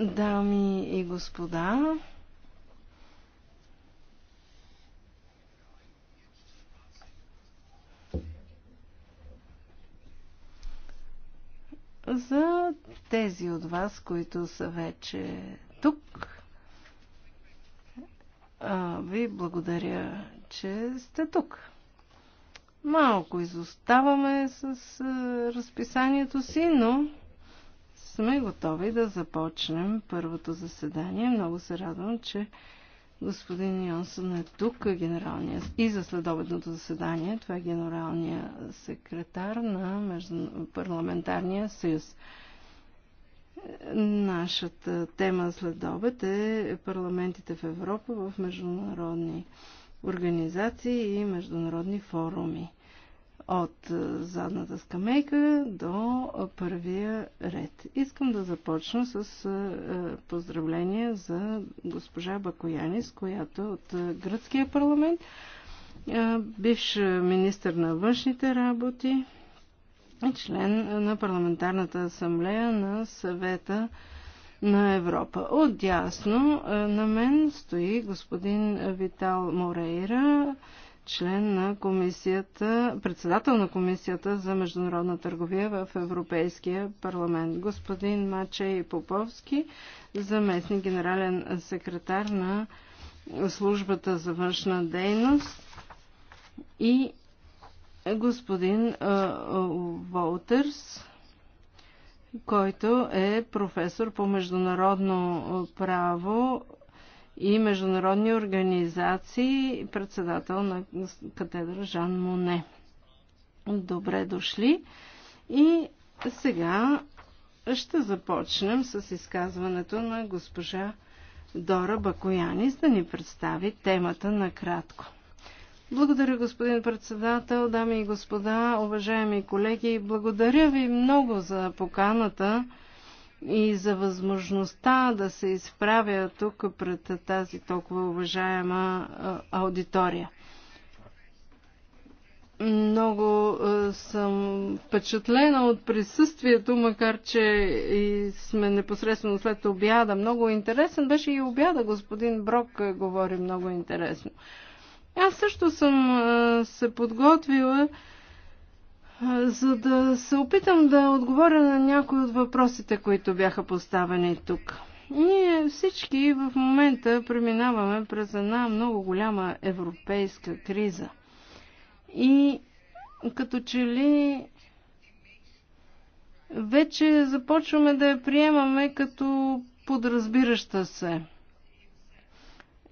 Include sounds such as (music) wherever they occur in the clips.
Дами и господа, за тези от вас, които са вече тук, ви благодаря, че сте тук. Малко изоставаме с разписанието си, но сме готови да започнем първото заседание. Много се радвам, че господин Йонсън е тук, генералния, и за следобедното заседание. Това е генералния секретар на Междуна... парламентарния съюз. Нашата тема след обед е парламентите в Европа в международни организации и международни форуми. От е, задната скамейка до първия ред. Искам да започна с е, е, поздравления за госпожа Бакоянис, която е от гръцкия парламент, бивш министр на външните работи, е член на Парламентарната асамблея на съвета на Европа. Отдясно е, на мен стои господин Витал Морейра, член на комисията, председател на комисията за международна търговия в Европейския парламент. Господин Мачей Поповски, заместник генерален секретар на службата за външна дейност и господин е, е, Волтерс, който е професор по международно право и международни организации, председател на катедра Жан Моне. Добре дошли! И сега ще започнем с изказването на госпожа Дора Бакояни, да ни представи темата на кратко. Благодаря, господин председател, дами и господа, уважаеми колеги. Благодаря ви много за поканата и за възможността да се изправя тук пред тази толкова уважаема аудитория. Много съм впечатлена от присъствието, макар че и сме непосредствено след обяда. Много интересен беше и обяда. Господин Брок говори много интересно. Аз също съм се подготвила, за да се опитам да отговоря на някои от въпросите, които бяха поставени тук. Ние всички в момента преминаваме през една много голяма европейска криза. И като че ли вече започваме да я приемаме като подразбираща се.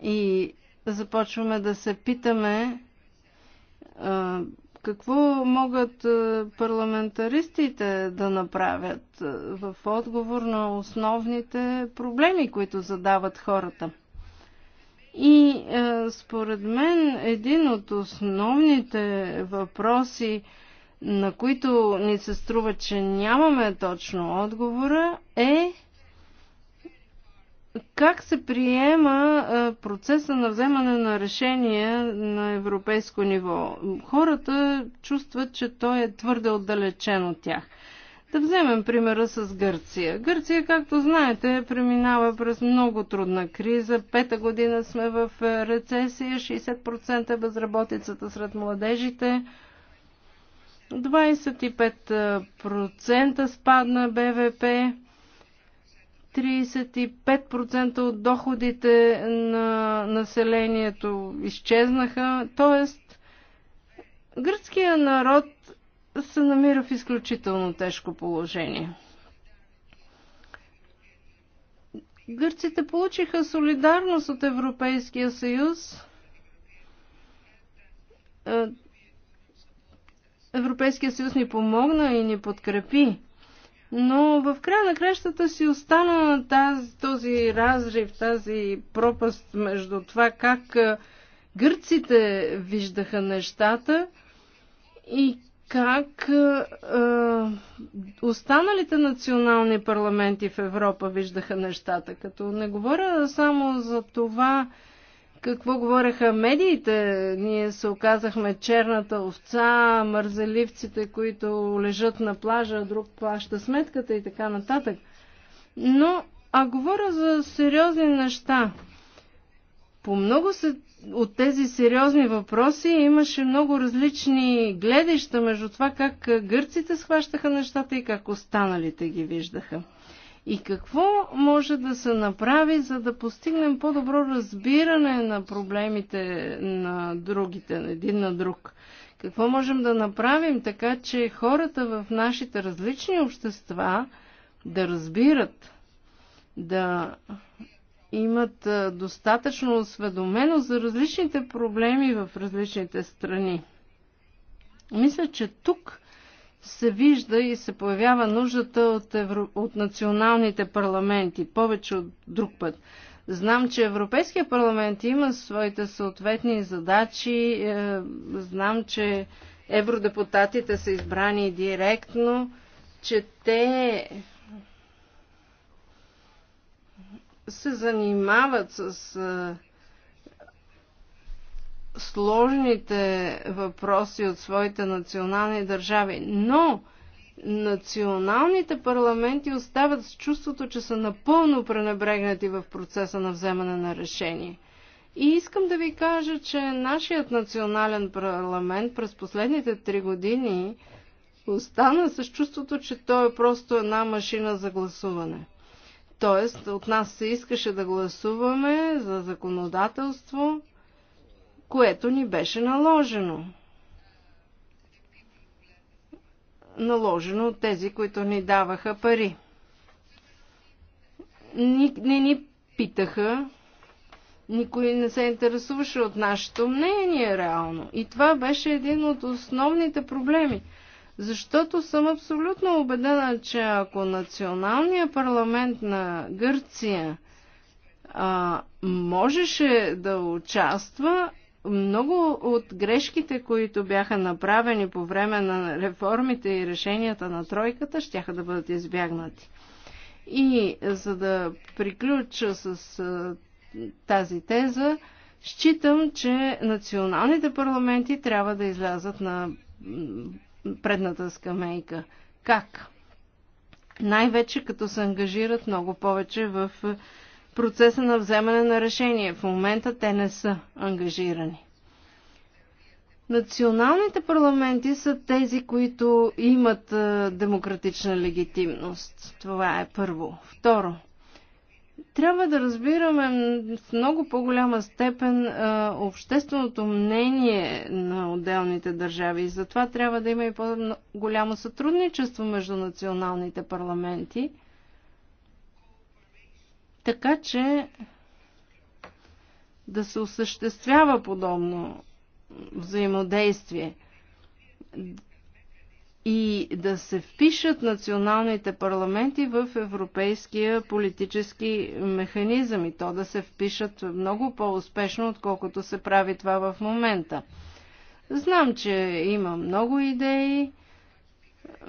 И започваме да се питаме какво могат парламентаристите да направят в отговор на основните проблеми, които задават хората. И според мен един от основните въпроси, на които ни се струва, че нямаме точно отговора, е как се приема процеса на вземане на решения на европейско ниво? Хората чувстват, че той е твърде отдалечен от тях. Да вземем примера с Гърция. Гърция, както знаете, преминава през много трудна криза. Пета година сме в е, рецесия, 60% е безработицата сред младежите. 25% е, спадна БВП. 35% от доходите на населението изчезнаха. Тоест, гръцкият народ се намира в изключително тежко положение. Гърците получиха солидарност от Европейския съюз. Е, Европейския съюз ни помогна и ни подкрепи. Но в края на кращата си остана тази, този разрив, тази пропаст между това как гърците виждаха нещата и как е, останалите национални парламенти в Европа виждаха нещата. Като не говоря само за това, какво говореха медиите. Ние се оказахме черната овца, мързеливците, които лежат на плажа, друг плаща сметката и така нататък. Но, а говоря за сериозни неща. По много се, от тези сериозни въпроси имаше много различни гледища между това как гърците схващаха нещата и как останалите ги виждаха. И какво може да се направи, за да постигнем по-добро разбиране на проблемите на другите, на един на друг? Какво можем да направим така, че хората в нашите различни общества да разбират, да имат достатъчно осведоменост за различните проблеми в различните страни? Мисля, че тук се вижда и се появява нуждата от, евро... от националните парламенти, повече от друг път. Знам, че Европейския парламент има своите съответни задачи, е, знам, че евродепутатите са избрани директно, че те се занимават с е, сложните въпроси от своите национални държави. Но националните парламенти остават с чувството, че са напълно пренебрегнати в процеса на вземане на решение. И искам да ви кажа, че нашият национален парламент през последните три години остана с чувството, че той е просто една машина за гласуване. Тоест, от нас се искаше да гласуваме за законодателство, което ни беше наложено. Наложено от тези, които ни даваха пари. Ни, не ни питаха, никой не се интересуваше от нашето мнение реално. И това беше един от основните проблеми. Защото съм абсолютно убедена, че ако националният парламент на Гърция а, можеше да участва, много от грешките, които бяха направени по време на реформите и решенията на тройката, ще да бъдат избягнати. И за да приключа с тази теза, считам, че националните парламенти трябва да излязат на предната скамейка. Как? Най-вече като се ангажират много повече в процеса на вземане на решение. В момента те не са ангажирани. Националните парламенти са тези, които имат е, демократична легитимност. Това е първо. Второ, трябва да разбираме в много по-голяма степен а, е, общественото мнение на отделните държави. И затова трябва да има и по-голямо сътрудничество между националните парламенти така че да се осъществява подобно взаимодействие и да се впишат националните парламенти в европейския политически механизъм и то да се впишат много по-успешно, отколкото се прави това в момента. Знам, че има много идеи,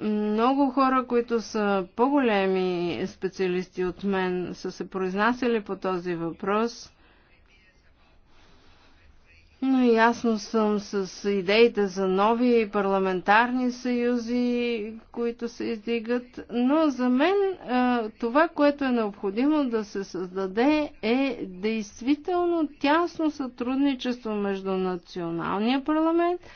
много хора, които са по-големи специалисти от мен, са се произнасяли по този въпрос. Но ясно съм с идеите за нови парламентарни съюзи, които се издигат. Но за мен това, което е необходимо да се създаде е действително тясно сътрудничество между националния парламент –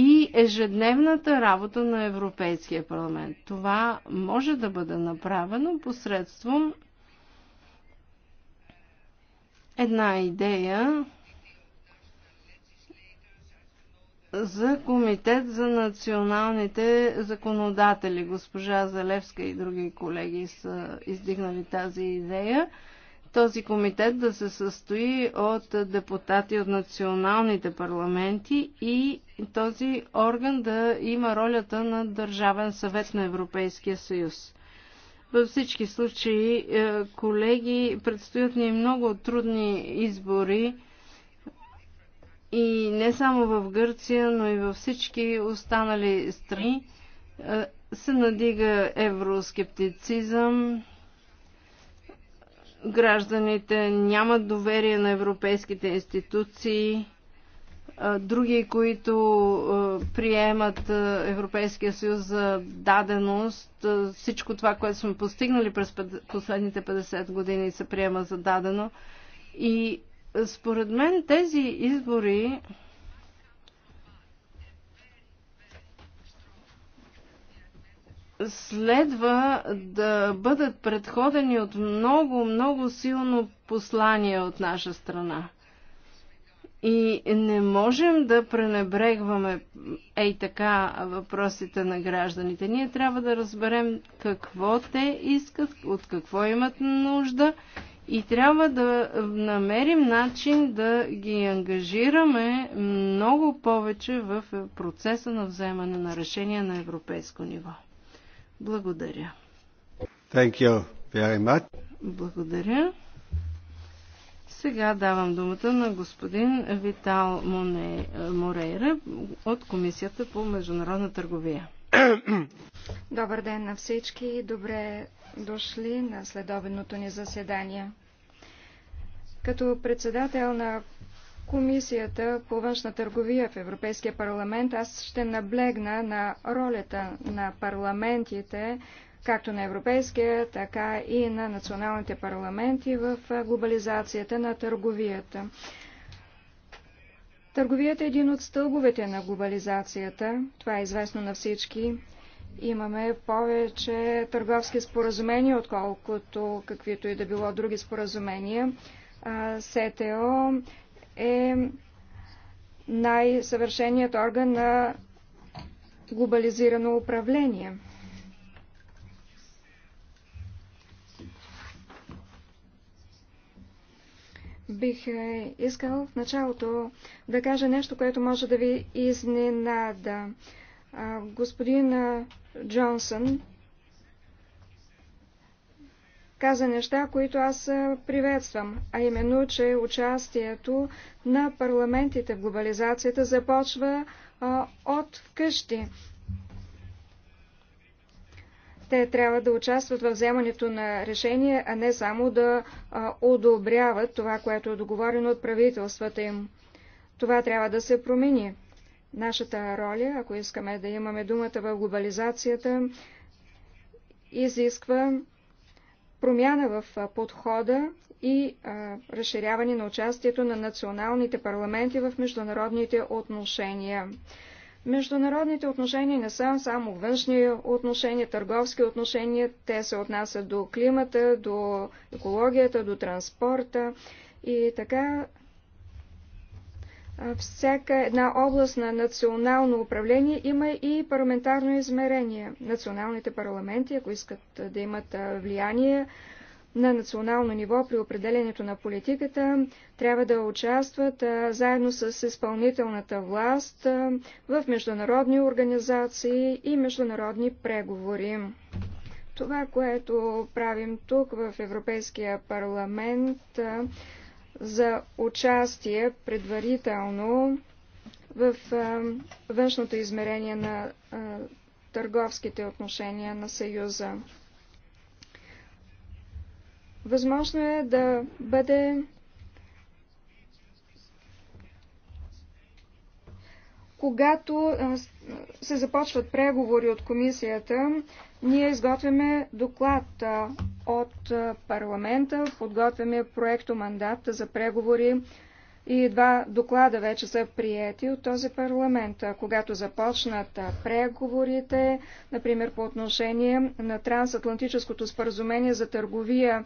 и ежедневната работа на Европейския парламент. Това може да бъде направено посредством една идея за Комитет за националните законодатели. Госпожа Залевска и други колеги са издигнали тази идея този комитет да се състои от депутати от националните парламенти и този орган да има ролята на Държавен съвет на Европейския съюз. Във всички случаи, е, колеги, предстоят ни много трудни избори и не само в Гърция, но и във всички останали страни е, се надига евроскептицизъм, Гражданите нямат доверие на европейските институции, други, които приемат Европейския съюз за даденост, всичко това, което сме постигнали през последните 50 години се приема за дадено. И според мен тези избори следва да бъдат предходени от много, много силно послание от наша страна. И не можем да пренебрегваме ей така въпросите на гражданите. Ние трябва да разберем какво те искат, от какво имат нужда и трябва да намерим начин да ги ангажираме много повече в процеса на вземане на решения на европейско ниво. Благодаря. Thank you very much. Благодаря. Сега давам думата на господин Витал Моне, Морейра от Комисията по международна търговия. (coughs) Добър ден на всички и добре дошли на следобедното ни заседание. Като председател на Комисията по външна търговия в Европейския парламент, аз ще наблегна на ролята на парламентите, както на европейския, така и на националните парламенти в глобализацията на търговията. Търговията е един от стълбовете на глобализацията. Това е известно на всички. Имаме повече търговски споразумения, отколкото каквито и да било други споразумения. СТО е най-съвършеният орган на глобализирано управление. Бих е, искал в началото да кажа нещо, което може да ви изненада. Господин Джонсън каза неща, които аз приветствам, а именно, че участието на парламентите в глобализацията започва а, от вкъщи. Те трябва да участват в вземането на решения, а не само да а, одобряват това, което е договорено от правителствата им. Това трябва да се промени. Нашата роля, ако искаме да имаме думата в глобализацията, изисква промяна в подхода и а, разширяване на участието на националните парламенти в международните отношения. Международните отношения не са само външни отношения, търговски отношения, те се отнасят до климата, до екологията, до транспорта. И така всяка една област на национално управление има и парламентарно измерение. Националните парламенти, ако искат да имат влияние на национално ниво при определенето на политиката, трябва да участват заедно с изпълнителната власт в международни организации и международни преговори. Това, което правим тук в Европейския парламент, за участие предварително в външното измерение на търговските отношения на Съюза. Възможно е да бъде Когато се започват преговори от комисията, ние изготвяме доклад от парламента, подготвяме проекто мандат за преговори и два доклада вече са приети от този парламент. Когато започнат преговорите, например по отношение на трансатлантическото споразумение за търговия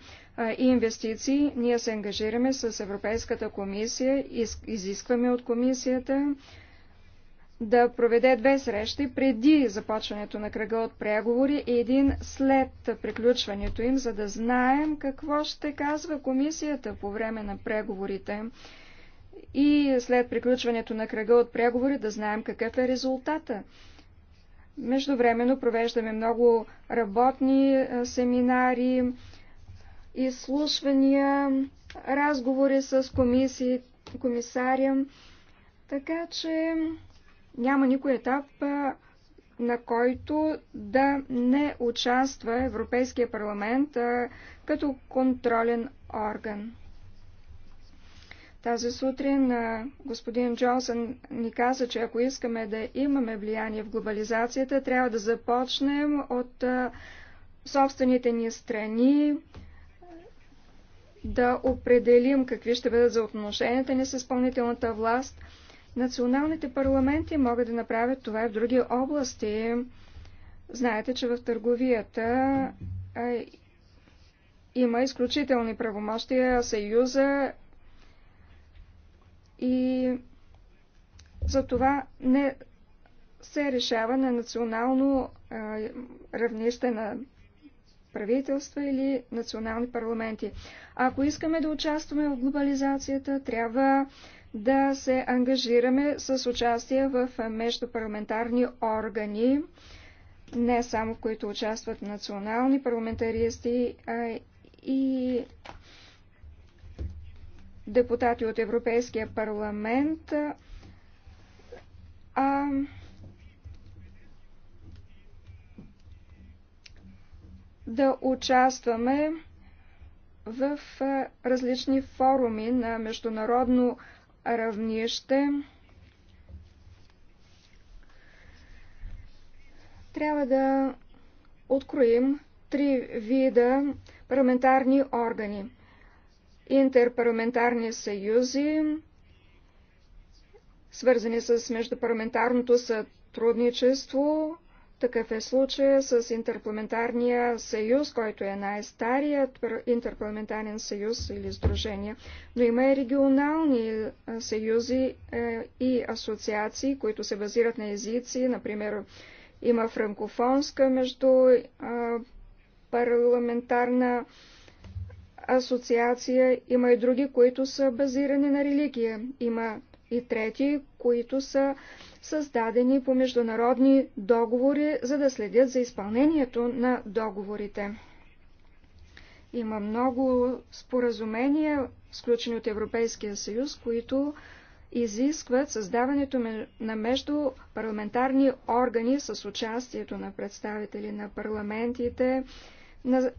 и инвестиции, ние се ангажираме с Европейската комисия, изискваме от комисията да проведе две срещи преди започването на кръга от преговори и един след приключването им, за да знаем какво ще казва комисията по време на преговорите и след приключването на кръга от преговори да знаем какъв е резултата. Междувременно провеждаме много работни семинари, изслушвания, разговори с комисии, комисария, така че няма никой етап, на който да не участва Европейския парламент като контролен орган. Тази сутрин господин Джонсън ни каза, че ако искаме да имаме влияние в глобализацията, трябва да започнем от собствените ни страни, да определим какви ще бъдат за отношенията ни с изпълнителната власт – Националните парламенти могат да направят това и в други области. Знаете, че в търговията а, има изключителни правомощия Съюза и за това не се решава на национално а, равнище на правителства или национални парламенти. Ако искаме да участваме в глобализацията, трябва да се ангажираме с участие в междупарламентарни органи, не само в които участват национални парламентаристи а и депутати от Европейския парламент, а да участваме в различни форуми на международно равнище. Трябва да откроим три вида парламентарни органи. Интерпарламентарни съюзи, свързани с междупарламентарното сътрудничество, такъв е случая с Интерпламентарния съюз, който е най-старият интерпламентарен съюз или сдружение, но има и регионални е, съюзи е, и асоциации, които се базират на езици. Например, има франкофонска между е, парламентарна асоциация, има и други, които са базирани на религия. Има и трети, които са създадени по международни договори, за да следят за изпълнението на договорите. Има много споразумения, сключени от Европейския съюз, които изискват създаването на междупарламентарни органи с участието на представители на парламентите, на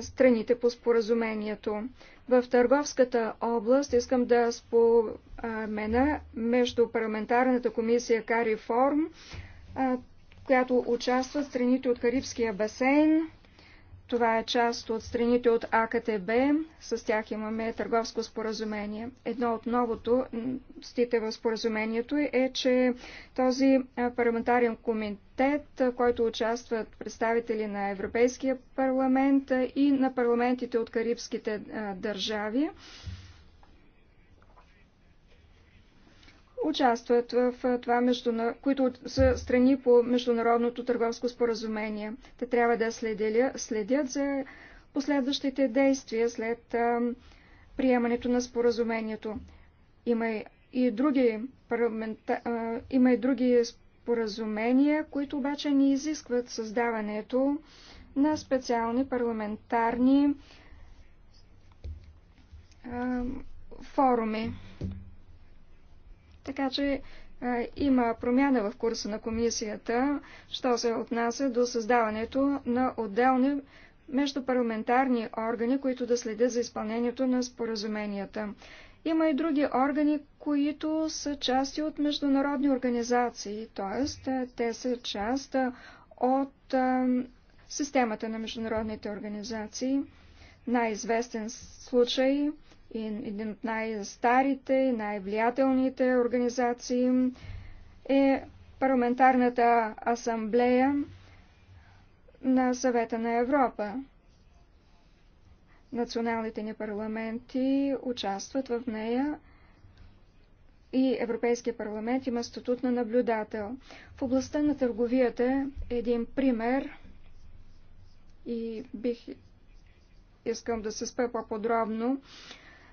страните по споразумението. В търговската област искам да спомена между парламентарната комисия Кариформ, която участва страните от Карибския басейн, това е част от страните от АКТБ. С тях имаме търговско споразумение. Едно от новото стите в споразумението е, че този парламентарен комитет, който участват представители на Европейския парламент и на парламентите от карибските държави, участват в това, които са страни по международното търговско споразумение. Те трябва да следят за последващите действия след а, приемането на споразумението. Има и други, парламента... а, има и други споразумения, които обаче не изискват създаването на специални парламентарни а, форуми. Така че има промяна в курса на комисията, що се отнася до създаването на отделни междупарламентарни органи, които да следят за изпълнението на споразуменията. Има и други органи, които са части от международни организации, т.е. те са част от системата на международните организации. Най-известен случай един от най-старите и най-влиятелните организации е Парламентарната асамблея на Съвета на Европа. Националните ни парламенти участват в нея и Европейския парламент има статут на наблюдател. В областта на търговията е един пример и бих искам да се спе по-подробно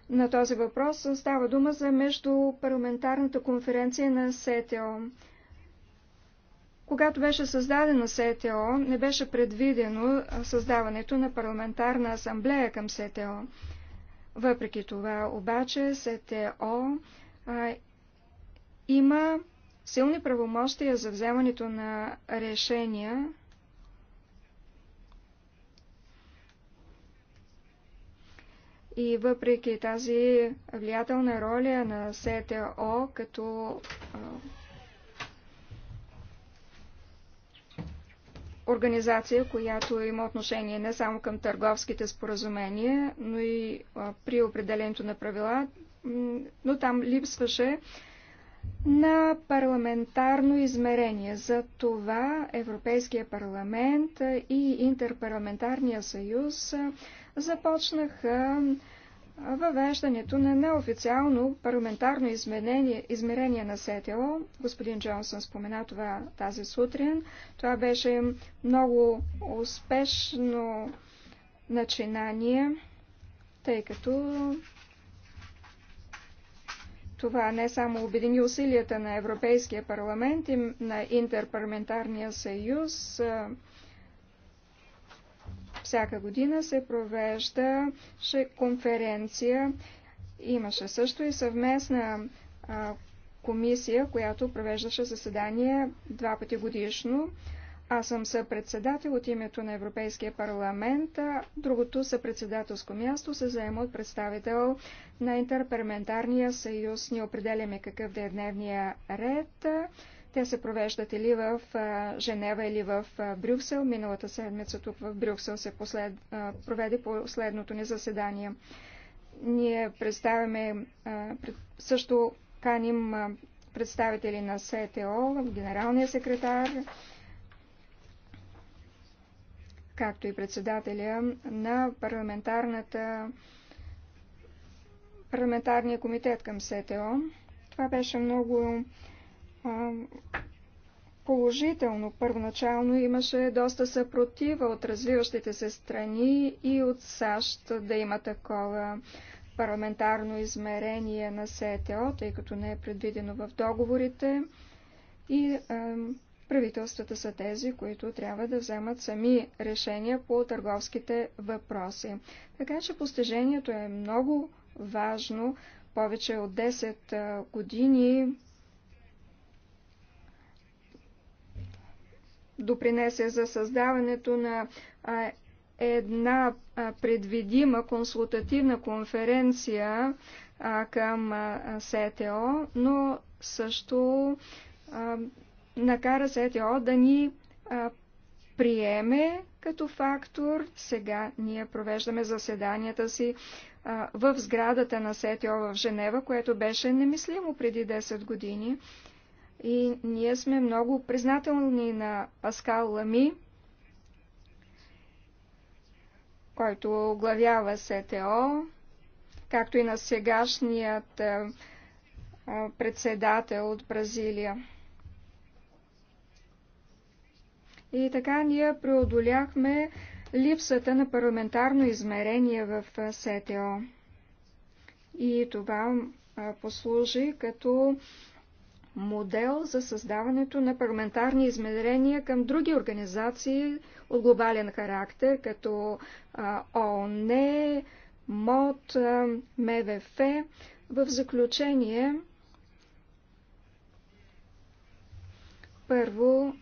на този въпрос. Става дума за между парламентарната конференция на СТО. Когато беше създадена СТО, не беше предвидено създаването на парламентарна асамблея към СТО. Въпреки това, обаче, СТО а, има силни правомощия за вземането на решения И въпреки тази влиятелна роля на СТО като организация, която има отношение не само към търговските споразумения, но и при определението на правила, но там липсваше на парламентарно измерение. За това Европейския парламент и Интерпарламентарния съюз започнаха въвеждането на неофициално парламентарно измерение на СТО. Господин Джонсън спомена това тази сутрин. Това беше много успешно начинание, тъй като това не само обедини усилията на Европейския парламент и на Интерпарламентарния съюз, всяка година се провеждаше конференция. Имаше също и съвместна а, комисия, която провеждаше заседание два пъти годишно. Аз съм съпредседател от името на Европейския парламент, а другото съпредседателско място се заема от представител на Интерпарламентарния съюз. Ние определяме какъв да е дневния ред. Те се провеждат или в Женева, или в Брюксел. Миналата седмица тук в Брюксел се послед... проведе последното ни заседание. Ние представяме, също каним представители на СТО, генералния секретар, както и председателя на парламентарната парламентарния комитет към СТО. Това беше много положително. Първоначално имаше доста съпротива от развиващите се страни и от САЩ да има такова парламентарно измерение на СТО, тъй като не е предвидено в договорите. И а, правителствата са тези, които трябва да вземат сами решения по търговските въпроси. Така че постижението е много важно. Повече от 10 години допринесе за създаването на една предвидима консултативна конференция към СТО, но също накара СТО да ни приеме като фактор. Сега ние провеждаме заседанията си в сградата на СТО в Женева, което беше немислимо преди 10 години. И ние сме много признателни на Паскал Лами, който оглавява СТО, както и на сегашният председател от Бразилия. И така ние преодоляхме липсата на парламентарно измерение в СТО. И това послужи като модел за създаването на парламентарни измерения към други организации от глобален характер, като ООН, МОД, МВФ. В заключение, първо,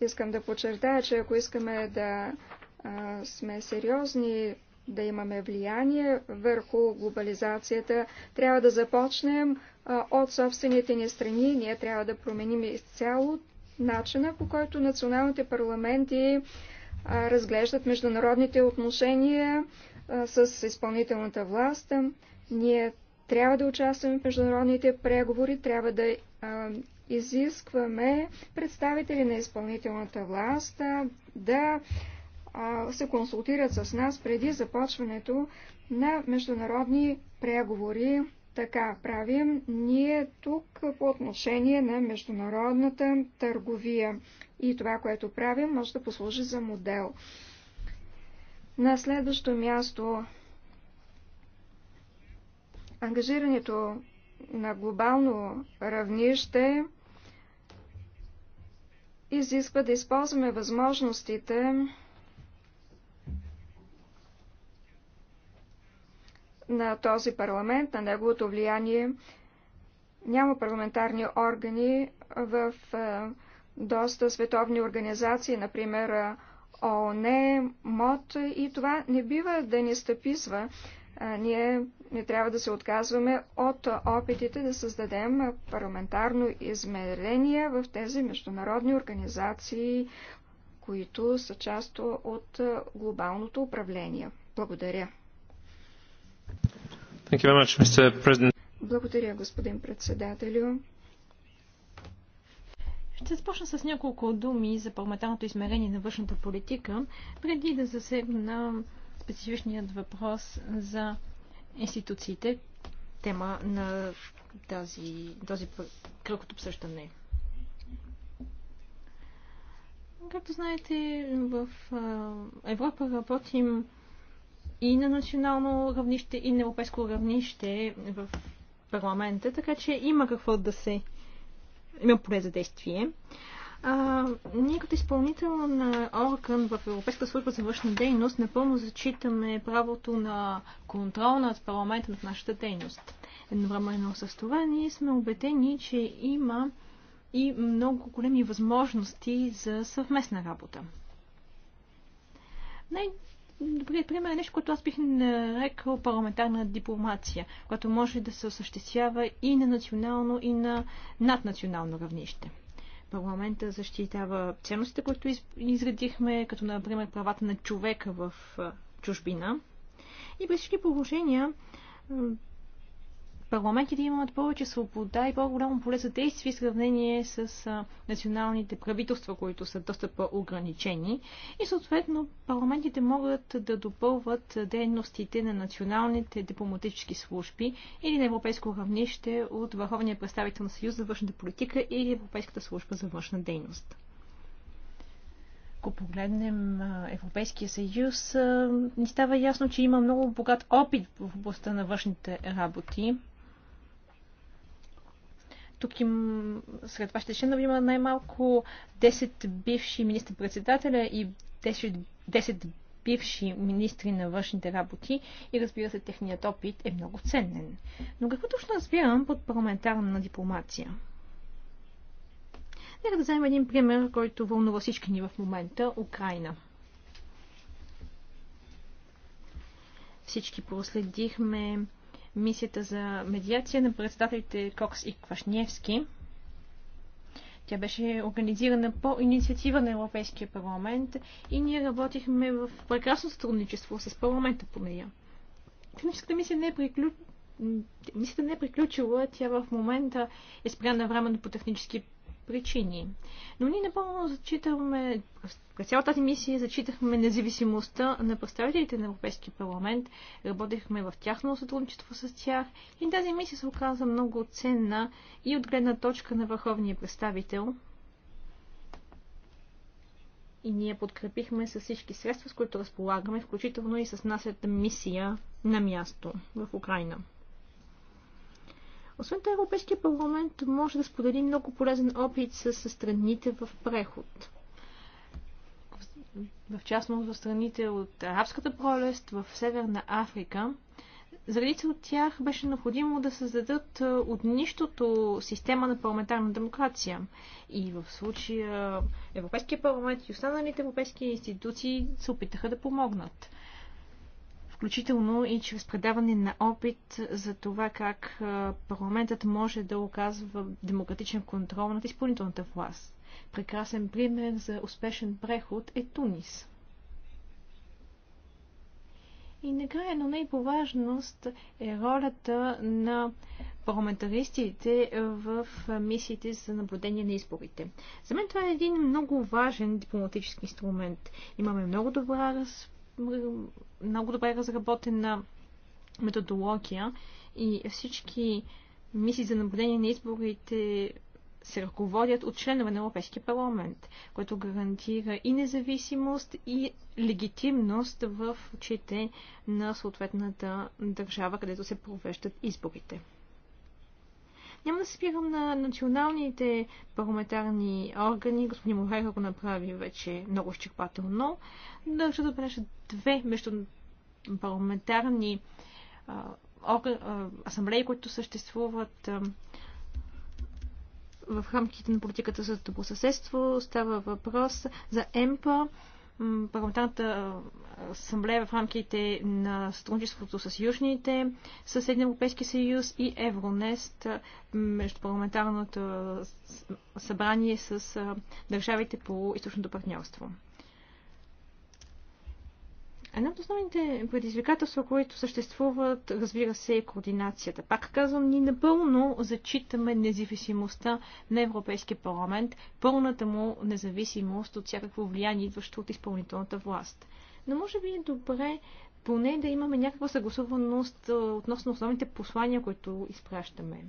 искам да подчертая, че ако искаме да сме сериозни да имаме влияние върху глобализацията, трябва да започнем от собствените ни страни. Ние трябва да променим изцяло начина, по който националните парламенти разглеждат международните отношения с изпълнителната власт. Ние трябва да участваме в международните преговори, трябва да изискваме представители на изпълнителната власт да се консултират с нас преди започването на международни преговори. Така правим ние тук по отношение на международната търговия. И това, което правим, може да послужи за модел. На следващо място ангажирането на глобално равнище изисква да използваме възможностите на този парламент, на неговото влияние. Няма парламентарни органи в е, доста световни организации, например е, ООН, МОД и това не бива да ни стъписва. Е, ние не трябва да се отказваме от опитите да създадем парламентарно измерение в тези международни организации, които са част от глобалното управление. Благодаря. Much, Благодаря, господин председателю. Ще започна с няколко думи за парламентарното измерение на външната политика, преди да засегна специфичният въпрос за институциите, тема на тази, този кръг от обсъждане. Както знаете, в Европа работим и на национално равнище, и на европейско равнище в парламента, така че има какво да се... има поле за действие. А, ние като изпълнител на орган в Европейска служба за външна дейност напълно зачитаме правото на контрол над парламента над нашата дейност. Едновременно с това ние сме убедени, че има и много големи възможности за съвместна работа. Най- Добре, пример е нещо, което аз бих нарекал парламентарна дипломация, която може да се осъществява и на национално, и на наднационално равнище. Парламента защитава ценностите, които изредихме, като например правата на човека в чужбина. И при всички положения парламентите имат повече свобода и по-голямо поле за действие в сравнение с националните правителства, които са доста по-ограничени. И съответно парламентите могат да допълват дейностите на националните дипломатически служби или на европейско равнище от Върховния представител на Съюз за външната политика или Европейската служба за външна дейност ако погледнем Европейския съюз, ни става ясно, че има много богат опит в областта на външните работи. Тук им, сред вашите членове има най-малко 10 бивши министър-председателя и 10, 10 бивши министри на външните работи и разбира се, техният опит е много ценен. Но какво точно разбирам под парламентарна дипломация? Нека да вземем един пример, който вълнува всички ни в момента – Украина. Всички проследихме мисията за медиация на председателите Кокс и Квашневски. Тя беше организирана по инициатива на Европейския парламент и ние работихме в прекрасно сътрудничество с парламента по нея. Техническата мисия не е приключ... Мисията не е приключила, тя в момента е спряна временно по технически причини. Но ние напълно зачитаме, през цялата тази мисия зачитахме независимостта на представителите на Европейския парламент, работехме в тяхно сътрудничество с тях и тази мисия се оказа много ценна и от гледна точка на върховния представител. И ние подкрепихме с всички средства, с които разполагаме, включително и с нашата мисия на място в Украина. Освен това, Европейския парламент може да сподели много полезен опит с страните в преход. В частност в страните от арабската пролест в Северна Африка. За редица от тях беше необходимо да създадат от нищото система на парламентарна демокрация. И в случая Европейския парламент и останалите европейски институции се опитаха да помогнат включително и чрез предаване на опит за това как парламентът може да оказва демократичен контрол над изпълнителната власт. Прекрасен пример за успешен преход е Тунис. И накрая, но не и по важност, е ролята на парламентаристите в мисиите за наблюдение на изборите. За мен това е един много важен дипломатически инструмент. Имаме много добра много добре разработена методология и всички мисии за наблюдение на изборите се ръководят от членове на Европейския парламент, което гарантира и независимост, и легитимност в очите на съответната държава, където се провеждат изборите. Няма да се спирам на националните парламентарни органи. Господин Морера го направи вече много изчерпателно. Държа да отбележа две между парламентарни асамблеи, които съществуват в рамките на политиката за добросъседство. Става въпрос за ЕМПА парламентарната асамблея в рамките на сътрудничеството с южните, съседни Европейски съюз и Евронест, междупарламентарното събрание с държавите по източното партньорство. Едно от основните предизвикателства, които съществуват, разбира се, е координацията. Пак казвам, ние напълно зачитаме независимостта на Европейския парламент, пълната му независимост от всякакво влияние, идващо от изпълнителната власт. Но може би е добре поне да имаме някаква съгласуваност относно основните послания, които изпращаме.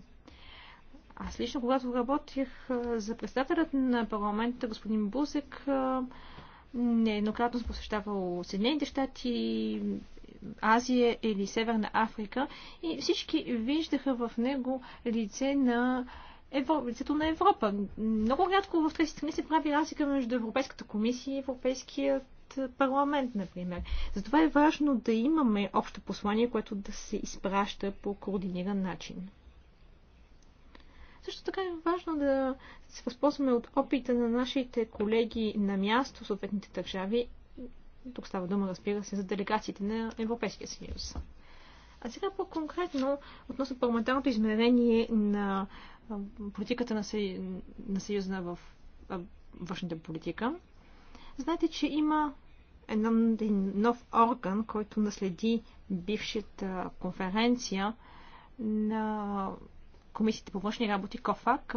Аз лично, когато работих за председателят на парламента, господин Бузек, нееднократно посещавал Съединените щати, Азия или Северна Африка и всички виждаха в него лице на Евро, лицето на Европа. Много рядко в тези страни се прави разлика между Европейската комисия и Европейският парламент, например. Затова е важно да имаме общо послание, което да се изпраща по координиран начин. Също така е важно да се възползваме от опита на нашите колеги на място в съответните държави. Тук става дума, разбира се, за делегациите на Европейския съюз. А сега по-конкретно, относно парламентарното измерение на политиката на, съю... съюзна в външната политика, знаете, че има един нов орган, който наследи бившата конференция на Комисията по външни работи КОФАК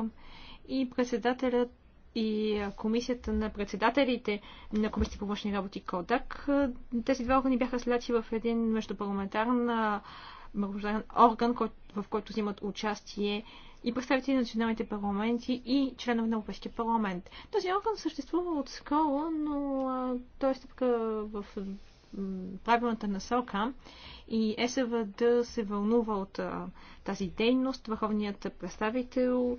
и председателят и комисията на председателите на комисията по външни работи КОДАК. Тези два органи бяха следи в един междупарламентарен орган, в който взимат участие и представители на националните парламенти и членове на Европейския парламент. Този орган съществува отскоро, но той е стъпка в правилната насока и Есева да се вълнува от тази дейност. Върховният представител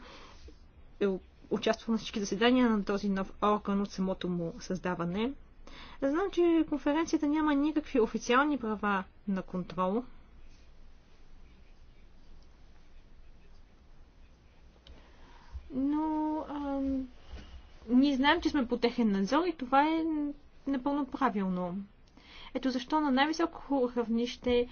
е участвал на всички заседания на този нов орган от самото му създаване. Знам, че конференцията няма никакви официални права на контрол. Но а, ние знаем, че сме по техен надзор и това е напълно правилно. Ето защо на най-високо равнище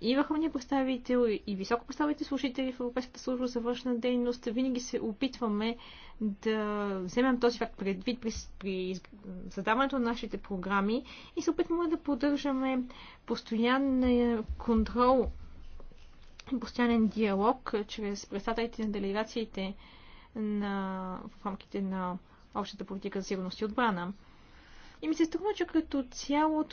и върховния представител, и високо представите служители в Европейската служба за външна дейност, винаги се опитваме да вземем този факт предвид при, при създаването на нашите програми и се опитваме да поддържаме постоянен контрол постоянен диалог чрез представителите на делегациите на, в рамките на общата политика за сигурност и отбрана. И ми се струва, че като цяло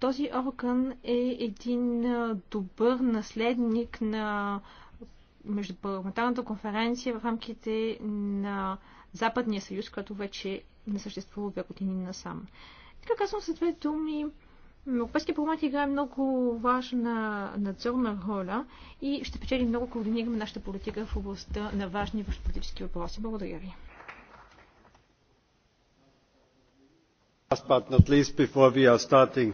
този орган е един добър наследник на Междупарламентарната конференция в рамките на Западния съюз, който вече не съществува две години насам. Така казвам се две думи. Европейския парламент играе много важна надзорна роля и ще печели много, координираме нашата политика в областта на важни политически въпроси. Благодаря ви. Last but not least, before we are starting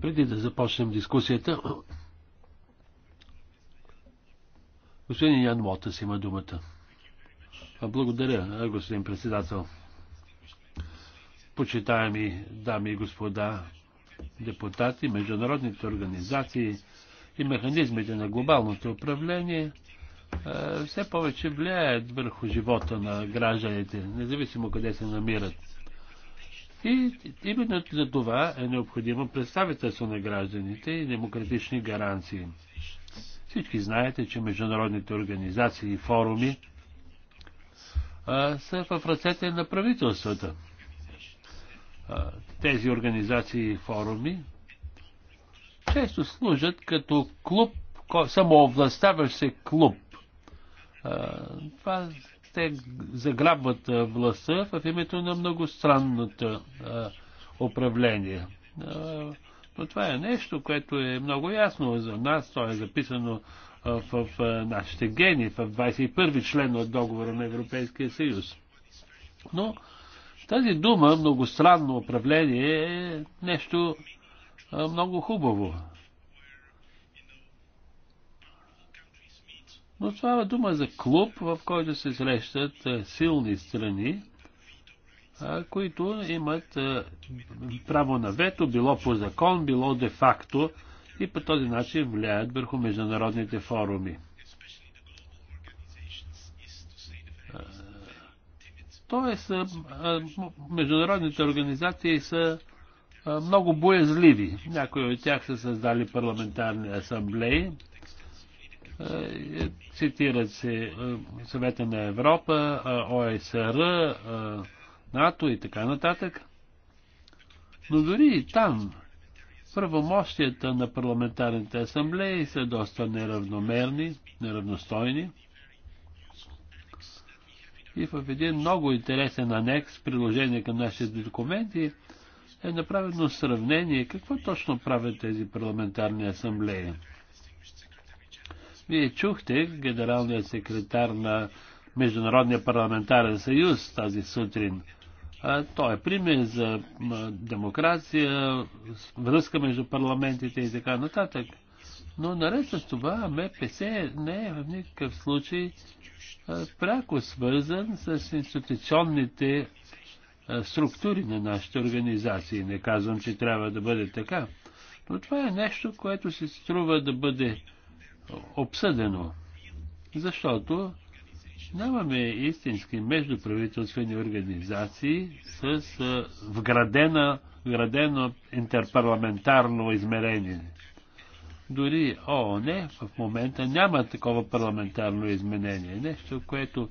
преди да започнем дискусията, господин Ян Мотас има думата. Благодаря, господин председател. Почитаеми дами и господа депутати, международните организации и механизмите на глобалното управление е, все повече влияят върху живота на гражданите, независимо къде се намират. И именно за това е необходимо представителство на гражданите и демократични гаранции. Всички знаете, че международните организации и форуми а, са в ръцете на правителствата. А, тези организации и форуми често служат като клуб, самоовластаващ се клуб. А, това те заграбват властта в името на многостранното управление. Но това е нещо, което е много ясно за нас. То е записано в нашите гени, в 21 член от договора на Европейския съюз. Но тази дума, многостранно управление, е нещо много хубаво. Но това е дума за клуб, в който се срещат силни страни, които имат право на вето, било по закон, било де-факто и по този начин влияят върху международните форуми. Тоест, международните организации са много боязливи. Някои от тях са създали парламентарни асамблеи, е, Цитират се е, Съвета на Европа, е, ОСР, НАТО и така нататък. Но дори и там правомощията на парламентарните асамблеи са доста неравномерни, неравностойни. И в един много интересен анекс, приложение към нашите документи, е направено сравнение какво точно правят тези парламентарни асамблеи. Вие чухте генералният секретар на Международния парламентарен съюз тази сутрин. Той е пример за демокрация, връзка между парламентите и така нататък. Но наред с това МПС не е в никакъв случай пряко свързан с институционните структури на нашите организации. Не казвам, че трябва да бъде така, но това е нещо, което се струва да бъде обсъдено, защото нямаме истински междуправителствени организации с вградена, вградено интерпарламентарно измерение. Дори ООН в момента няма такова парламентарно изменение. Нещо, което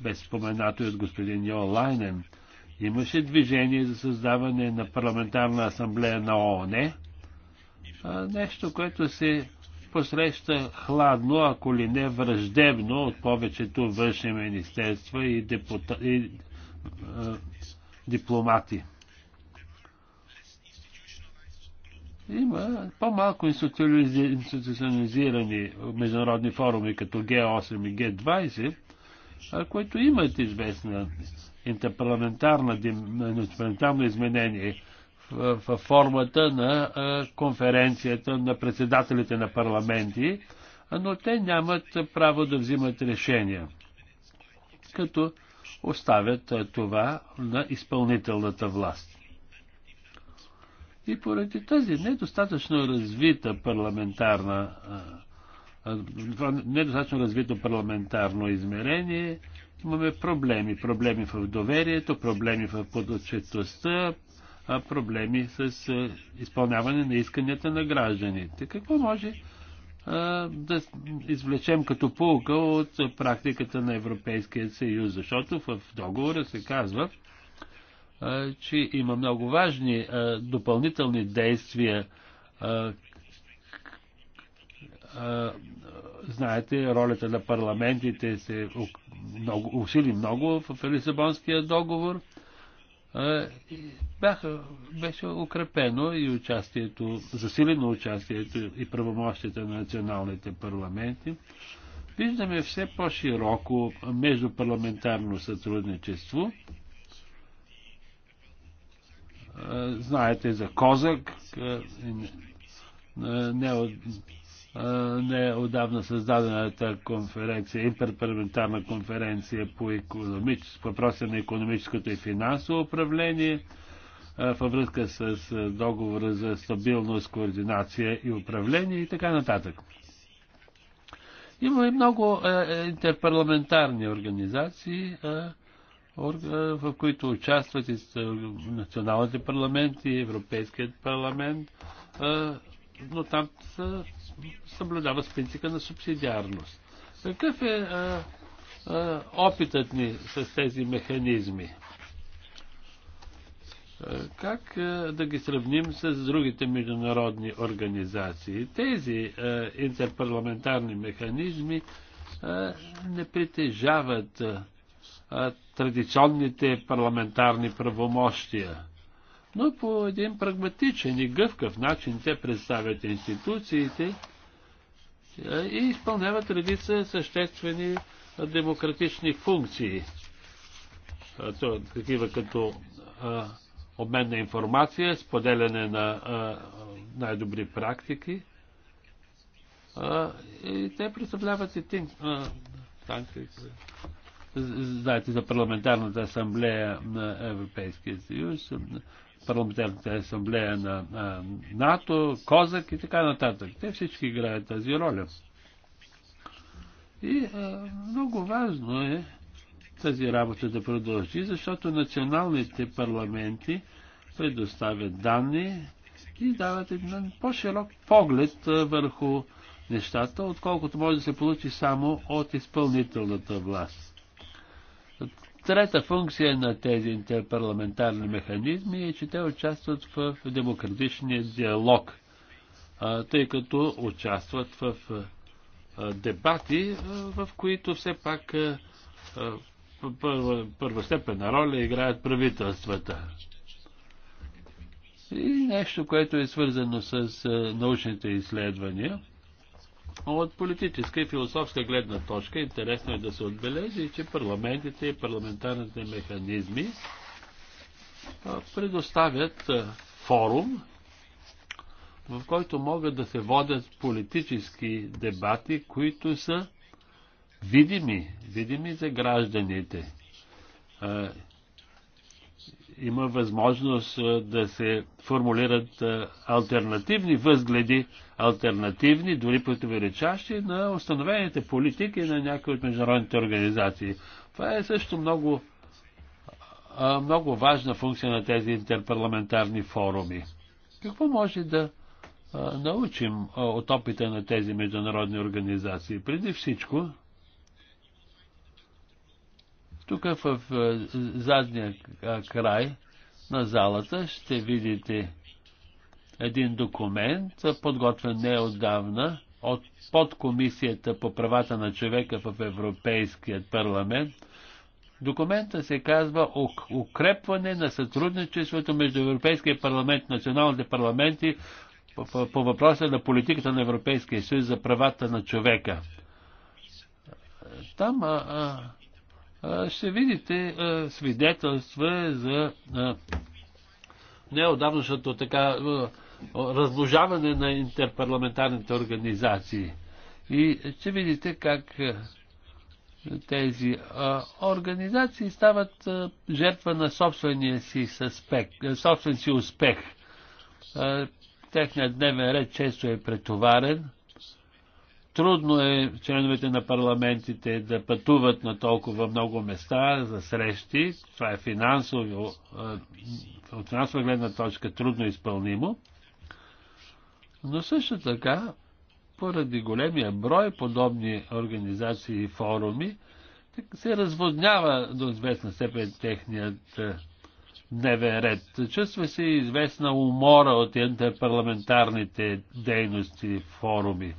без споменато и от господин Йо Лайнен. Имаше движение за създаване на парламентарна асамблея на ООН. Нещо, което се посреща хладно, ако ли не враждебно от повечето външни министерства и, депута... и е, дипломати. Има по-малко институционализирани международни форуми, като Г8 и Г20, които имат известна интерпарламентарно изменение в формата на конференцията на председателите на парламенти, но те нямат право да взимат решения, като оставят това на изпълнителната власт. И поради тази недостатъчно развита парламентарна недостатъчно развито парламентарно измерение, имаме проблеми. Проблеми в доверието, проблеми в подочетостта, проблеми с изпълняване на исканията на гражданите. Какво може да извлечем като полка от практиката на Европейския съюз, защото в договора се казва, че има много важни допълнителни действия. Знаете, ролята на парламентите се много, усили много в Лисабонския договор бяха, беше укрепено и участието, засилено участието и правомощите на националните парламенти. Виждаме все по-широко междупарламентарно сътрудничество. Знаете за Козак, отдавна създадената конференция, интерпарламентарна конференция по въпроса на економическото и финансово управление – във връзка с договора за стабилност, координация и управление и така нататък. Има и много интерпарламентарни организации, в които участват и националните парламенти, и Европейският парламент, но там съблюдава специфика на субсидиарност. Какъв е опитът ни с тези механизми? Как е, да ги сравним с другите международни организации? Тези е, интерпарламентарни механизми е, не притежават традиционните парламентарни правомощия. Но по един прагматичен и гъвкав начин те представят институциите и изпълняват редица съществени демократични функции. Такива като обмен на информация, споделяне на най-добри практики. А, и те представляват и тим. Знаете за парламентарната асамблея на Европейския съюз, парламентарната асамблея на а, НАТО, Козак и така нататък. Те всички играят тази роля. И а, много важно е тази работа да продължи, защото националните парламенти предоставят данни и дават един по-широк поглед върху нещата, отколкото може да се получи само от изпълнителната власт. Трета функция на тези интерпарламентарни механизми е, че те участват в демократичния диалог, тъй като участват в дебати, в които все пак първостепенна роля играят правителствата. И нещо, което е свързано с научните изследвания. От политическа и философска гледна точка интересно е да се отбележи, че парламентите и парламентарните механизми предоставят форум, в който могат да се водят политически дебати, които са видими, видими за гражданите. Има възможност да се формулират альтернативни възгледи, альтернативни, дори противоречащи на установените политики на някои от международните организации. Това е също много, много важна функция на тези интерпарламентарни форуми. Какво може да научим от опита на тези международни организации? Преди всичко, тук в задния край на залата ще видите един документ, подготвен неодавна от подкомисията по правата на човека в Европейският парламент. Документа се казва Укрепване на сътрудничеството между Европейския парламент и националните парламенти по, по въпроса на политиката на Европейския съюз за правата на човека. Там а, а, ще видите свидетелства за неодавнашното така разложаване на интерпарламентарните организации. И ще видите как тези организации стават жертва на собствения си, съспек, собствен си успех. техният дневен ред често е претоварен. Трудно е членовете на парламентите да пътуват на толкова много места за срещи. Това е финансово, е, от финансова гледна точка трудно изпълнимо. Но също така, поради големия брой подобни организации и форуми, се разводнява до известна степен техният е, дневен ред. Чувства се известна умора от интерпарламентарните дейности, форуми.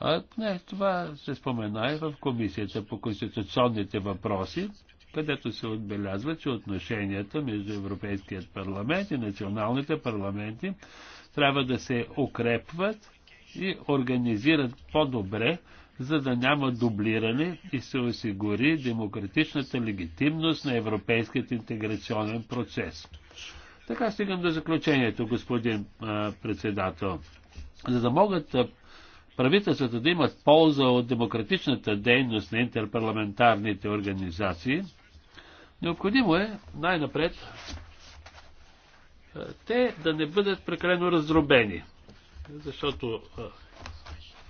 А, не, това се спомена и в Комисията по конституционните въпроси, където се отбелязва, че отношенията между Европейският парламент и националните парламенти трябва да се укрепват и организират по-добре, за да няма дублиране и се осигури демократичната легитимност на европейският интеграционен процес. Така стигам до заключението, господин а, председател. За да могат Правителствата да имат полза от демократичната дейност на интерпарламентарните организации, необходимо е най-напред е, те да не бъдат прекалено раздробени. Защото е,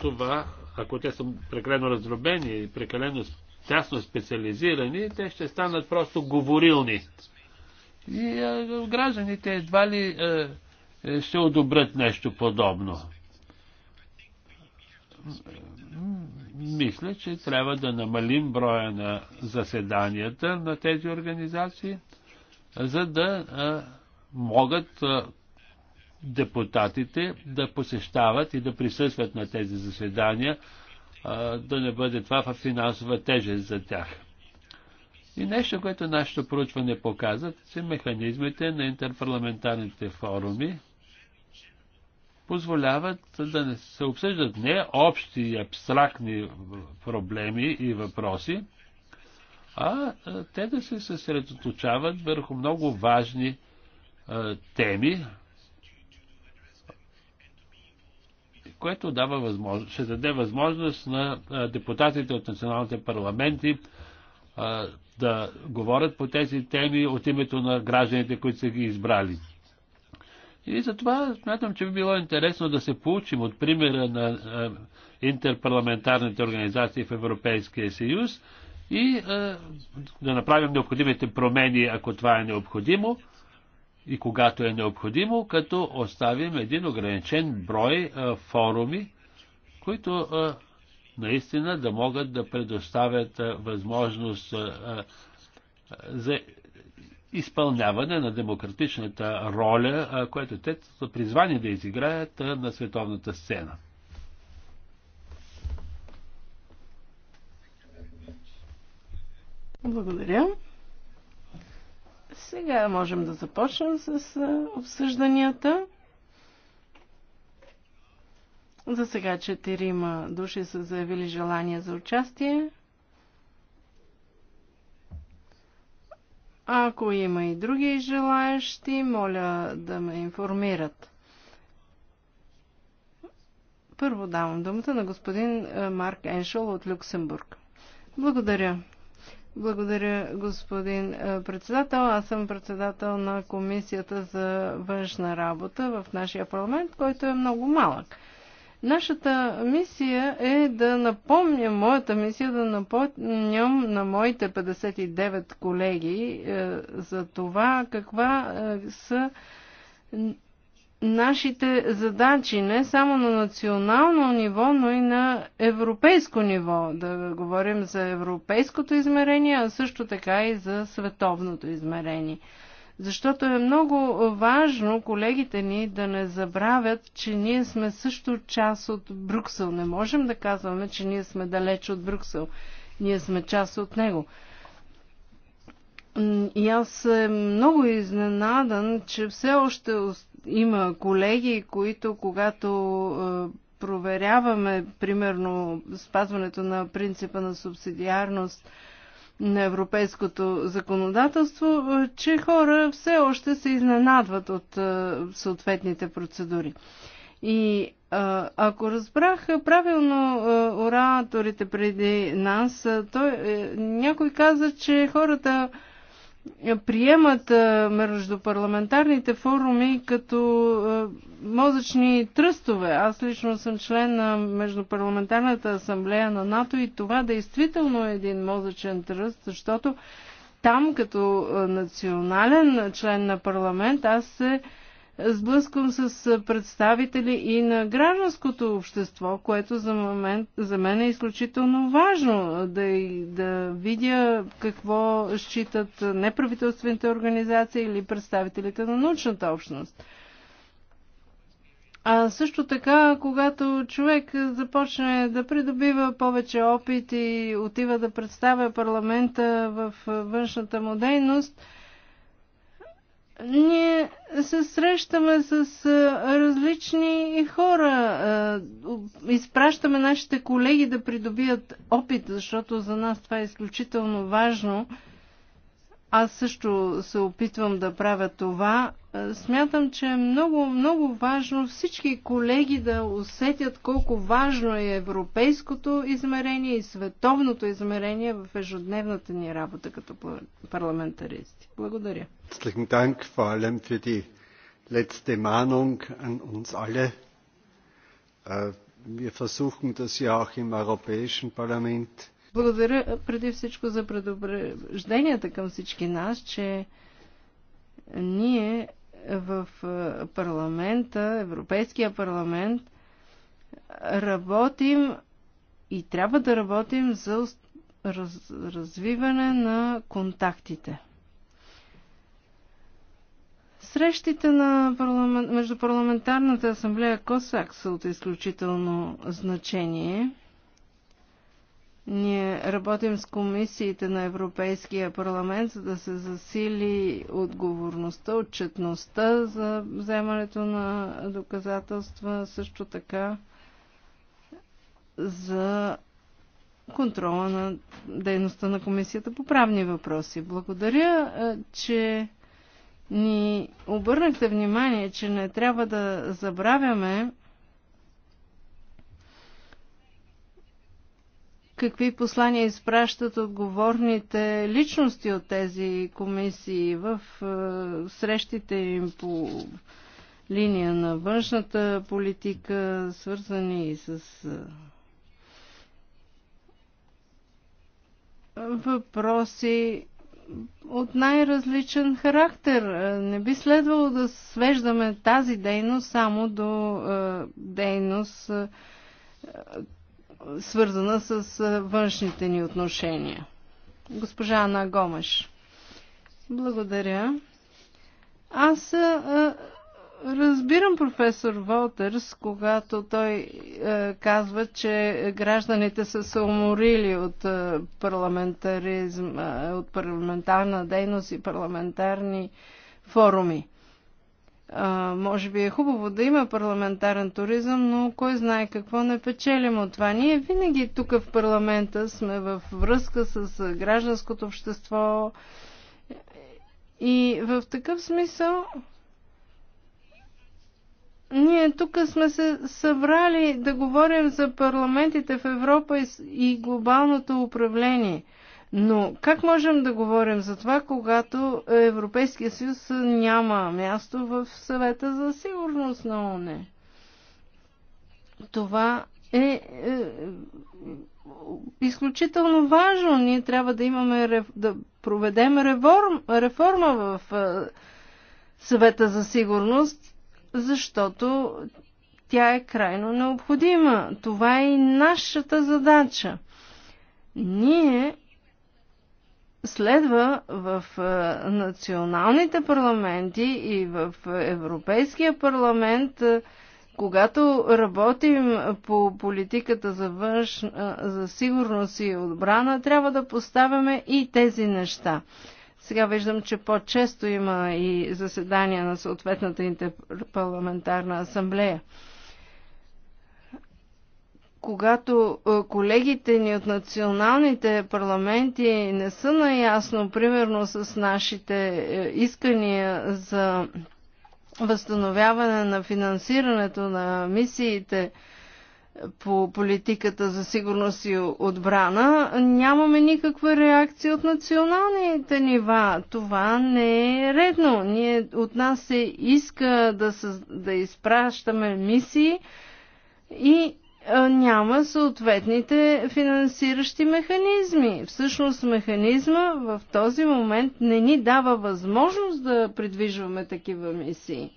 това, ако те са прекалено раздробени и прекалено тясно специализирани, те ще станат просто говорилни. И е, гражданите едва ли ще одобрят нещо подобно мисля, че трябва да намалим броя на заседанията на тези организации, за да а, могат а, депутатите да посещават и да присъстват на тези заседания, а, да не бъде това в финансова тежест за тях. И нещо, което нашето проучване показва, че механизмите на интерпарламентарните форуми позволяват да не се обсъждат не общи и абстрактни проблеми и въпроси, а те да се съсредоточават върху много важни теми, което дава възможност, ще даде възможност на депутатите от националните парламенти да говорят по тези теми от името на гражданите, които са ги избрали. И затова смятам, че би било интересно да се получим от примера на е, интерпарламентарните организации в Европейския съюз и е, да направим необходимите промени, ако това е необходимо и когато е необходимо, като оставим един ограничен брой е, форуми, които наистина да могат да предоставят възможност за изпълняване на демократичната роля, която те са призвани да изиграят на световната сцена. Благодаря. Сега можем да започнем с обсъжданията. За сега четирима души са заявили желание за участие. Ако има и други желаящи, моля да ме информират. Първо давам думата на господин е, Марк Еншол от Люксембург. Благодаря. Благодаря, господин е, председател. Аз съм председател на Комисията за външна работа в нашия парламент, който е много малък. Нашата мисия е да напомня, моята мисия е да напомням на моите 59 колеги е, за това каква е, са нашите задачи не само на национално ниво, но и на европейско ниво. Да говорим за европейското измерение, а също така и за световното измерение. Защото е много важно колегите ни да не забравят, че ние сме също част от Брюксел. Не можем да казваме, че ние сме далеч от Брюксел. Ние сме част от него. И аз съм много изненадан, че все още има колеги, които когато е, проверяваме, примерно, спазването на принципа на субсидиарност, на европейското законодателство, е, че хора все още се изненадват от е, съответните процедури. И е, ако разбрах правилно ораторите преди нас, той, някой каза, че хората приемат между парламентарните форуми като мозъчни тръстове. Аз лично съм член на Междупарламентарната асамблея на НАТО и това действително е един мозъчен тръст, защото там като национален член на парламент аз се сблъсквам с представители и на гражданското общество, което за, момент, за мен е изключително важно да, да видя какво считат неправителствените организации или представителите на научната общност. А също така, когато човек започне да придобива повече опит и отива да представя парламента в външната му дейност, ние се срещаме с различни хора. Изпращаме нашите колеги да придобият опит, защото за нас това е изключително важно аз също се опитвам да правя това. Е, смятам, че е много, много важно всички колеги да усетят колко важно е европейското измерение и световното измерение в ежедневната ни работа като парламентаристи. Благодаря. letzte äh, Wir versuchen das ja auch im Europäischen Parlament благодаря преди всичко за предупрежденията към всички нас, че ние в парламента, Европейския парламент, работим и трябва да работим за развиване на контактите. Срещите на парламент, Междупарламентарната асамблея КОСАК са от изключително значение – ние работим с комисиите на Европейския парламент, за да се засили отговорността, отчетността за вземането на доказателства, също така за контрола на дейността на Комисията по правни въпроси. Благодаря, е, че ни обърнахте внимание, че не трябва да забравяме какви послания изпращат отговорните личности от тези комисии в е, срещите им по линия на външната политика, свързани с е, въпроси от най-различен характер. Е, не би следвало да свеждаме тази дейност само до дейност свързана с външните ни отношения. Госпожа Ана Гомеш. Благодаря. Аз а, разбирам професор Волтерс, когато той а, казва, че гражданите са се уморили от а, парламентаризм, а, от парламентарна дейност и парламентарни форуми. А, може би е хубаво да има парламентарен туризъм, но кой знае какво не печелим от това. Ние винаги тук в парламента сме в връзка с гражданското общество и в такъв смисъл ние тук сме се събрали да говорим за парламентите в Европа и глобалното управление – но как можем да говорим за това, когато Европейския съюз няма място в съвета за сигурност на ОНЕ? Това е, е изключително важно. Ние трябва да имаме да проведем реформ, реформа в е, съвета за сигурност, защото тя е крайно необходима. Това е и нашата задача. Ние следва в е, националните парламенти и в Европейския парламент, е, когато работим по политиката за, външ, е, за сигурност и отбрана, трябва да поставяме и тези неща. Сега виждам, че по-често има и заседания на съответната интерпарламентарна асамблея когато колегите ни от националните парламенти не са наясно, примерно с нашите е, искания за възстановяване на финансирането на мисиите е, по политиката за сигурност и отбрана, нямаме никаква реакция от националните нива. Това не е редно. Ние, от нас се иска да, съ, да изпращаме мисии и няма съответните финансиращи механизми. Всъщност механизма в този момент не ни дава възможност да придвижваме такива мисии.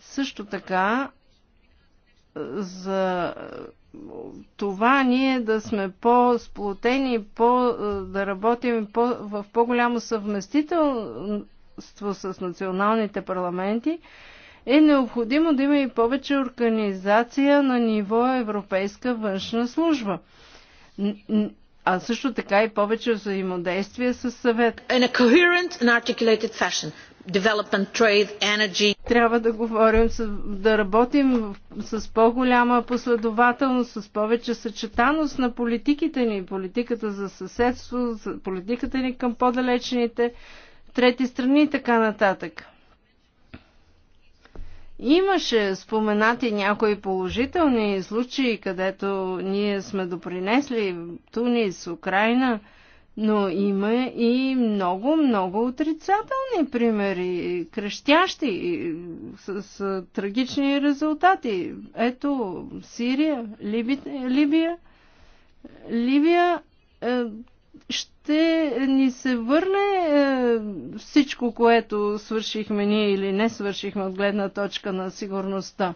Също така, за това ние да сме по-сплотени, по, да работим по, в по-голямо съвместителство с националните парламенти, е необходимо да има и повече организация на ниво Европейска външна служба. А също така и повече взаимодействие с съвет. In a coherent and articulated fashion. Development, trade, energy. Трябва да говорим, да работим с по-голяма последователност, с повече съчетаност на политиките ни, политиката за съседство, политиката ни към по-далечните трети страни и така нататък. Имаше споменати някои положителни случаи, където ние сме допринесли Тунис, Украина, но има и много, много отрицателни примери, крещящи, с, с трагични резултати. Ето, Сирия, Либи, Либия. Ливия е, ще ни се върне е, всичко, което свършихме ние или не свършихме от гледна точка на сигурността.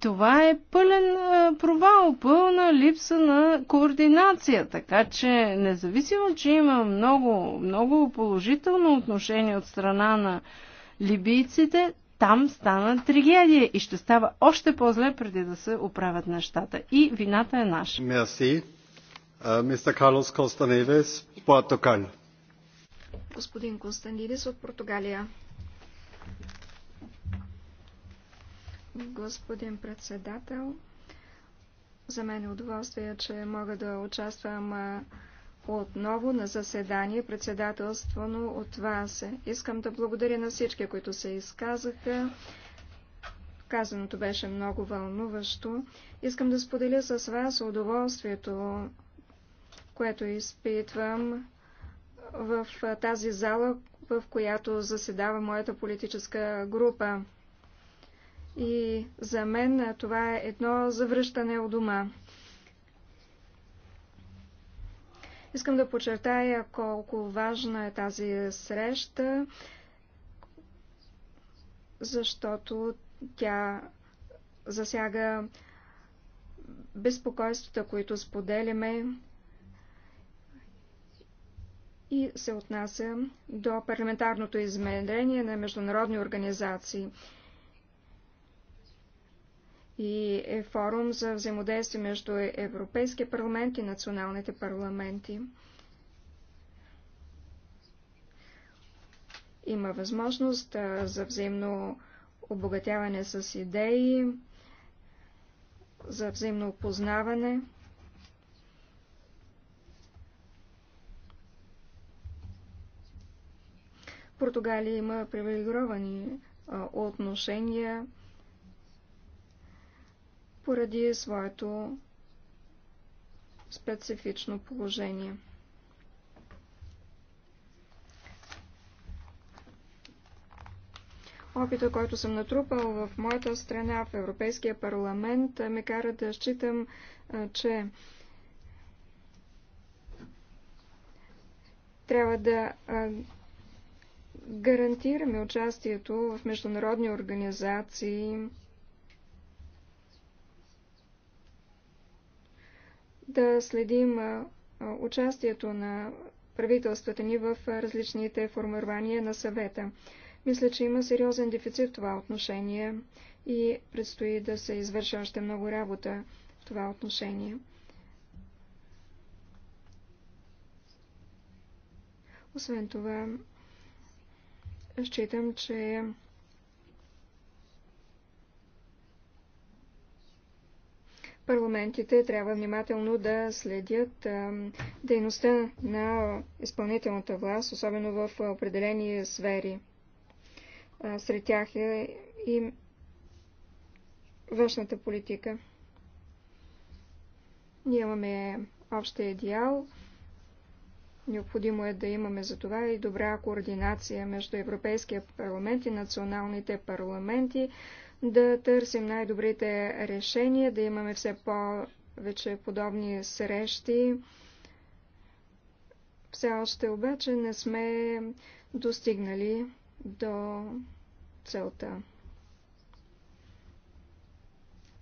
Това е пълен е, провал, пълна липса на координация, така че независимо, че има много, много положително отношение от страна на либийците, там стана трагедия и ще става още по-зле преди да се оправят нещата. И вината е наша. Мерси. Господин Константидис от Португалия. Господин председател, за мен е удоволствие, че мога да участвам отново на заседание, председателствано от вас. Искам да благодаря на всички, които се изказаха. Казаното беше много вълнуващо. Искам да споделя с вас удоволствието което изпитвам в тази зала, в която заседава моята политическа група. И за мен това е едно завръщане у дома. Искам да подчертая колко важна е тази среща, защото тя засяга безпокойствата, които споделяме, и се отнася до парламентарното измерение на международни организации и е форум за взаимодействие между Европейския парламент и националните парламенти. Има възможност за взаимно обогатяване с идеи, за взаимно опознаване. Португалия има привилегировани отношения поради своето специфично положение. Опита, който съм натрупал в моята страна, в Европейския парламент, ме кара да считам, че трябва да гарантираме участието в международни организации, да следим участието на правителствата ни в различните формирования на съвета. Мисля, че има сериозен дефицит в това отношение и предстои да се извърши още много работа в това отношение. Освен това, считам, че парламентите трябва внимателно да следят дейността на изпълнителната власт, особено в определени сфери. Сред тях е и външната политика. Ние имаме общия идеал Необходимо е да имаме за това и добра координация между Европейския парламент и националните парламенти, да търсим най-добрите решения, да имаме все повече подобни срещи. Все още обаче не сме достигнали до целта.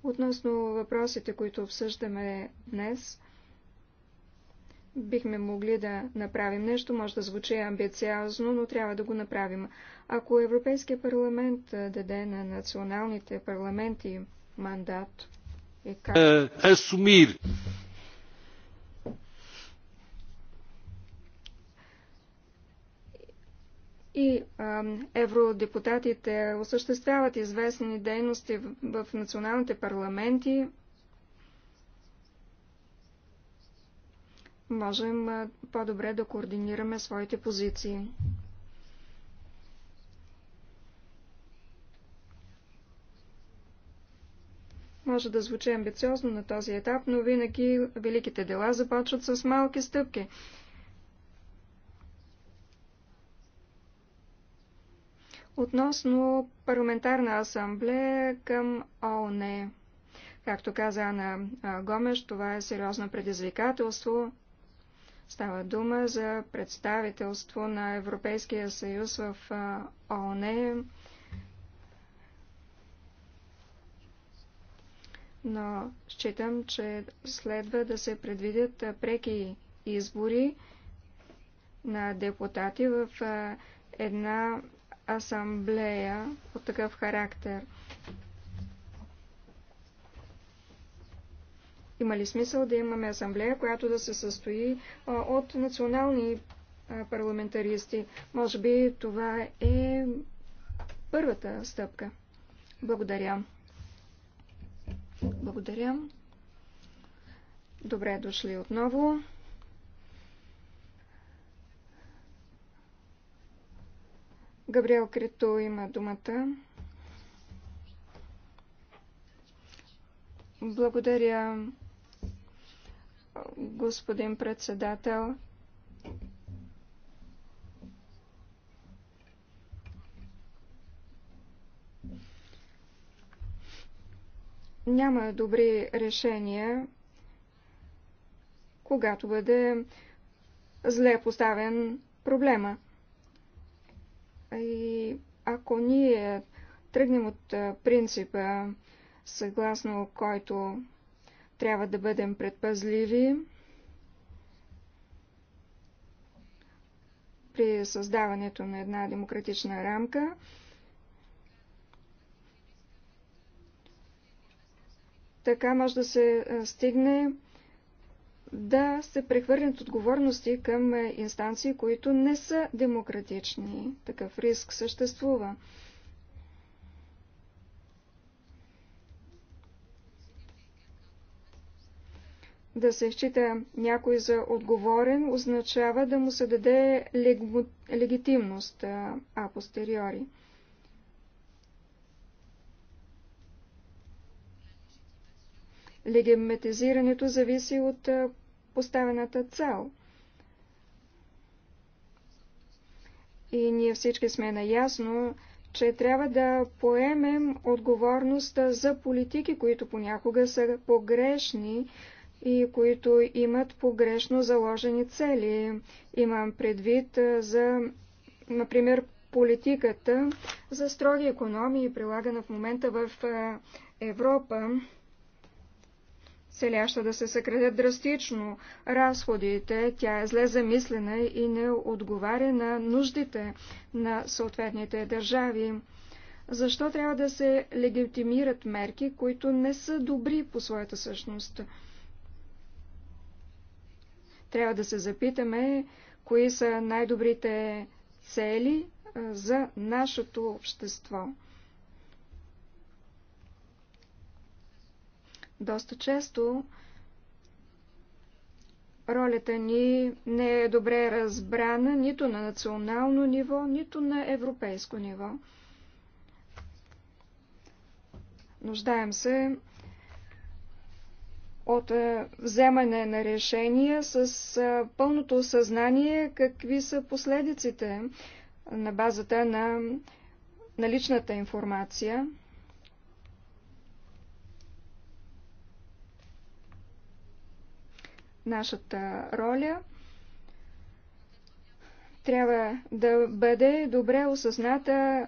Относно въпросите, които обсъждаме днес – бихме могли да направим нещо, може да звучи амбициозно, но трябва да го направим. Ако Европейския парламент даде на националните парламенти мандат, е как... Асумир. Е, е, И а, евродепутатите осъществяват известни дейности в, в националните парламенти, можем по-добре да координираме своите позиции. Може да звучи амбициозно на този етап, но винаги великите дела започват с малки стъпки. Относно парламентарна асамблея към ОНЕ. Както каза Ана Гомеш, това е сериозно предизвикателство, Става дума за представителство на Европейския съюз в ООН. Но считам, че следва да се предвидят преки избори на депутати в една асамблея от такъв характер. Има ли смисъл да имаме асамблея, която да се състои от национални парламентаристи? Може би това е първата стъпка. Благодаря. Благодаря. Добре дошли отново. Габриел Крито има думата. Благодаря господин председател. Няма добри решения, когато бъде зле поставен проблема. И ако ние тръгнем от принципа, съгласно който трябва да бъдем предпазливи при създаването на една демократична рамка. Така може да се стигне да се прехвърлят отговорности към инстанции, които не са демократични. Такъв риск съществува. да се счита някой за отговорен, означава да му се даде лег... легитимност апостериори. Легиматизирането зависи от поставената цел. И ние всички сме наясно, че трябва да поемем отговорността за политики, които понякога са погрешни, и които имат погрешно заложени цели. Имам предвид за, например, политиката за строги економии, прилагана в момента в Европа, целяща да се съкратят драстично разходите. Тя е зле замислена и не отговаря на нуждите на съответните държави. Защо трябва да се легитимират мерки, които не са добри по своята същност? Трябва да се запитаме, кои са най-добрите цели за нашето общество. Доста често ролята ни не е добре разбрана нито на национално ниво, нито на европейско ниво. Нуждаем се от е, вземане на решения с е, пълното осъзнание какви са последиците на базата на наличната информация. Нашата роля трябва да бъде добре осъзната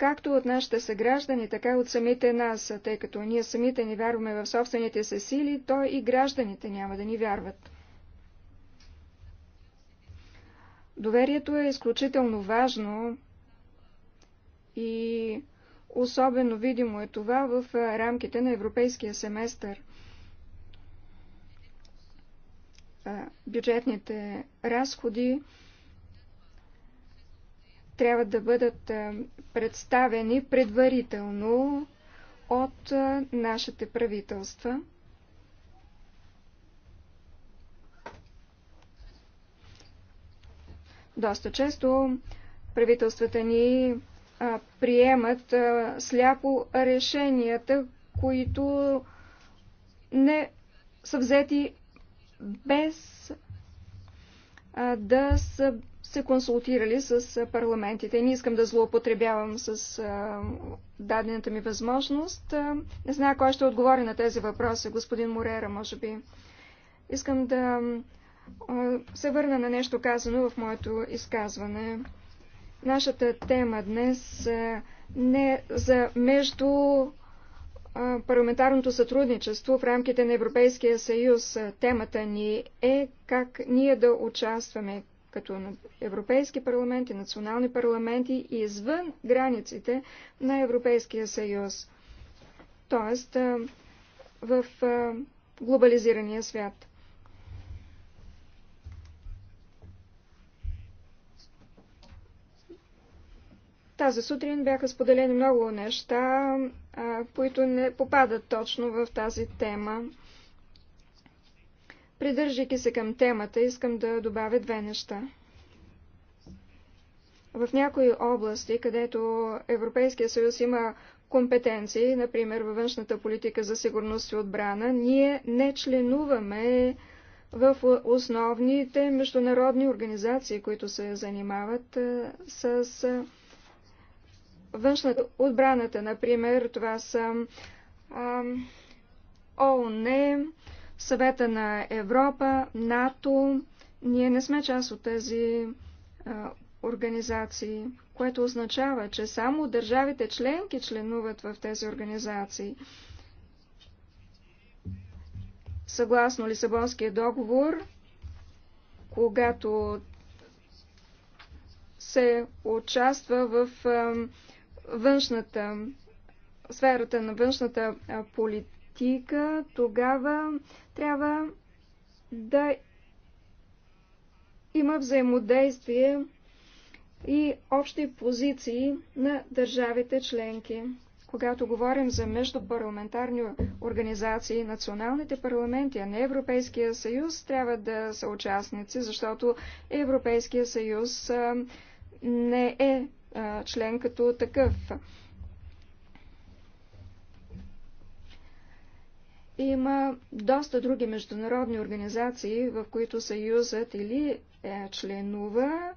както от нашите съграждани, така и от самите нас, тъй като ние самите не вярваме в собствените си сили, то и гражданите няма да ни вярват. Доверието е изключително важно и особено видимо е това в рамките на европейския семестър. Бюджетните разходи трябва да бъдат е, представени предварително от е, нашите правителства. Доста често правителствата ни е, приемат сляпо решенията, които не са взети без да са се консултирали с парламентите. Не искам да злоупотребявам с дадената ми възможност. Не знам кой ще отговори на тези въпроси. Господин Морера, може би. Искам да се върна на нещо казано в моето изказване. Нашата тема днес не за между парламентарното сътрудничество в рамките на Европейския съюз. Темата ни е как ние да участваме, като на Европейски парламент и национални парламенти и извън границите на Европейския съюз, т.е. в глобализирания свят. Тази сутрин бяха споделени много неща, които не попадат точно в тази тема. Придържайки се към темата, искам да добавя две неща. В някои области, където Европейския съюз има компетенции, например във външната политика за сигурност и отбрана, ние не членуваме в основните международни организации, които се занимават с външната отбраната. Например, това са ООН, Съвета на Европа, НАТО. Ние не сме част от тези а, организации, което означава, че само държавите членки членуват в тези организации. Съгласно Лисабонския договор, когато се участва в външната, сферата на външната политика, политика, тогава трябва да има взаимодействие и общи позиции на държавите членки. Когато говорим за междупарламентарни организации, националните парламенти, а не Европейския съюз, трябва да са участници, защото Европейския съюз не е член като такъв. Има доста други международни организации, в които Съюзът или е членува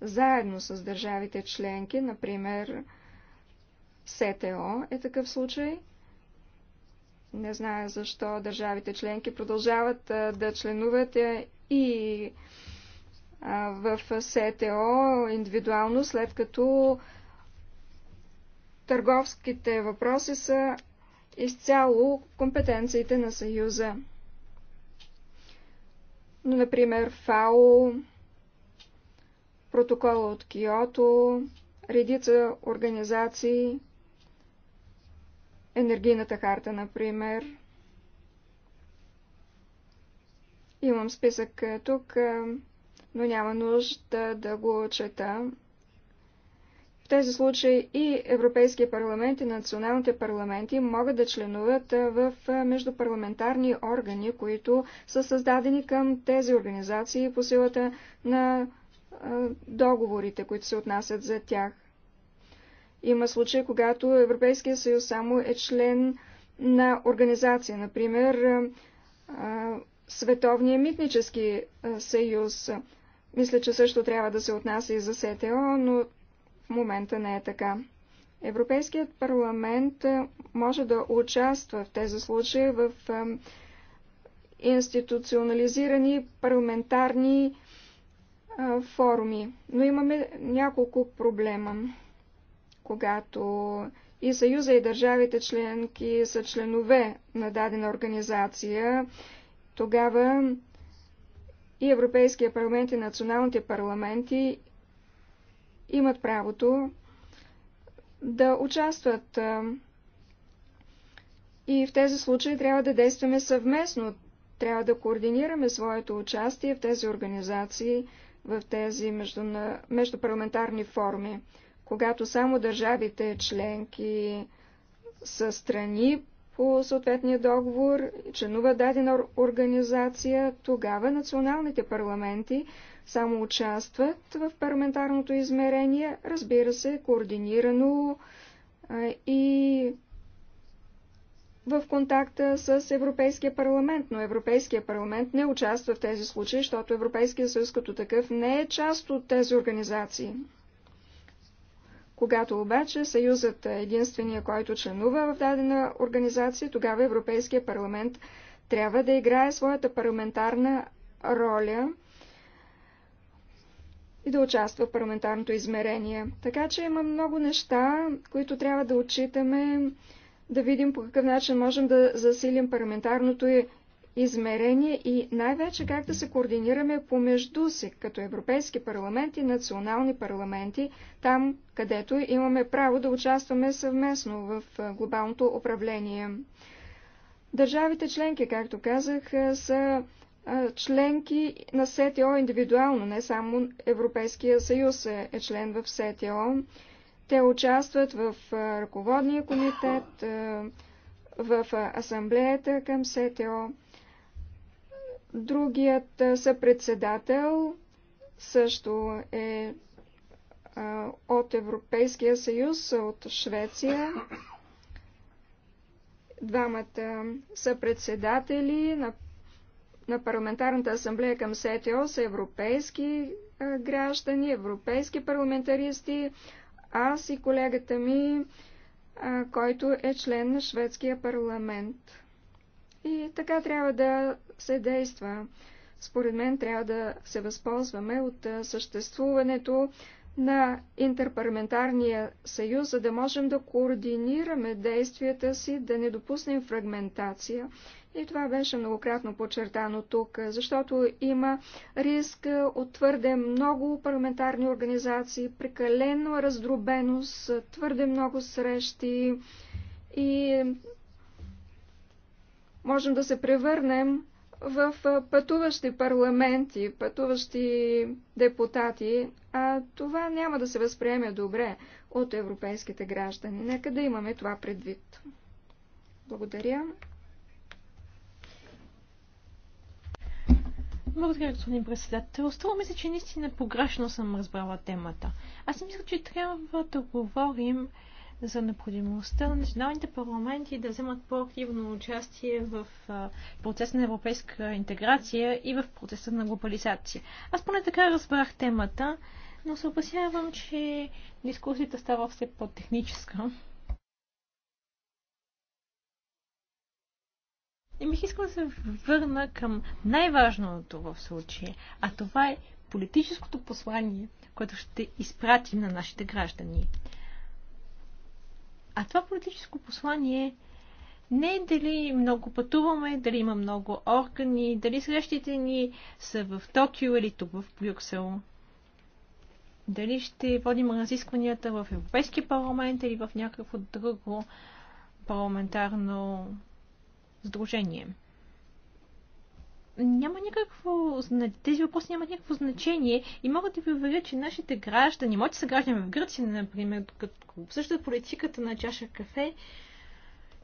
заедно с държавите членки, например СТО е такъв случай. Не зная защо държавите членки продължават да членуват и в СТО индивидуално, след като търговските въпроси са изцяло компетенциите на Съюза. Но, например, ФАО, протокола от Киото, редица организации, енергийната карта, например. Имам списък е, тук, е, но няма нужда да го чета. В тези случаи и Европейския парламент и националните парламенти могат да членуват в междупарламентарни органи, които са създадени към тези организации по силата на договорите, които се отнасят за тях. Има случаи, когато Европейския съюз само е член на организация, например Световния митнически съюз. Мисля, че също трябва да се отнася и за СТО, но в момента не е така. Европейският парламент може да участва в тези случаи в институционализирани парламентарни форуми. Но имаме няколко проблема. Когато и Съюза и държавите членки са членове на дадена организация, тогава и Европейския парламент и националните парламенти имат правото да участват. И в тези случаи трябва да действаме съвместно. Трябва да координираме своето участие в тези организации, в тези междуна... междупарламентарни форми. Когато само държавите членки са страни по съответния договор, членува дадена организация, тогава националните парламенти само участват в парламентарното измерение, разбира се, координирано и в контакта с Европейския парламент, но Европейския парламент не участва в тези случаи, защото Европейския съюз като такъв не е част от тези организации. Когато обаче съюзът е единствения, който членува в дадена организация, тогава Европейския парламент трябва да играе своята парламентарна роля – и да участва в парламентарното измерение. Така че има много неща, които трябва да отчитаме, да видим по какъв начин можем да засилим парламентарното измерение и най-вече как да се координираме помежду си, като Европейски парламент и национални парламенти, там където имаме право да участваме съвместно в глобалното управление. Държавите членки, както казах, са членки на СТО индивидуално, не само Европейския съюз е, е член в СТО. Те участват в ръководния комитет, в асамблеята към СТО. Другият съпредседател също е от Европейския съюз, от Швеция. Двамата са председатели на на Парламентарната асамблея към СТО са европейски граждани, европейски парламентаристи, аз и колегата ми, който е член на шведския парламент. И така трябва да се действа. Според мен трябва да се възползваме от съществуването на Интерпарламентарния съюз, за да можем да координираме действията си, да не допуснем фрагментация и това беше многократно подчертано тук, защото има риск от твърде много парламентарни организации, прекалено раздробеност, твърде много срещи и можем да се превърнем в пътуващи парламенти, пътуващи депутати, а това няма да се възприеме добре от европейските граждани. Нека да имаме това предвид. Благодаря. Благодаря, господин председател. Остава ми се, че наистина погрешно съм разбрала темата. Аз мисля, че трябва да говорим за необходимостта на националните парламенти да вземат по-активно участие в процеса на европейска интеграция и в процеса на глобализация. Аз поне така разбрах темата, но се опасявам, че дискусията става все по-техническа. И бих искал да се върна към най-важното в случая, а това е политическото послание, което ще изпратим на нашите граждани. А това политическо послание не е дали много пътуваме, дали има много органи, дали срещите ни са в Токио или тук в Брюксел. Дали ще водим разискванията в Европейския парламент или в някакво друго парламентарно сдружение. Няма никакво, тези въпроси нямат никакво значение и мога да ви уверя, че нашите граждани, моите съграждани в Гърция, например, като обсъждат политиката на чаша кафе,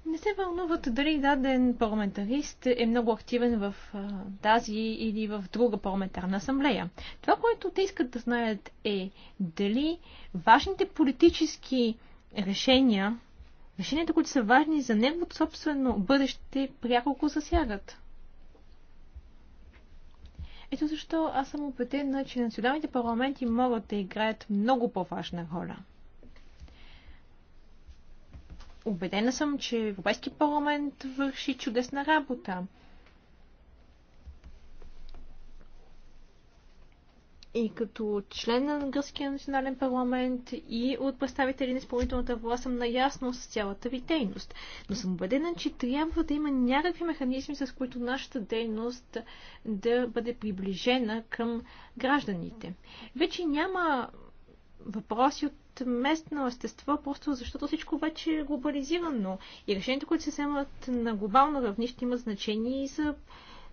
не се вълнуват дали даден парламентарист е много активен в а, тази или в друга парламентарна асамблея. Това, което те искат да знаят е дали важните политически решения, Решенията, които са важни за неговото собствено бъдеще, пряко го засягат. Ето защо аз съм убедена, че националните парламенти могат да играят много по-важна роля. Убедена съм, че Европейски парламент върши чудесна работа. и като член на Гръцкия национален парламент и от представители на изпълнителната власт съм наясно с цялата ви дейност. Но съм убедена, че трябва да има някакви механизми, с които нашата дейност да бъде приближена към гражданите. Вече няма въпроси от местно естество, просто защото всичко вече е глобализирано и решенията, които се вземат на глобално равнище, имат значение и за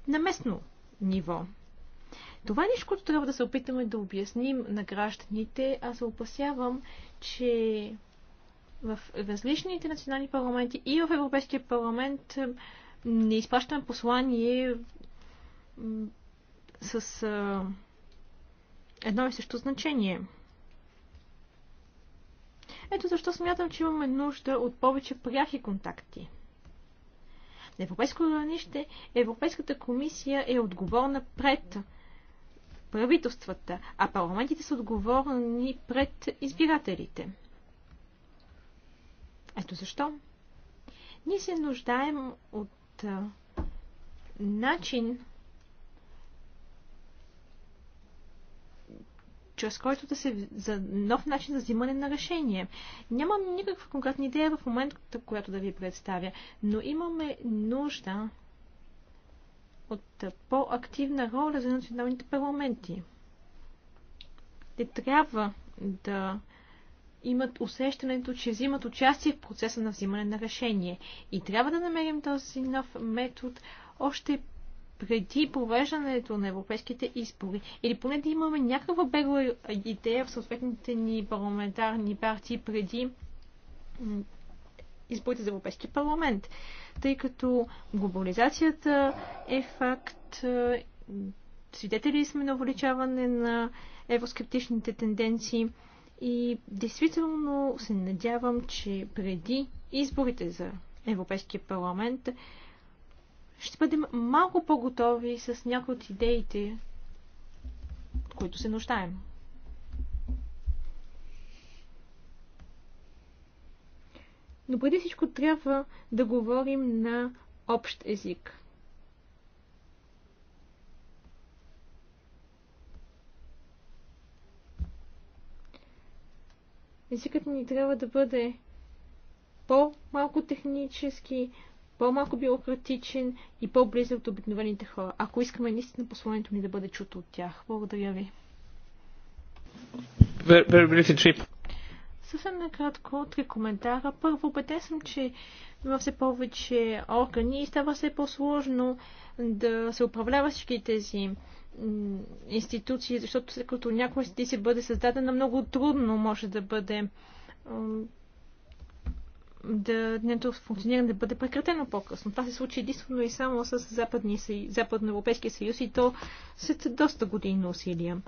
на местно ниво. Това е нещо, което трябва да се опитаме да обясним на гражданите. Аз се опасявам, че в различните национални парламенти и в Европейския парламент не изпращаме послание с едно и също значение. Ето защо смятам, че имаме нужда от повече пряхи контакти. На европейско равнище Европейската комисия е отговорна пред правителствата, а парламентите са отговорни пред избирателите. Ето защо. Ние се нуждаем от а, начин, чрез който да се за нов начин за взимане на решение. Нямам никаква конкретна идея в момента, която да ви представя, но имаме нужда от по-активна роля за националните парламенти. Те трябва да имат усещането, че взимат участие в процеса на взимане на решение. И трябва да намерим този нов метод още преди провеждането на европейските избори. Или поне да имаме някаква бегла идея в съответните ни парламентарни партии преди изборите за Европейски парламент, тъй като глобализацията е факт, е, свидетели сме на увеличаване на евроскептичните тенденции и действително се надявам, че преди изборите за Европейския парламент ще бъдем малко по-готови с някои от идеите, от които се нуждаем. Но преди всичко трябва да говорим на общ език. Езикът ни трябва да бъде по-малко технически, по-малко бюрократичен и по-близък от обикновените хора, ако искаме наистина посланието ни да бъде чуто от тях. Благодаря ви. Very, very Съвсем накратко, три коментара. Първо, убеден съм, че има все повече органи и става все по-сложно да се управлява всички тези институции, защото след като някоя институция бъде създадена, много трудно може да бъде да нето функциониране да бъде прекратено по-късно. Това се случи единствено и само с Западно Западноевропейския съюз и то след доста години усилия.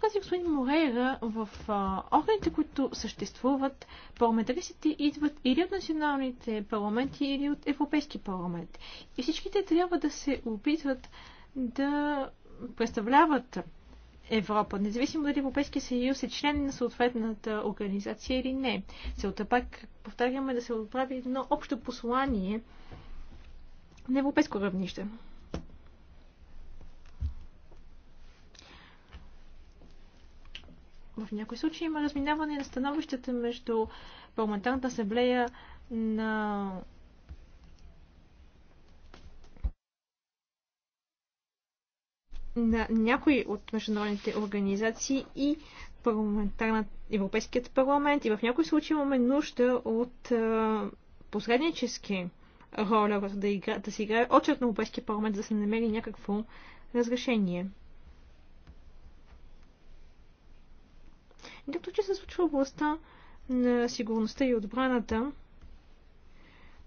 Както каза господин Морейра, в а, органите, които съществуват, парламентаристите идват или от националните парламенти, или от Европейски парламент. И всичките трябва да се опитват да представляват Европа, независимо дали Европейския съюз е член на съответната организация или не. Целта пак, повтаряме, е да се отправи едно общо послание на европейско равнище. В някои случаи има разминаване на становищата между парламентарната асамблея на на някои от международните организации и Европейският парламент. И в някои случаи имаме нужда от е, посреднически роля да, игра, да се играе отчет на Европейския парламент, за да се намери някакво разрешение. Както че се случва областта на сигурността и отбраната,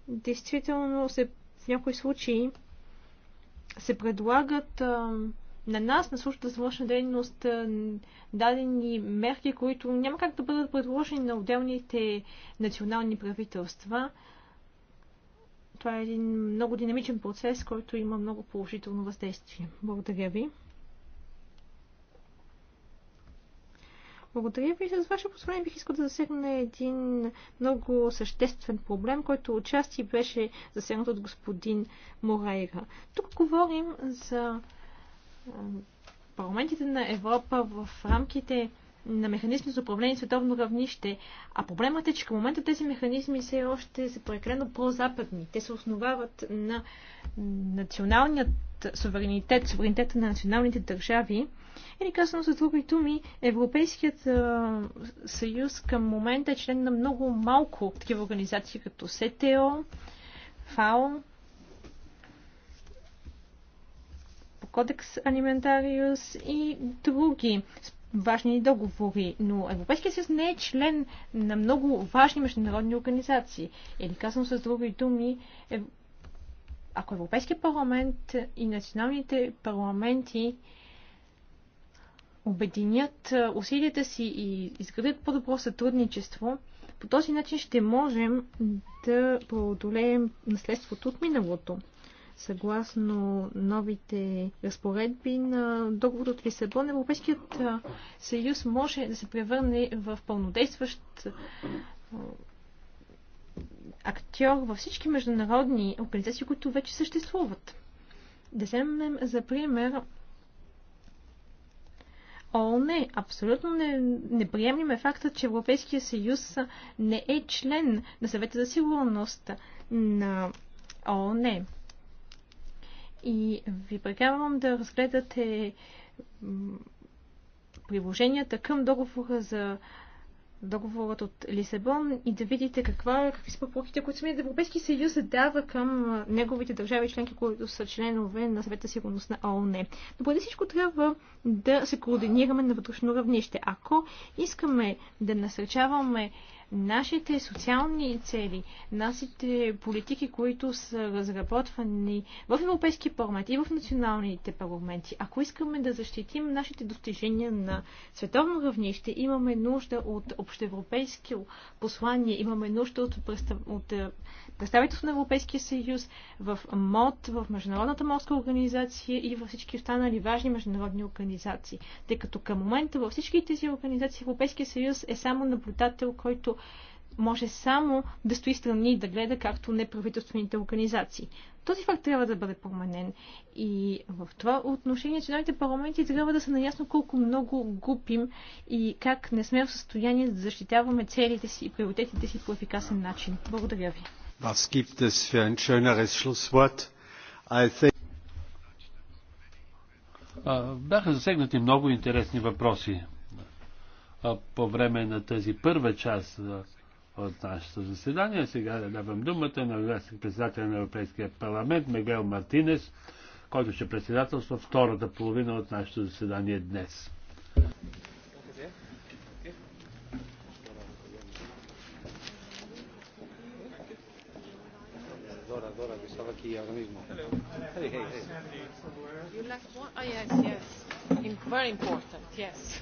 действително се, в някои случаи се предлагат а, на нас, на службата за външна дейност, дадени мерки, които няма как да бъдат предложени на отделните национални правителства. Това е един много динамичен процес, който има много положително въздействие. Благодаря ви. Благодаря ви. С ваше позволение бих искал да засегна един много съществен проблем, който отчасти беше засегнат от господин Морейра. Тук говорим за парламентите на Европа в рамките на механизми за управление световно равнище. А проблемът е, че към момента тези механизми все още са прекалено по-западни. Те се основават на националният суверенитет, суверенитета на националните държави или казано с други думи, Европейският а, съюз към момента е член на много малко такива организации, като СТО, ФАО, Кодекс Алиментариус и други важни договори, но Европейския съюз не е член на много важни международни организации. Или казвам с други думи, е... ако Европейския парламент и националните парламенти обединят усилията си и изградят по-добро сътрудничество, по този начин ще можем да преодолеем наследството от миналото. Съгласно новите разпоредби на договор от Лисабон, Европейският съюз може да се превърне в пълнодействащ актьор във всички международни организации, които вече съществуват. Да вземем за пример не, Абсолютно не, неприемлим е факта, че Европейския съюз не е член на съвета за сигурност на не. И ви прекарвам да разгледате приложенията към договора за договорът от Лисабон и да видите каква, какви са препоръките, които самият Европейски съюз дава към неговите държави членки, които са членове на съвета сигурност на ООН. Но преди всичко трябва да се координираме на вътрешно равнище. Ако искаме да насърчаваме Нашите социални цели, нашите политики, които са разработвани в Европейски парламент и в националните парламенти, ако искаме да защитим нашите достижения на световно равнище, имаме нужда от общоевропейски послание, имаме нужда от, от представителство на Европейския съюз, в МОД, в Международната морска организация и във всички останали важни международни организации. Тъй като към момента във всички тези организации Европейския съюз е само наблюдател, който може само да стои страни и да гледа както неправителствените организации. Този факт трябва да бъде променен. И в това отношение новите парламенти трябва да са наясно колко много губим и как не сме в състояние да защитаваме целите си и приоритетите си по ефикасен начин. Благодаря ви. Was gibt es für ein schöneres Schlusswort? I think... Бяха засегнати много интересни въпроси по време на тази първа част от нашето заседание. Сега давам думата на председателя на Европейския парламент Мегел Мартинес, който ще председателства втората половина от нашето заседание днес. Dora, Dora, que estaba aquí ahora mismo. Hey, hey, hey. You like one? Oh, yes, yes. Very important, yes.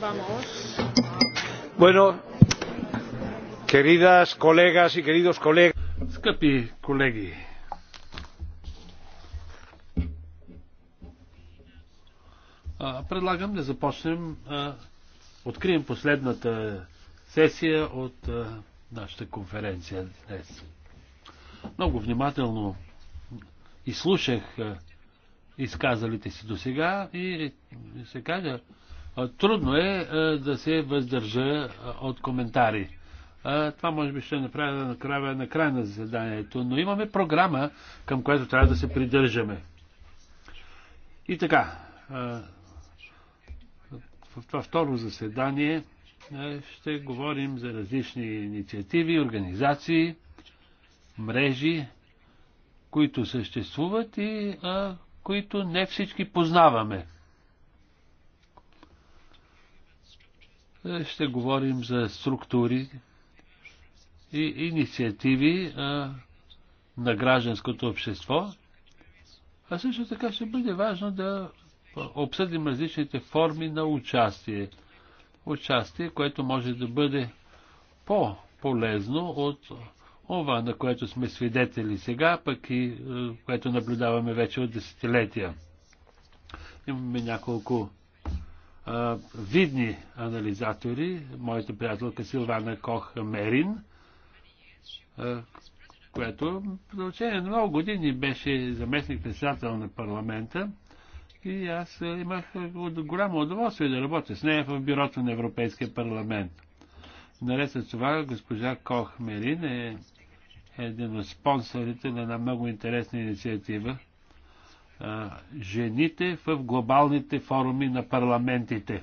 Vamos. Bueno, queridas colegas y queridos colegas. Скъпи колеги, предлагам да започнем, открием последната сесия от нашата конференция днес. Много внимателно изслушах изказалите си до сега и, и се кажа, Трудно е да се въздържа от коментари. Това може би ще направя на края, на края на заседанието, но имаме програма, към която трябва да се придържаме. И така, в това второ заседание ще говорим за различни инициативи, организации, мрежи, които съществуват и които не всички познаваме. ще говорим за структури и инициативи на гражданското общество, а също така ще бъде важно да обсъдим различните форми на участие. Участие, което може да бъде по-полезно от това, на което сме свидетели сега, пък и е, което наблюдаваме вече от десетилетия. Имаме няколко видни анализатори, моята приятелка Силвана Кох Мерин, която в продължение на много години беше заместник председател на парламента и аз имах голямо удоволствие да работя с нея в бюрото на Европейския парламент. Наред с това госпожа Кох Мерин е един от спонсорите на една много интересна инициатива – жените в глобалните форуми на парламентите.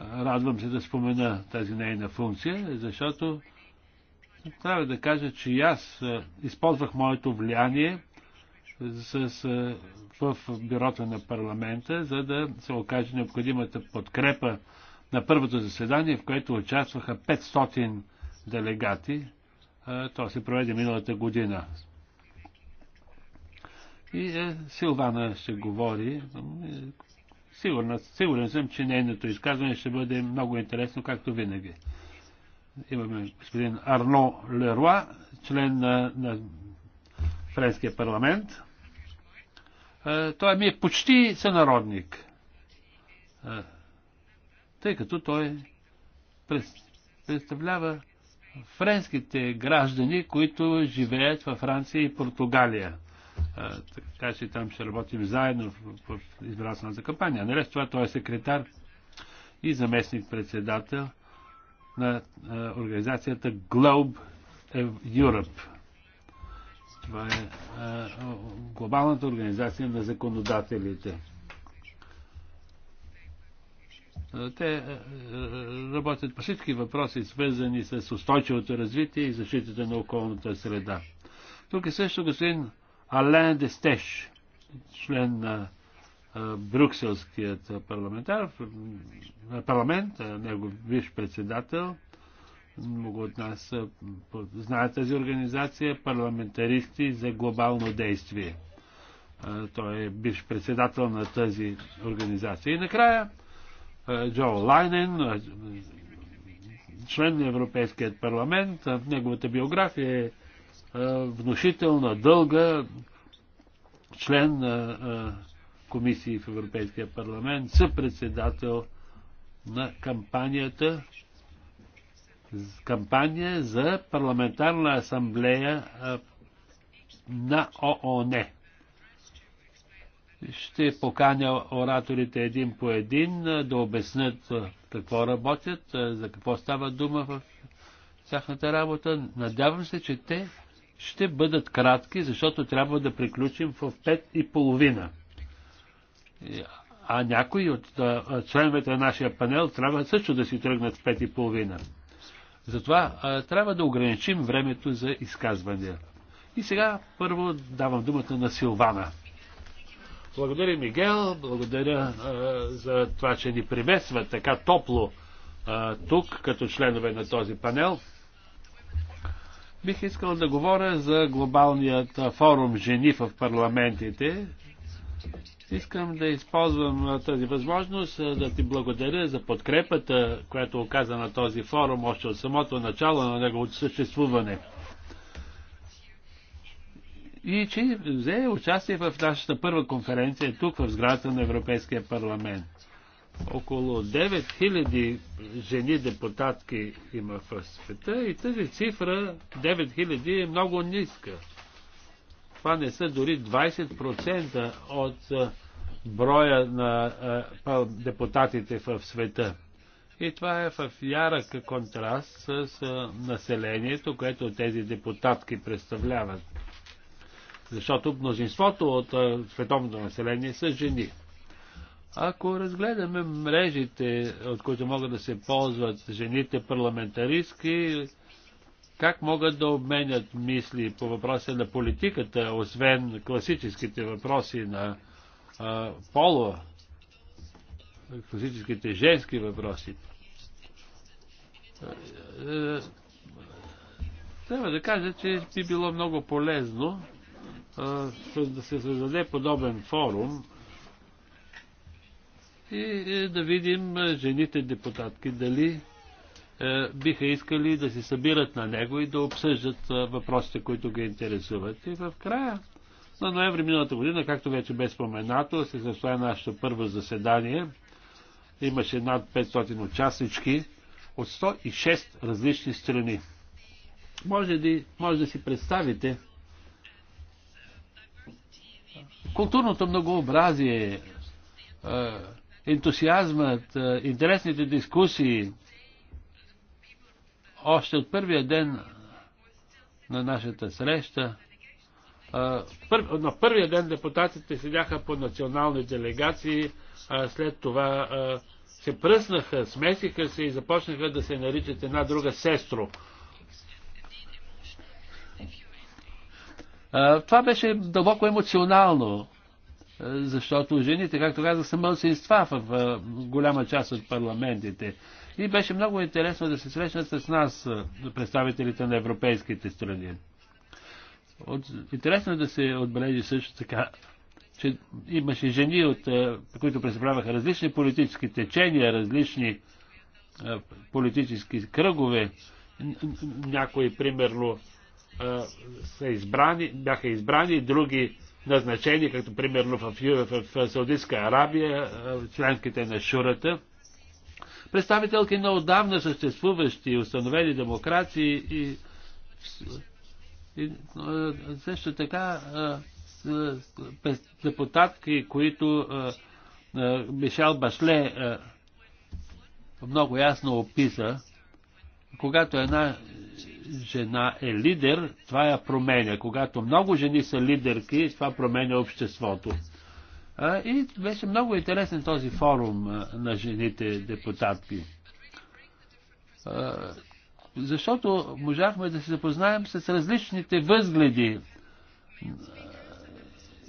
Радвам се да спомена тази нейна функция, защото трябва да кажа, че аз използвах моето влияние в бюрото на парламента, за да се окаже необходимата подкрепа на първото заседание, в което участваха 500 делегати. То се проведе миналата година. И е, Силвана ще говори. Е, сигурна, сигурен съм, че нейното изказване ще бъде много интересно, както винаги. Имаме господин Арно Леруа, член на, на Френския парламент. Е, той ми е почти сънародник, тъй като той представлява френските граждани, които живеят във Франция и Португалия така че там ще работим заедно в, в избирателната кампания. Наред нали, с това той е секретар и заместник-председател на организацията Globe Europe. Това е глобалната организация на законодателите. Те работят по всички въпроси, свързани с устойчивото развитие и защитата на околната среда. Тук е също господин Ален Дестеш, член на Брюкселският парламентар, парламент, негов виш председател, много от нас знаят тази организация, парламентаристи за глобално действие. Той е бивш председател на тази организация. И накрая Джо Лайнен, член на Европейският парламент, неговата биография е е, внушителна, дълга член на е, е, комисии в Европейския парламент, съпредседател на кампанията кампания за парламентарна асамблея на ООН. Ще поканя ораторите един по един да обяснят какво работят, за какво става дума в тяхната работа. Надявам се, че те ще бъдат кратки, защото трябва да приключим в 5 и половина. А някои от членовете на нашия панел трябва също да си тръгнат в 5 и половина. Затова трябва да ограничим времето за изказвания. И сега първо давам думата на Силвана. Благодаря, Мигел, благодаря а, за това, че ни приветства така топло а, тук, като членове на този панел. Бих искал да говоря за глобалният форум Жени в парламентите. Искам да използвам тази възможност да ти благодаря за подкрепата, която оказа на този форум още от самото начало на неговото съществуване. И че взе участие в нашата първа конференция тук в сградата на Европейския парламент. Около 9000 жени депутатки има в света и тази цифра 9000 е много ниска. Това не са дори 20% от броя на депутатите в света. И това е в ярък контраст с населението, което тези депутатки представляват. Защото мнозинството от световното население са жени. Ако разгледаме мрежите, от които могат да се ползват жените парламентаристки, как могат да обменят мисли по въпроса на политиката, освен класическите въпроси на а, поло, класическите женски въпроси. Трябва да кажа, че би било много полезно а, да се създаде подобен форум, и е, да видим е, жените депутатки дали е, биха искали да се събират на него и да обсъждат въпросите, които ги интересуват. И в края на ноември миналата година, както вече бе споменато, се състоя нашето първо заседание. Имаше над 500 участнички от 106 различни страни. Може да, може да си представите културното многообразие, ентусиазмът, е, интересните дискусии още от първия ден на нашата среща. Е, на първия ден депутатите седяха по национални делегации, а е, след това се пръснаха, смесиха се и започнаха да се наричат една друга сестро. Това беше дълбоко емоционално защото жените, както казах, са мълсинства в голяма част от парламентите. И беше много интересно да се срещнат с нас, представителите на европейските страни. От... Интересно е да се отбележи също така, че имаше жени, от, които представляваха различни политически течения, различни политически кръгове. Някои, примерно, са избрани, бяха избрани, други назначени, като примерно в, в, в Саудитска Арабия, членките на Шурата, представителки на отдавна съществуващи и установени демокрации и, и също така депутатки, които Мишел Башле много ясно описа, когато една жена е лидер, това я променя. Когато много жени са лидерки, това променя обществото. А, и беше много интересен този форум а, на жените депутатки. А, защото можахме да се запознаем с различните възгледи.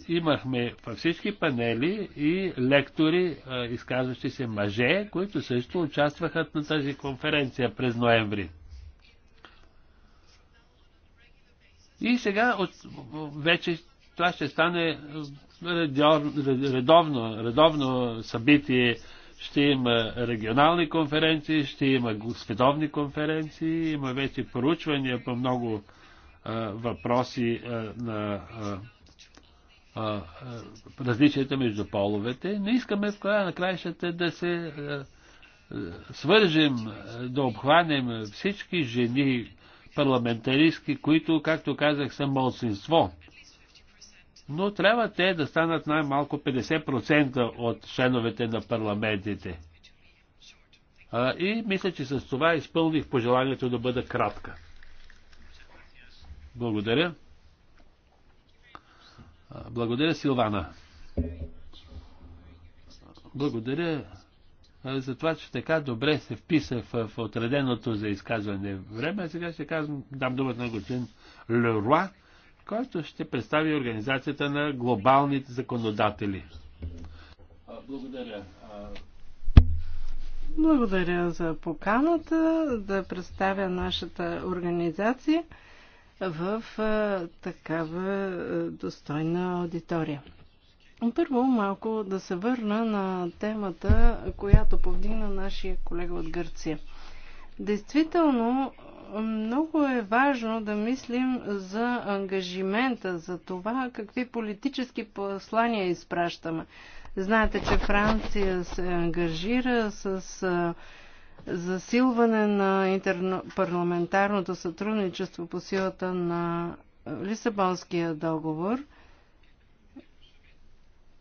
Имахме във всички панели и лектори, изказващи се мъже, които също участваха на тази конференция през ноември. И сега от, вече това ще стане е, редовно, редовно събитие. Ще има регионални конференции, ще има световни конференции, има вече поручвания по много а, е, въпроси а, е, на а, а, различията между половете. Не искаме в края на краищата да се а, свържим, да обхванем всички жени, парламентаристки, които, както казах, са малцинство. Но трябва те да станат най-малко 50% от членовете на парламентите. А, и мисля, че с това изпълних пожеланието да бъда кратка. Благодаря. Благодаря, Силвана. Благодаря за това, че така добре се вписах в, в отреденото за изказване време. Сега ще казвам, дам думата на господин Леруа, който ще представи организацията на глобалните законодатели. Благодаря. Благодаря за поканата да представя нашата организация в такава достойна аудитория. Първо малко да се върна на темата, която повдигна нашия колега от Гърция. Действително, много е важно да мислим за ангажимента, за това какви политически послания изпращаме. Знаете, че Франция се ангажира с засилване на парламентарното сътрудничество по силата на Лисабонския договор –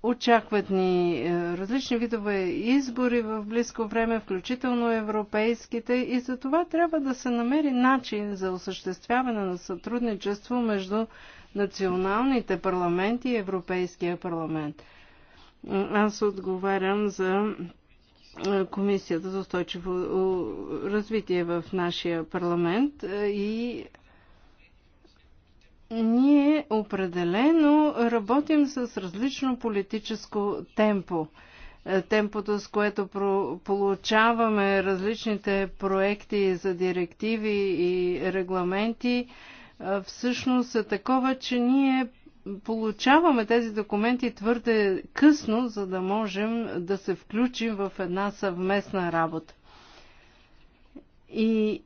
Очакват ни е, различни видове избори в близко време, включително европейските, и за това трябва да се намери начин за осъществяване на сътрудничество между националните парламенти и Европейския парламент. Аз отговарям за е, Комисията за устойчиво е, развитие в нашия парламент и ние определено работим с различно политическо темпо. Е, темпото, с което получаваме различните проекти за директиви и регламенти, е, всъщност е такова, че ние получаваме тези документи твърде късно, за да можем да се включим в една съвместна работа. И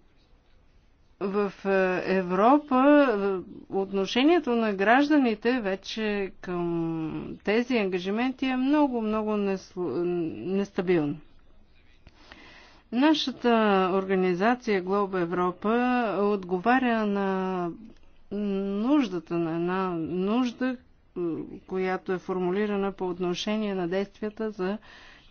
в е, Европа е, отношението на гражданите вече към тези ангажименти е много, много нестабилно. Нашата организация Глоба Европа отговаря на нуждата на една нужда, е, която е формулирана по отношение на действията за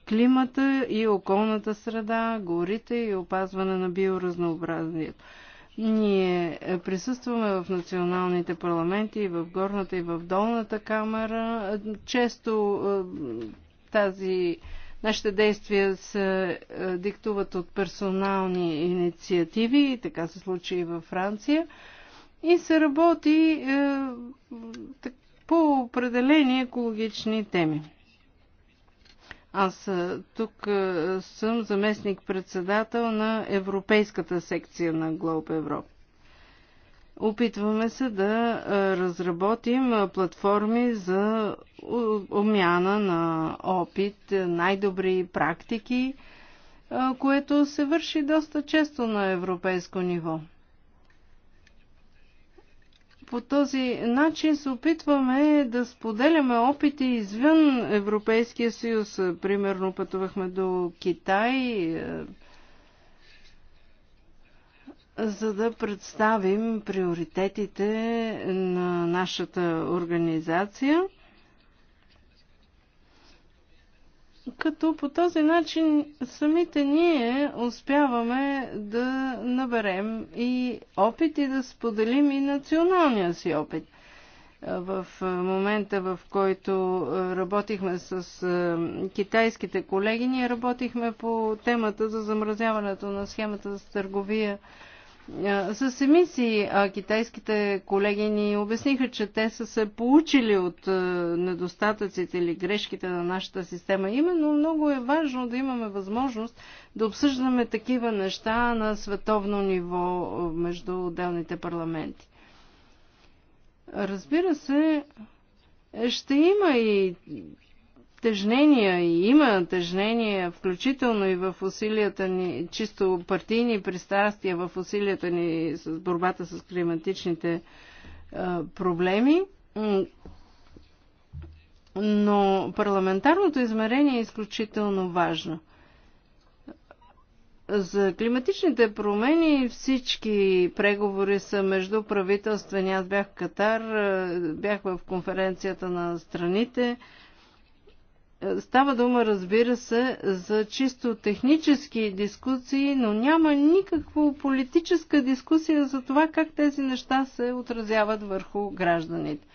климата и околната среда, горите и опазване на биоразнообразието. Ние присъстваме в националните парламенти и в горната и в долната камера. Често е, тази, нашите действия се е, диктуват от персонални инициативи, и така се случи и във Франция. И се работи е, по определени екологични теми. Аз тук съм заместник-председател на Европейската секция на Глоб Европа. Опитваме се да разработим платформи за обмяна на опит, най-добри практики, което се върши доста често на европейско ниво по този начин се опитваме да споделяме опити извън Европейския съюз. Примерно пътувахме до Китай, е, за да представим приоритетите на нашата организация – като по този начин самите ние успяваме да наберем и опит и да споделим и националния си опит. В момента, в който работихме с китайските колеги, ние работихме по темата за замразяването на схемата за търговия с емисии а китайските колеги ни обясниха, че те са се получили от недостатъците или грешките на нашата система. Именно много е важно да имаме възможност да обсъждаме такива неща на световно ниво между отделните парламенти. Разбира се, ще има и тежнения и има тежнения, включително и в усилията ни, чисто партийни пристрастия в усилията ни с борбата с климатичните а, проблеми. Но парламентарното измерение е изключително важно. За климатичните промени всички преговори са между правителствени. Аз бях в Катар, бях в конференцията на страните Става дума, разбира се, за чисто технически дискусии, но няма никаква политическа дискусия за това как тези неща се отразяват върху гражданите.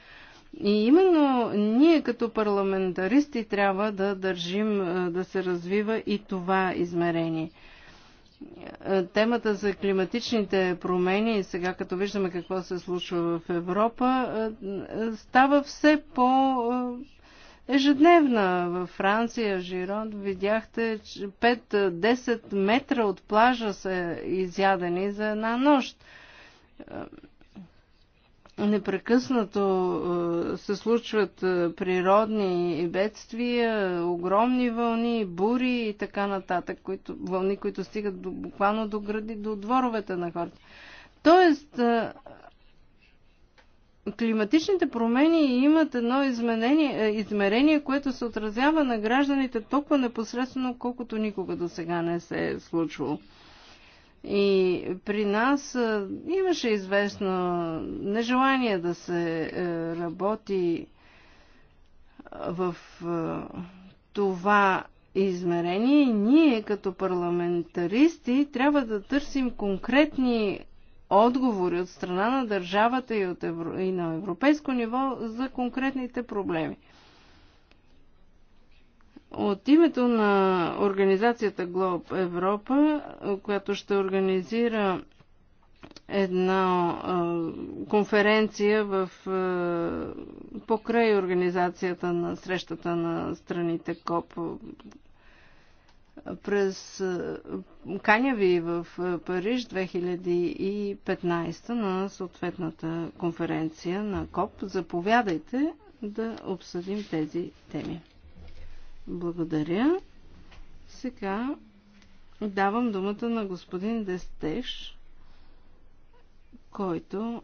И именно ние като парламентаристи трябва да държим да се развива и това измерение. Темата за климатичните промени, сега като виждаме какво се случва в Европа, става все по- ежедневна. Във Франция, Жирон, видяхте, че 5-10 метра от плажа са изядени за една нощ. Е, непрекъснато е, се случват е, природни бедствия, огромни вълни, бури и така нататък, които, вълни, които стигат до, буквално до гради, до дворовете на хората. Тоест, климатичните промени имат едно е, измерение, което се отразява на гражданите толкова непосредствено, колкото никога до сега не се е случвало. И при нас е, имаше известно нежелание да се е, работи в това измерение. Ние като парламентаристи трябва да търсим конкретни отговори от страна на държавата и, от евро... и на европейско ниво за конкретните проблеми. От името на организацията ГЛОБ Европа, която ще организира една конференция в, покрай организацията на срещата на страните КОП през каня ви в Париж 2015 на съответната конференция на КОП. Заповядайте да обсъдим тези теми. Благодаря. Сега давам думата на господин Дестеш, който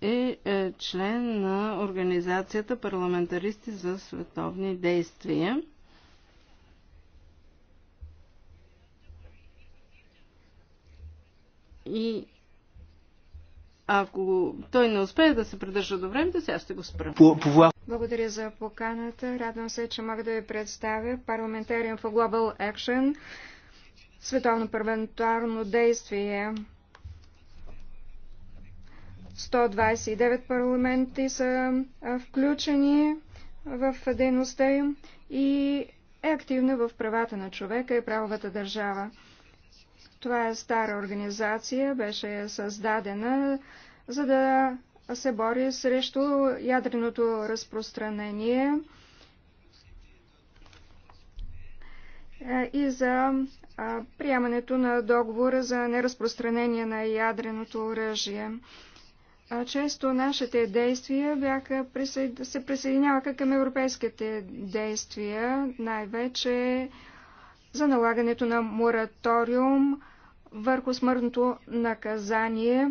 е, е член на Организацията парламентаристи за световни действия. И ако той не успее да се придържа до времето, сега ще го спра. Благодаря за поканата. Радвам се, че мога да ви представя парламентариен for Global Action, световно парламентарно действие. 129 парламенти са включени в дейността им и е активна в правата на човека и правовата държава. Това е стара организация, беше създадена, за да се бори срещу ядреното разпространение е, и за приемането на договора за неразпространение на ядреното оръжие. Често нашите действия бяха, се присъединяваха към европейските действия, най-вече за налагането на мораториум върху смъртното наказание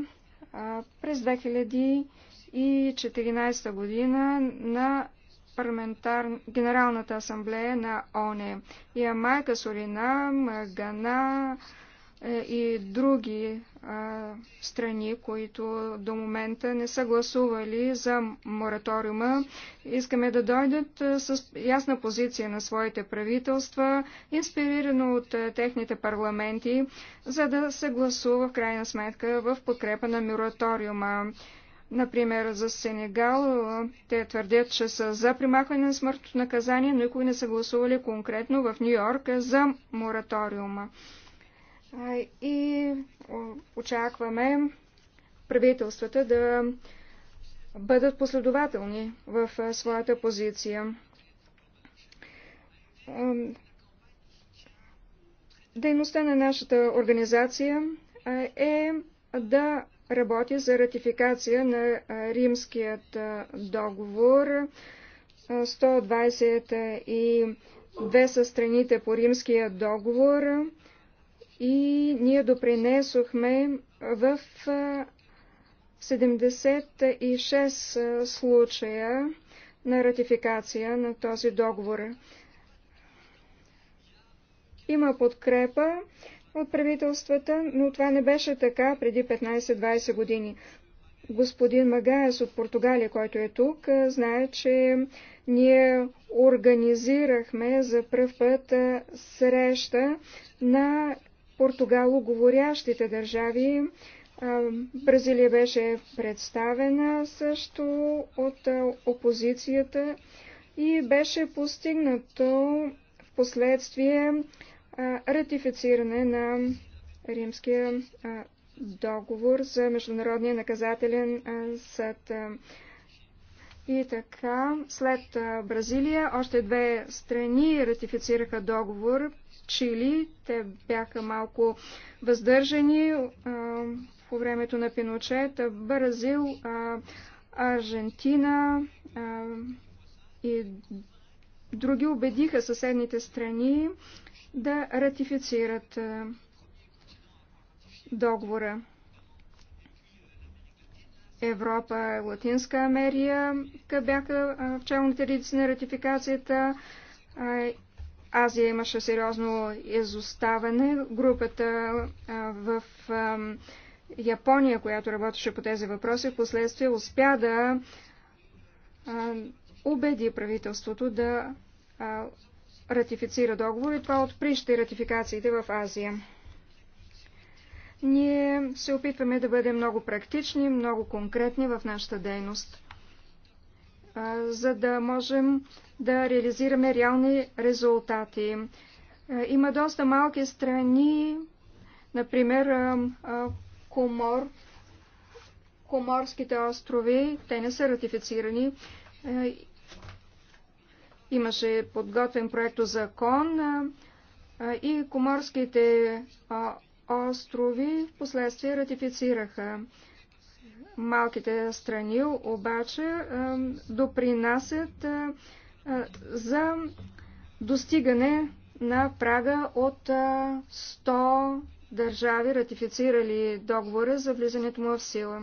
през 2014 година на парламентар... Генералната асамблея на ОНЕ. И Ямайка, Суринам, Гана, е, и други а, е, страни, които до момента не са гласували за мораториума. Искаме да дойдат а, е, с ясна позиция на своите правителства, инспирирано от а, техните парламенти, за да се гласува в крайна сметка в подкрепа на мораториума. Например, за Сенегал те твърдят, че са за примахване на смъртното наказание, но никой не са гласували конкретно в Нью-Йорк за мораториума и очакваме правителствата да бъдат последователни в своята позиция. Дейността на нашата организация е да работи за ратификация на римският договор. 122 са страните по римския договор и ние допринесохме в 76 случая на ратификация на този договор. Има подкрепа от правителствата, но това не беше така преди 15-20 години. Господин Магаес от Португалия, който е тук, знае, че ние организирахме за пръв път среща на португалоговорящите държави. Бразилия беше представена също от опозицията и беше постигнато в последствие ратифициране на Римския договор за Международния наказателен съд. И така, след Бразилия, още две страни ратифицираха договор. Чили, те бяха малко въздържани а, по времето на Пиночет. Бразил, а, Аржентина а, и други убедиха съседните страни да ратифицират договора. Европа, Латинска Америка бяха в челните редици на ратификацията. Азия имаше сериозно изоставане. Групата в Япония, която работеше по тези въпроси, в последствие успя да убеди правителството да ратифицира договор и това отприща ратификациите в Азия. Ние се опитваме да бъдем много практични, много конкретни в нашата дейност, за да можем да реализираме реални резултати. Има доста малки страни, например Комор, Коморските острови, те не са ратифицирани. Имаше подготвен проект закон и Коморските острови в последствие ратифицираха. Малките страни обаче допринасят за достигане на прага от 100 държави, ратифицирали договора за влизането му в сила.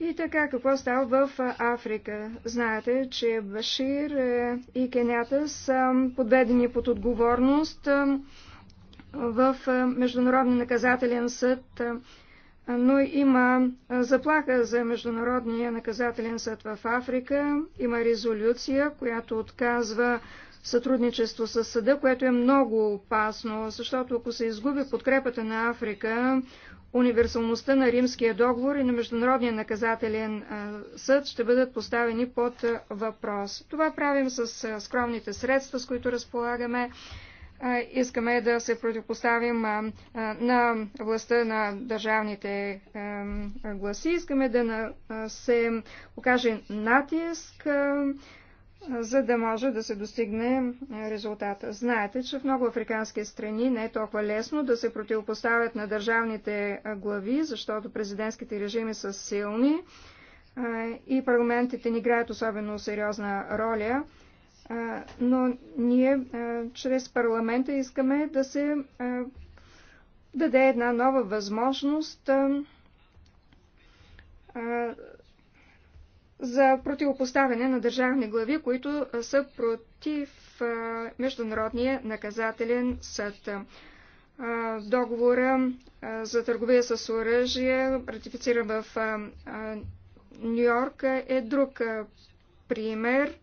И така, какво става в Африка? Знаете, че Башир е, и Кенята са подведени под отговорност в е, Международен наказателен съд, е, но има е, заплаха за Международния наказателен съд в Африка. Има резолюция, която отказва сътрудничество с съда, което е много опасно, защото ако се изгуби подкрепата на Африка, универсалността на Римския договор и на Международния наказателен съд ще бъдат поставени под въпрос. Това правим с скромните средства, с които разполагаме искаме да се противопоставим на властта на държавните гласи. Искаме да се окаже натиск, за да може да се достигне е, резултата. Знаете, че в много африкански страни не е толкова лесно да се противопоставят на държавните глави, защото президентските режими са силни и парламентите не играят особено сериозна роля но ние чрез парламента искаме да се даде една нова възможност за противопоставяне на държавни глави, които са против Международния наказателен съд. Договора за търговия с оръжие, ратифициран в Нью-Йорк, е друг пример.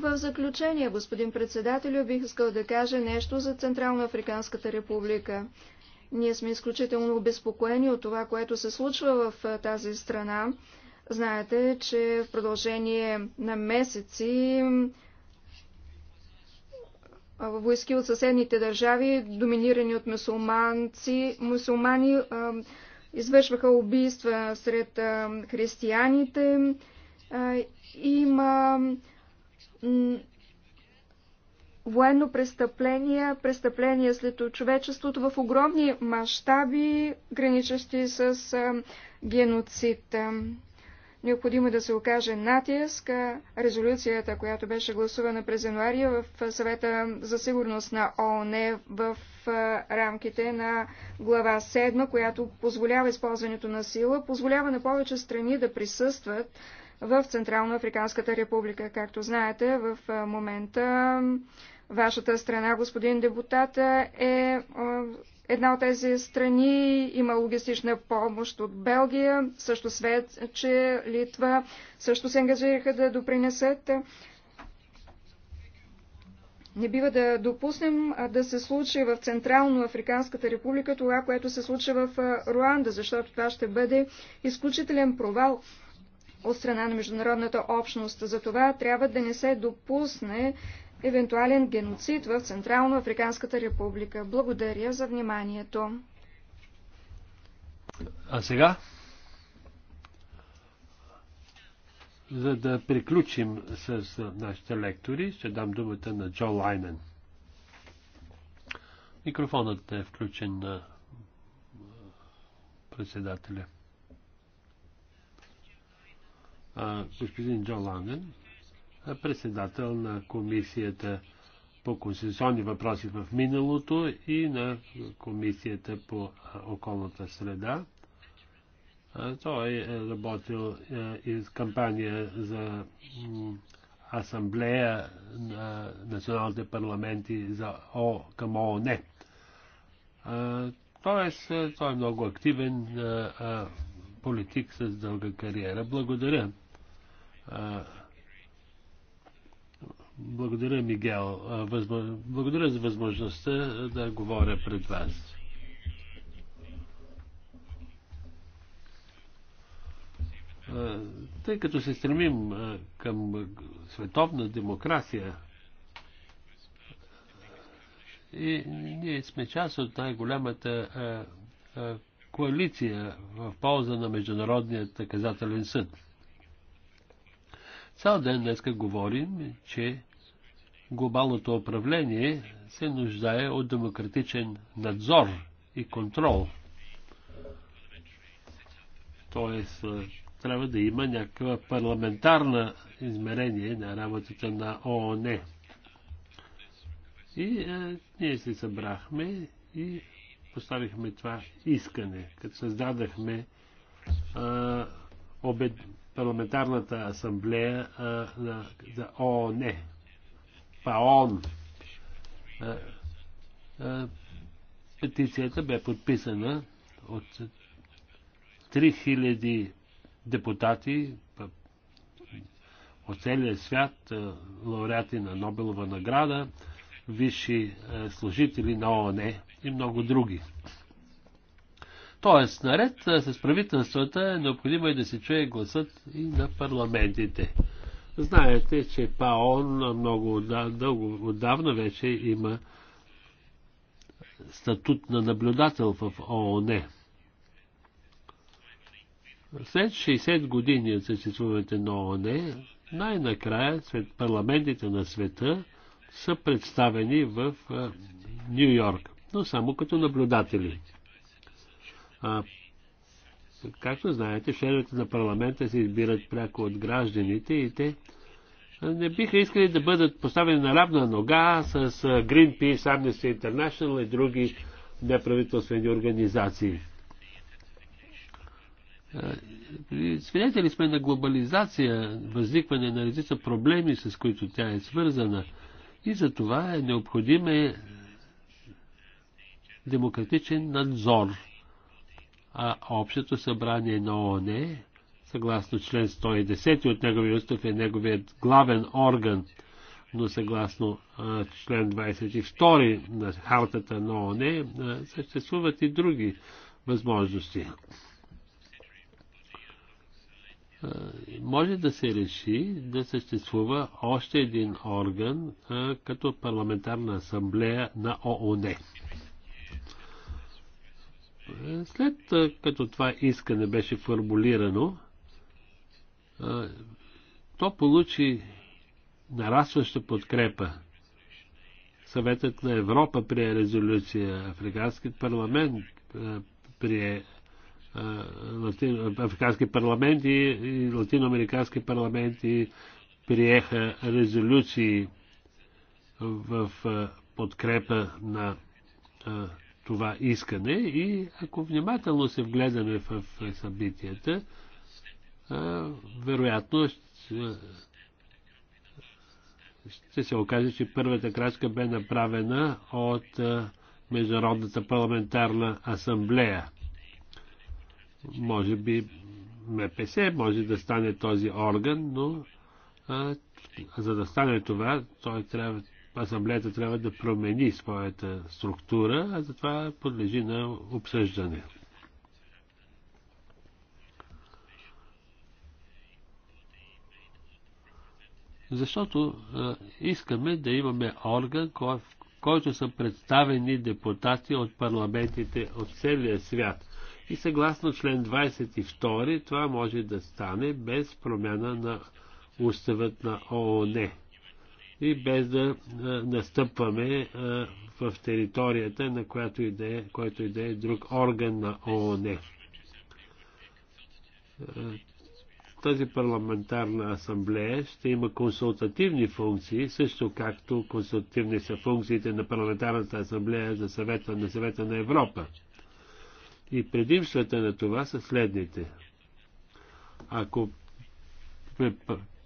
В заключение, господин председател, бих искал да кажа нещо за Централно Африканската република. Ние сме изключително обезпокоени от това, което се случва в тази страна. Знаете, че в продължение на месеци войски от съседните държави, доминирани от мусулманци, мусулмани, извършваха убийства сред християните. Има военно престъпление, престъпление след човечеството в огромни мащаби, граничащи с геноцид. Необходимо е да се окаже натиск. Резолюцията, която беше гласувана през януари в съвета за сигурност на ООН в рамките на глава 7, която позволява използването на сила, позволява на повече страни да присъстват в Централно Африканската република. Както знаете, в момента вашата страна, господин депутат, е една от тези страни. Има логистична помощ от Белгия, също Свет, че Литва също се ангажираха да допринесат. Не бива да допуснем да се случи в Централно Африканската република това, което се случи в Руанда, защото това ще бъде изключителен провал от страна на международната общност. За това трябва да не се допусне евентуален геноцид в Централно Африканската република. Благодаря за вниманието. А сега, за да приключим с нашите лектори, ще дам думата на Джо Лайнен. Микрофонът е включен на председателя господин Джо Ланен, председател на комисията по конституционни въпроси в миналото и на комисията по околната среда. Той е работил и с кампания за асамблея на националните парламенти за О, към ООН. Тоест, той е много активен политик с дълга кариера. Благодаря. Благодаря, Мигел. Благодаря за възможността да говоря пред вас. Тъй като се стремим към световна демокрация и ние сме част от най-голямата коалиция в полза на Международният наказателен съд. Цял ден днес говорим, че глобалното управление се нуждае от демократичен надзор и контрол. Тоест, трябва да има някаква парламентарна измерение на работата на ООН. И е, ние се събрахме и поставихме това искане, като създадахме е, обед, парламентарната асамблея а, на, за ООН, ПАОН. А, а, петицията бе подписана от 3000 депутати от целия свят, лауреати на Нобелова награда, висши служители на ООН и много други. Тоест, наред с правителствата е необходимо и да се чуе гласът и на парламентите. Знаете, че ПАОН много дълго отдавна вече има статут на наблюдател в ООН. След 60 години от съществуването на ООН, най-накрая парламентите на света са представени в Нью Йорк, но само като наблюдатели. А, както знаете, членовете на парламента се избират пряко от гражданите и те не биха искали да бъдат поставени на равна нога с Greenpeace, Amnesty International и други неправителствени организации. Свидетели сме на глобализация, възникване на редица проблеми, с които тя е свързана. И за това е необходим е демократичен надзор а Общото събрание на ООН, съгласно член 110 от неговия устав е неговият главен орган, но съгласно а, член 22 на хартата на ООН а, съществуват и други възможности. може да се реши да съществува още един орган като парламентарна асамблея на ООН. След като това искане беше формулирано, то получи нарастваща подкрепа. Съветът на Европа прие резолюция, Африканският парламент прие Африкански парламент и латиноамерикански парламенти приеха резолюции в подкрепа на това искане и ако внимателно се вгледаме в събитията, вероятно ще се окаже, че първата крачка бе направена от Международната парламентарна асамблея. Може би МПС може да стане този орган, но а, за да стане това, той трябва, асамблеята трябва да промени своята структура, а затова подлежи на обсъждане. Защото а, искаме да имаме орган, кой, в който са представени депутати от парламентите от целия свят. И съгласно член 22 това може да стане без промяна на уставът на ООН и без да настъпваме в територията на която и да е, който и да е друг орган на ООН. Тази парламентарна асамблея ще има консултативни функции, също както консултативни са функциите на парламентарната асамблея за съвета на съвета на Европа. И предимствата на това са следните. Ако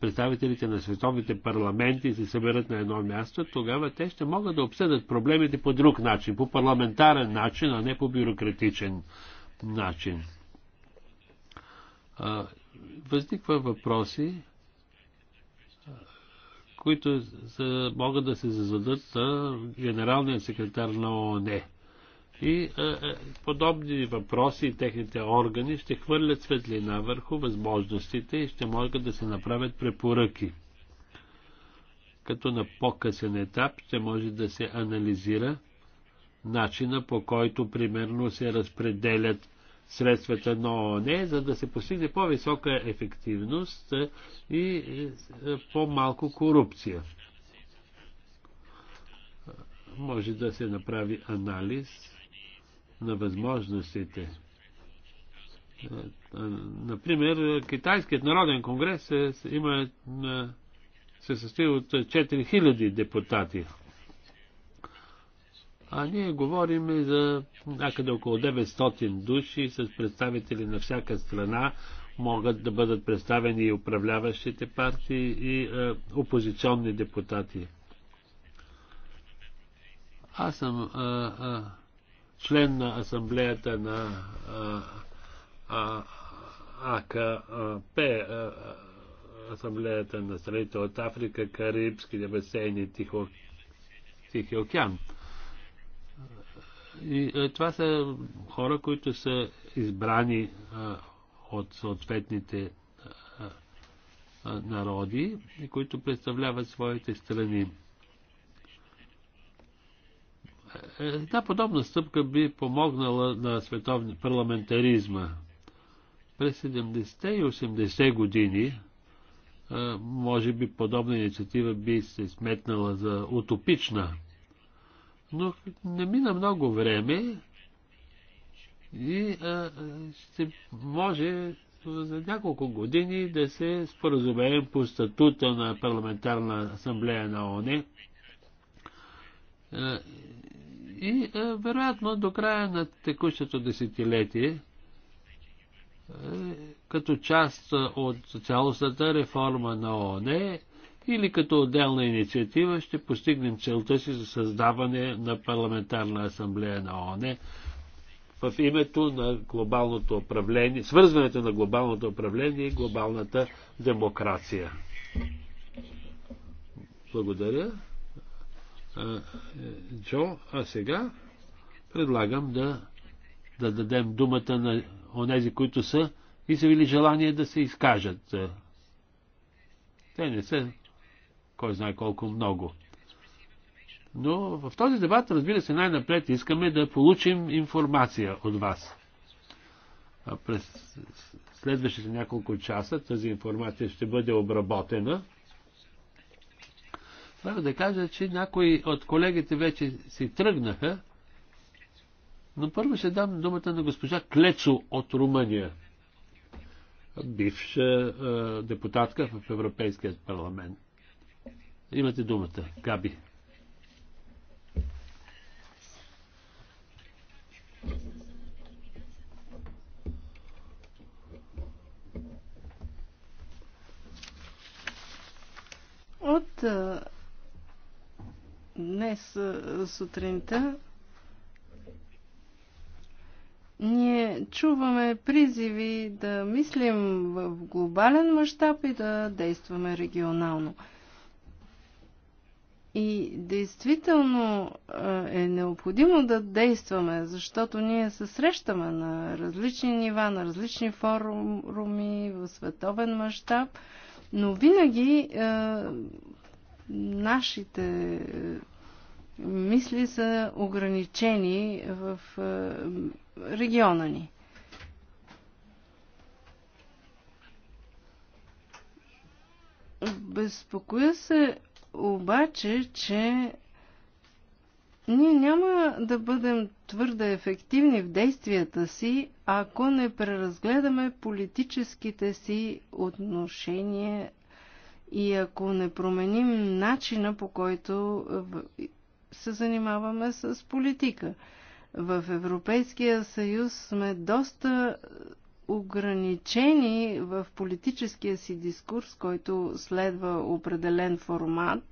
представителите на световните парламенти се съберат на едно място, тогава те ще могат да обсъдят проблемите по друг начин, по парламентарен начин, а не по бюрократичен начин. Възниква въпроси, които могат да се зададат генералния секретар на ООН. И а, е, а, е, подобни въпроси и техните органи ще хвърлят светлина върху възможностите и ще могат да се направят препоръки. Като на по-късен етап ще може да се анализира начина по който примерно се разпределят средствата на ООН, за да се постигне по-висока ефективност и е, по-малко корупция. Може да се направи анализ на възможностите. Например, Китайският народен конгрес се, има, се състои от 4000 депутати. А ние говорим за някъде около 900 души с представители на всяка страна. Могат да бъдат представени и управляващите партии, и е, опозиционни депутати. Аз съм Е, е, член на асамблеята на АКП, асамблеята на страните от Африка, Карибските басейни, Тихо, Тихи океан. И това са хора, които са избрани а, от съответните а, а, народи, които представляват своите страни. Една подобна стъпка би помогнала на световния парламентаризма. През 70-те и 80-те години, може би подобна инициатива би се сметнала за утопична. Но не мина много време и ще може за няколко години да се споразумеем по статута на парламентарна асамблея на ОНЕ и е, вероятно до края на текущото десетилетие, е, като част от цялостната реформа на ООН или като отделна инициатива, ще постигнем целта си за създаване на парламентарна асамблея на ООН в името на глобалното управление, свързването на глобалното управление и глобалната демокрация. Благодаря. Е, Джо, а сега предлагам да, да дадем думата на онези, които са изявили желание да се изкажат. Те не са кой знае колко много. Но в този дебат, разбира се, най-напред искаме да получим информация от вас. А през следващите няколко часа тази информация ще бъде обработена трябва да кажа, че някои от колегите вече си тръгнаха, но първо ще дам думата на госпожа Клецо от Румъния, бивша е, депутатка в Европейския парламент. Имате думата, Габи. От Днес сутринта ние чуваме призиви да мислим в глобален мащаб и да действаме регионално. И действително е необходимо да действаме, защото ние се срещаме на различни нива, на различни форуми в световен мащаб, но винаги е, нашите мисли са ограничени в региона ни. Безпокоя се обаче, че ние няма да бъдем твърде ефективни в действията си, ако не преразгледаме политическите си отношения и ако не променим начина по който се занимаваме с политика. В Европейския съюз сме доста ограничени в политическия си дискурс, който следва определен формат.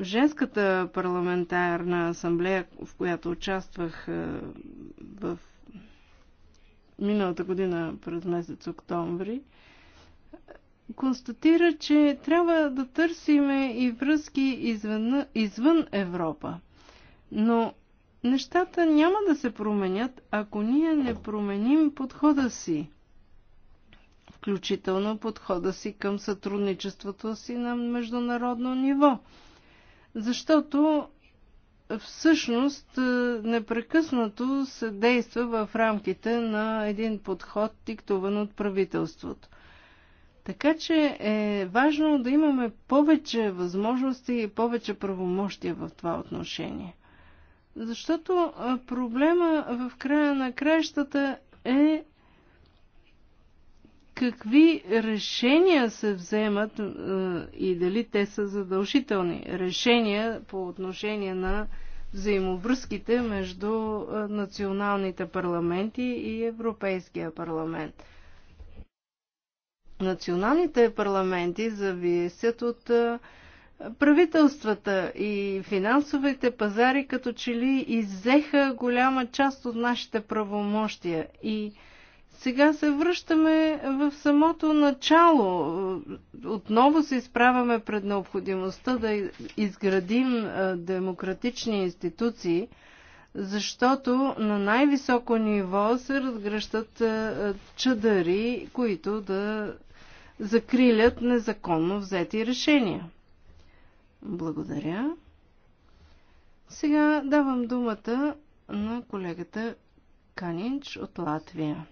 Женската парламентарна асамблея, в която участвах е, в миналата година през месец октомври, констатира, че трябва да търсиме и връзки извън, извън Европа. Но нещата няма да се променят, ако ние не променим подхода си, включително подхода си към сътрудничеството си на международно ниво. Защото е, всъщност е, непрекъснато се действа в рамките на един подход, диктуван от правителството – така че е важно да имаме повече възможности и повече правомощия в това отношение. Защото проблема в края на краищата е какви решения се вземат и дали те са задължителни. Решения по отношение на взаимовръзките между националните парламенти и Европейския парламент – националните парламенти зависят от правителствата и финансовите пазари като че ли иззеха голяма част от нашите правомощия. И сега се връщаме в самото начало. Отново се изправяме пред необходимостта да изградим демократични институции, защото на най-високо ниво се разгръщат чадъри, които да закрилят незаконно взети решения. Благодаря. Сега давам думата на колегата Канинч от Латвия.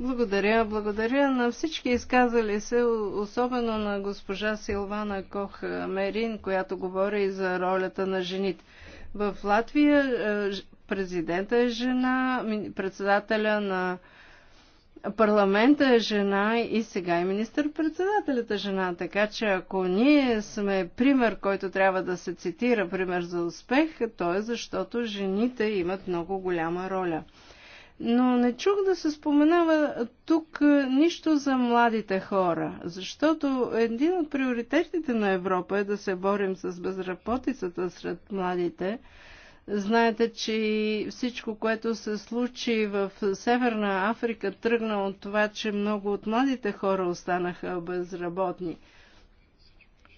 Благодаря, благодаря на всички изказали се, особено на госпожа Силвана Кох Мерин, която говори за ролята на жените. В Латвия е, президента е жена, председателя на парламента е жена и сега и министър-председателят е жена. Така че ако ние сме пример, който трябва да се цитира, пример за успех, то е защото жените имат много голяма роля. Но не чух да се споменава тук нищо за младите хора, защото един от приоритетите на Европа е да се борим с безработицата сред младите, Знаете, че всичко, което се случи в Северна Африка, тръгна от това, че много от младите хора останаха безработни.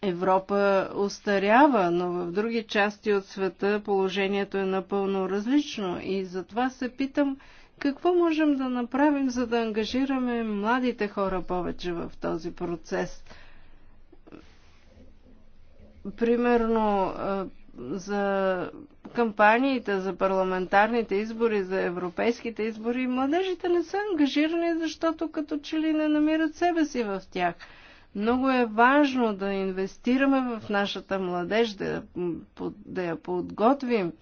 Европа устарява, но в други части от света положението е напълно различно и затова се питам какво можем да направим, за да ангажираме младите хора повече в този процес. Примерно за кампаниите, за парламентарните избори, за европейските избори, младежите не са ангажирани, защото като че ли не намират себе си в тях. Много е важно да инвестираме в нашата младеж, да, да я подготвим,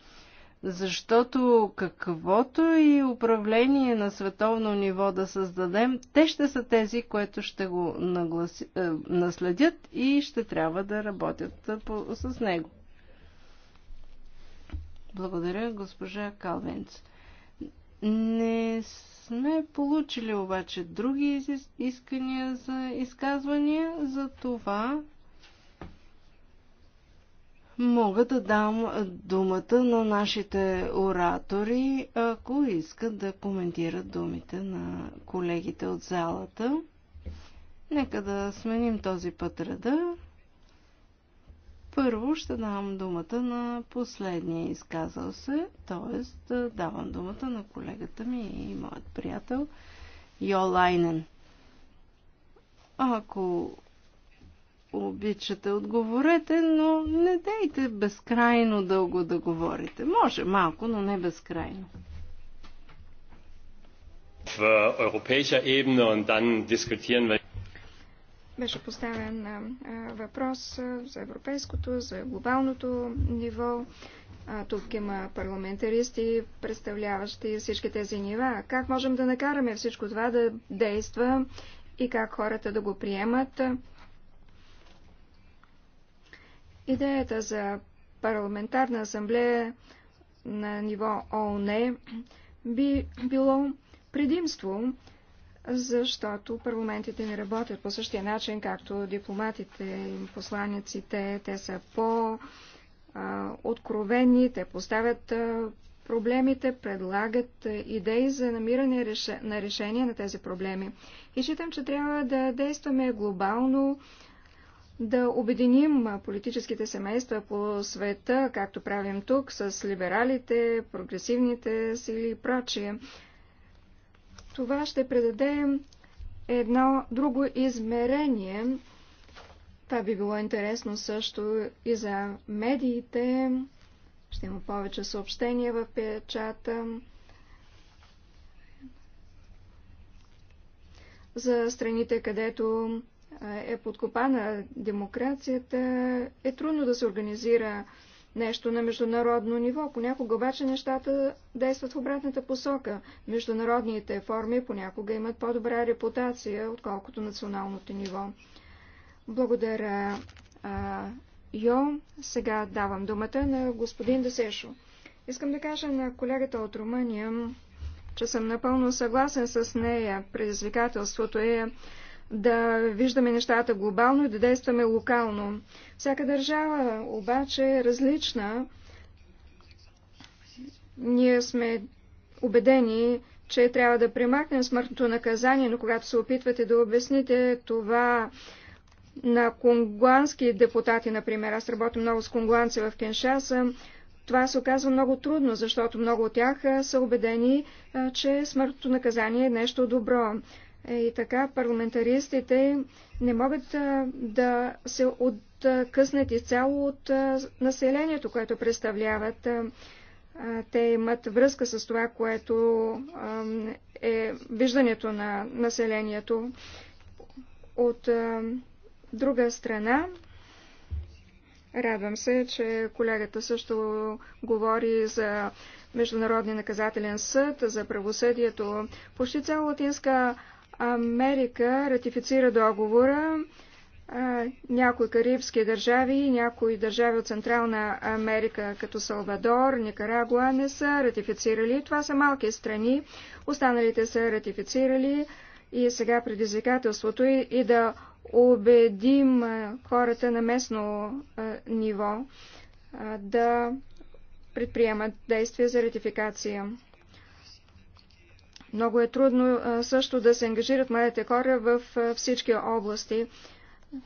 защото каквото и управление на световно ниво да създадем, те ще са тези, които ще го нагласи, е, наследят и ще трябва да работят е, по, с него. Благодаря, госпожа Калвенц. Не сме получили обаче други искания за изказвания, за това мога да дам думата на нашите оратори, ако искат да коментират думите на колегите от залата. Нека да сменим този път реда. Първо ще давам думата на последния изказал се, т.е. давам думата на колегата ми и моят приятел Йолайнен. Ако обичате, отговорете, но не дейте безкрайно дълго да говорите. Може малко, но не безкрайно. В европейска ебна и dann дискутираме беше поставен въпрос за европейското, за глобалното ниво. Тук има парламентаристи, представляващи всички тези нива. Как можем да накараме всичко това да действа и как хората да го приемат? Идеята за парламентарна асамблея на ниво ООН би било предимство защото парламентите не работят по същия начин, както дипломатите и посланиците. Те са по-откровени, те поставят проблемите, предлагат идеи за намиране на решение на тези проблеми. И считам, че трябва да действаме глобално, да обединим политическите семейства по света, както правим тук, с либералите, прогресивните сили и прочие. Това ще предаде едно друго измерение. Това би било интересно също и за медиите. Ще има повече съобщения в печата. За страните, където е подкопана демокрацията, е трудно да се организира нещо на международно ниво. Понякога обаче нещата действат в обратната посока. Международните форми понякога имат по-добра репутация, отколкото националното ниво. Благодаря, а, Йо. Сега давам думата на господин Десешо. Искам да кажа на колегата от Румъния, че съм напълно съгласен с нея. Предизвикателството е да виждаме нещата глобално и да действаме локално. Всяка държава обаче е различна. Ние сме убедени, че трябва да премахнем смъртното наказание, но когато се опитвате да обясните това на конгуански депутати, например, аз работя много с конгуанци в Кеншаса, това се оказва много трудно, защото много от тях са убедени, че смъртното наказание е нещо добро. Е, и така парламентаристите не могат да се откъснат изцяло от населението, което представляват. Те имат връзка с това, което е виждането на населението. От друга страна, радвам се, че колегата също говори за Международния наказателен съд, за правосъдието. Почти цяла Латинска Америка ратифицира договора, някои карибски държави някои държави от Централна Америка, като Салвадор, Никарагуа, не са ратифицирали. Това са малки страни, останалите са ратифицирали и сега предизвикателството е и да убедим хората на местно ниво да предприемат действия за ратификация. Много е трудно също да се ангажират младите хора в всички области.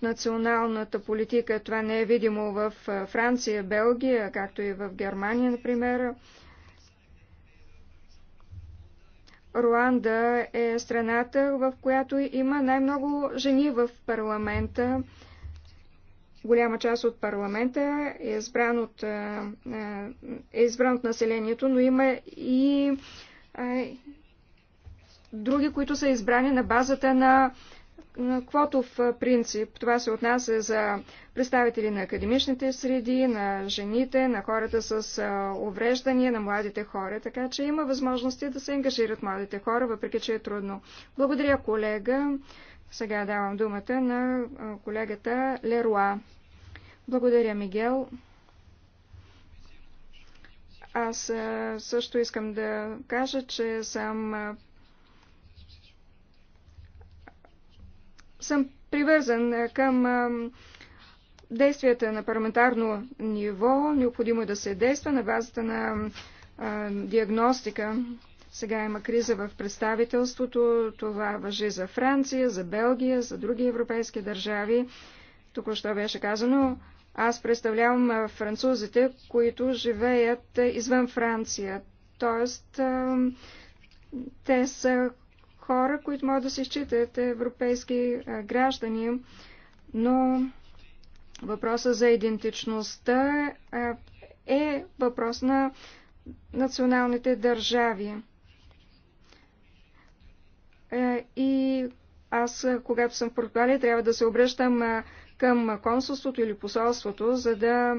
Националната политика това не е видимо в Франция, Белгия, както и в Германия, например. Руанда е страната, в която има най-много жени в парламента. Голяма част от парламента е избран от, е избран от населението, но има и други, които са избрани на базата на квотов принцип. Това се отнася за представители на академичните среди, на жените, на хората с увреждания, на младите хора. Така че има възможности да се ангажират младите хора, въпреки че е трудно. Благодаря, колега. Сега давам думата на колегата Леруа. Благодаря, Мигел. Аз също искам да кажа, че съм съм привързан към действията на парламентарно ниво. Необходимо е да се действа на базата на диагностика. Сега има криза в представителството. Това въжи за Франция, за Белгия, за други европейски държави. Току-що беше казано, аз представлявам французите, които живеят извън Франция. Тоест, те са хора, които могат да се считат европейски граждани, но въпроса за идентичността е въпрос на националните държави. Е, и аз, когато съм в Португалия, трябва да се обръщам към консулството или посолството, за да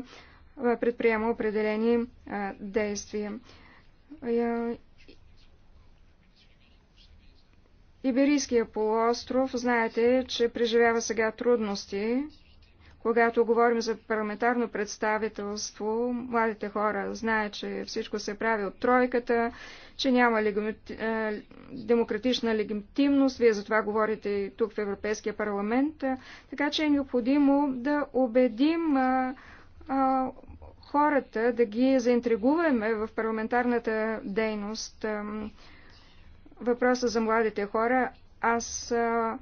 предприема определени действия. Е, Иберийския полуостров, знаете, че преживява сега трудности. Когато говорим за парламентарно представителство, младите хора знаят, че всичко се прави от тройката, че няма легим... Е, демократична легитимност. Вие за това говорите и тук в Европейския парламент. Така че е необходимо да убедим е, е, хората, да ги заинтригуваме в парламентарната дейност въпроса за младите хора, аз а,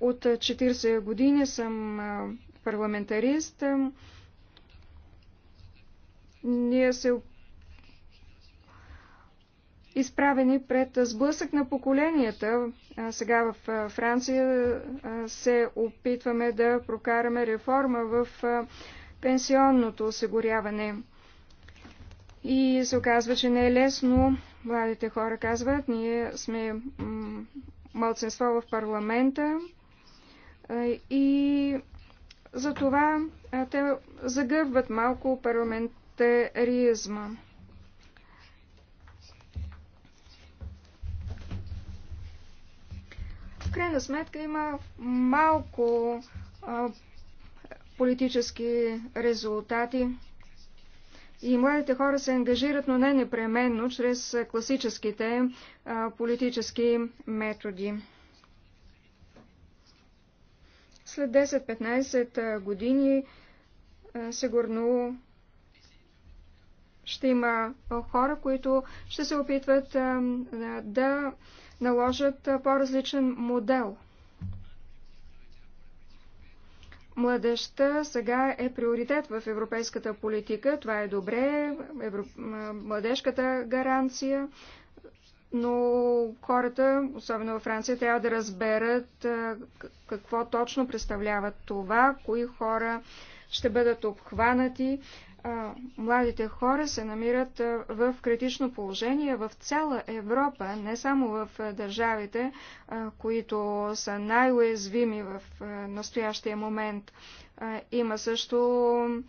от 40 години съм а, парламентарист. А, ние се изправени пред сблъсък на поколенията. Сега в Франция се опитваме да прокараме реформа в пенсионното осигуряване. И се оказва, че не е лесно Младите хора казват, ние сме мълцинство в парламента и за това те загърбват малко парламентаризма. В крайна сметка има малко политически резултати. И младите хора се ангажират, но не непременно, чрез класическите а, политически методи. След 10-15 години а, сигурно ще има хора, които ще се опитват а, да наложат по-различен модел Младежта сега е приоритет в европейската политика. Това е добре. Евро... Младежката гаранция. Но хората, особено във Франция, трябва да разберат какво точно представлява това, кои хора ще бъдат обхванати младите хора се намират в критично положение в цяла Европа, не само в държавите, които са най-уязвими в настоящия момент. Има също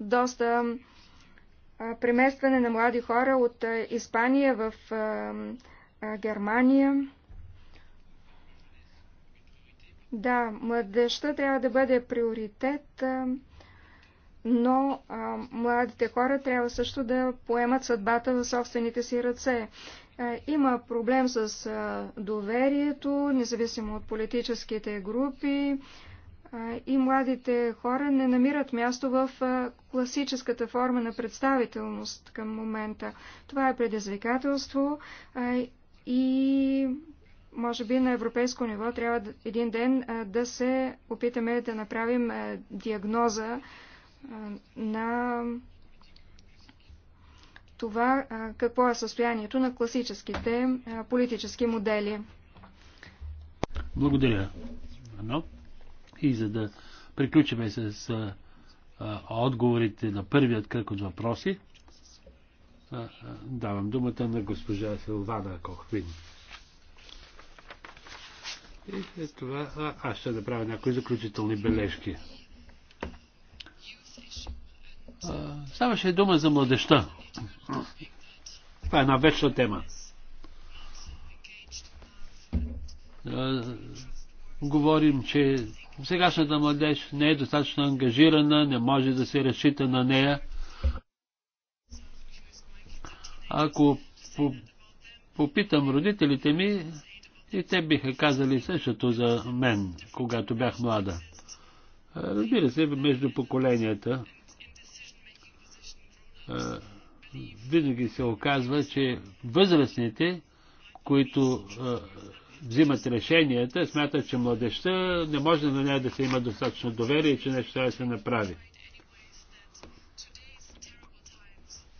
доста преместване на млади хора от Испания в Германия. Да, младеща трябва да бъде приоритет но а, младите хора трябва също да поемат съдбата в собствените си ръце. А, е, има проблем с а, доверието, независимо от политическите групи, а, е, и младите хора не намират място в а, класическата форма на представителност към момента. Това е предизвикателство а, е, и може би на европейско ниво трябва един ден да се опитаме да направим диагноза на това какво е състоянието на класическите политически модели. Благодаря. Но и за да приключиме с отговорите на първият кръг от въпроси, давам думата на госпожа Силвана Кохвин. И след това аз ще направя някои заключителни бележки. Ставаше дума за младеща. Това е една вечна тема. Говорим, че сегашната младеж не е достатъчно ангажирана, не може да се разчита на нея. Ако попитам родителите ми, и те биха казали същото за мен, когато бях млада. Разбира се, между поколенията винаги се оказва, че възрастните, които взимат решенията, смятат, че младеща не може на нея да се има достатъчно доверие и че нещо трябва да се направи.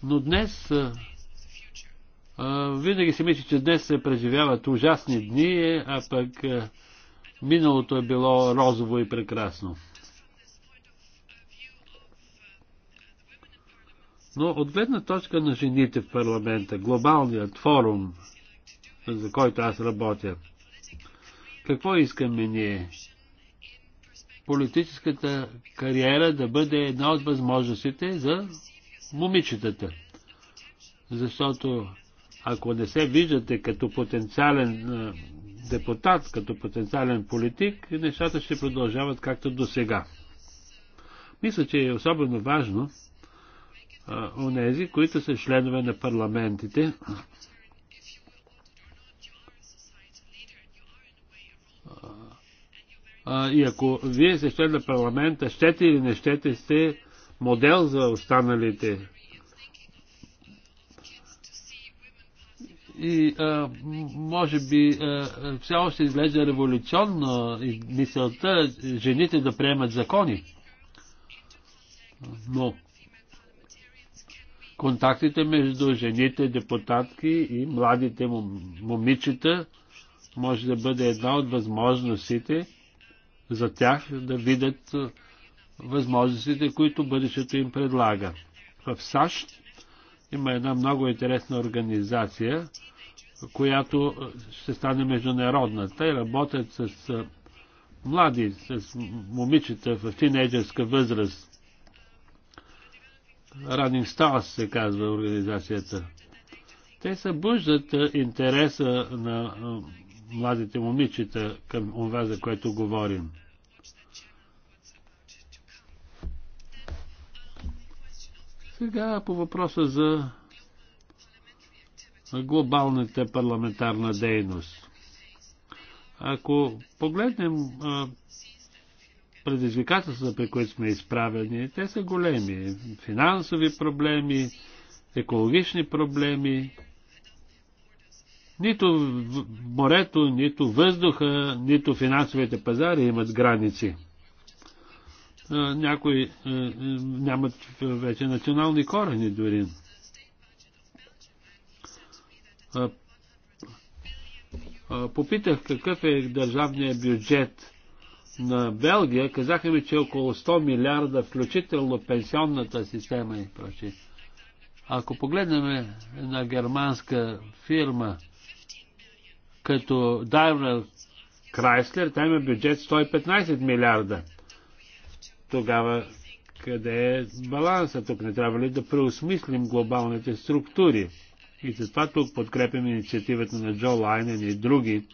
Но днес винаги се мисли, че днес се преживяват ужасни дни, а пък миналото е било розово и прекрасно. Но от гледна точка на жените в парламента, глобалният форум, за който аз работя, какво искаме ние? Политическата кариера да бъде една от възможностите за момичетата. Защото ако не се виждате като потенциален депутат, като потенциален политик, нещата ще продължават както до сега. Мисля, че е особено важно онези, които са членове на парламентите. и ако вие сте член на парламента, щете или не щете сте модел за останалите. И а, може би а, все още изглежда революционно мисълта жените да приемат закони. Но контактите между жените депутатки и младите момичета може да бъде една от възможностите за тях да видят възможностите, които бъдещето им предлага. В САЩ има една много интересна организация, която ще стане международна. Те работят с млади, с момичета в тинейджерска възраст, Ранин Сталс се казва организацията. Те събуждат интереса на младите момичета към това, за което говорим. Сега по въпроса за глобалната парламентарна дейност. Ако погледнем предизвикателствата, при които сме изправени, те са големи. Финансови проблеми, екологични проблеми. Нито морето, нито въздуха, нито финансовите пазари имат граници. Някои нямат вече национални корени дори. Попитах какъв е държавният бюджет на Белгия, казаха ми, че около 100 милиарда, включително пенсионната система и прочие. Ако погледнем на германска фирма, като Daimler Chrysler, там има е бюджет 115 милиарда. Тогава къде е баланса? Тук не трябва ли да преосмислим глобалните структури? И затова тук подкрепим инициативата на Джо Лайнен и други,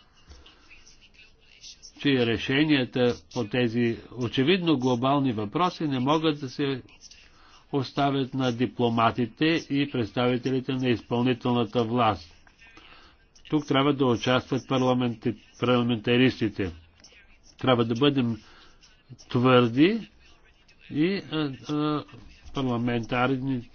че решенията по тези очевидно глобални въпроси не могат да се оставят на дипломатите и представителите на изпълнителната власт. Тук трябва да участват парламентаристите. Трябва да бъдем твърди и а, а,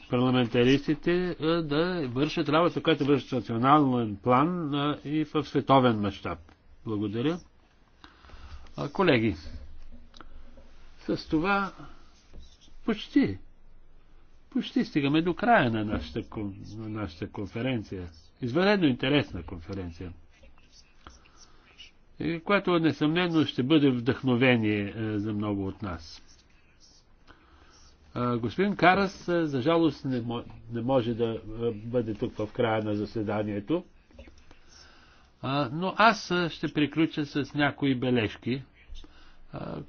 парламентаристите а, да вършат работа, която вършат в национален план а, и в световен мащаб. Благодаря. Колеги, с това почти, почти стигаме до края на нашата, на нашата конференция. Извънредно интересна конференция, Което несъмнено ще бъде вдъхновение е, за много от нас. Господин Карас, е, за жалост, не може да е, бъде тук в края на заседанието. Но аз ще приключа с някои бележки,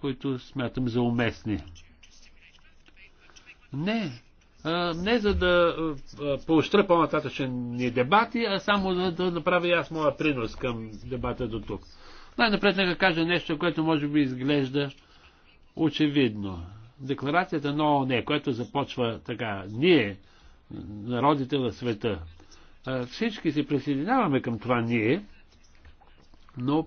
които смятам за уместни. Не, не за да поощра по-нататъчни дебати, а само за да направя аз моя принос към дебата до тук. Най-напред нека кажа нещо, което може би изглежда очевидно. Декларацията на ООН, която започва така, ние, народите на света, всички се присъединяваме към това ние, но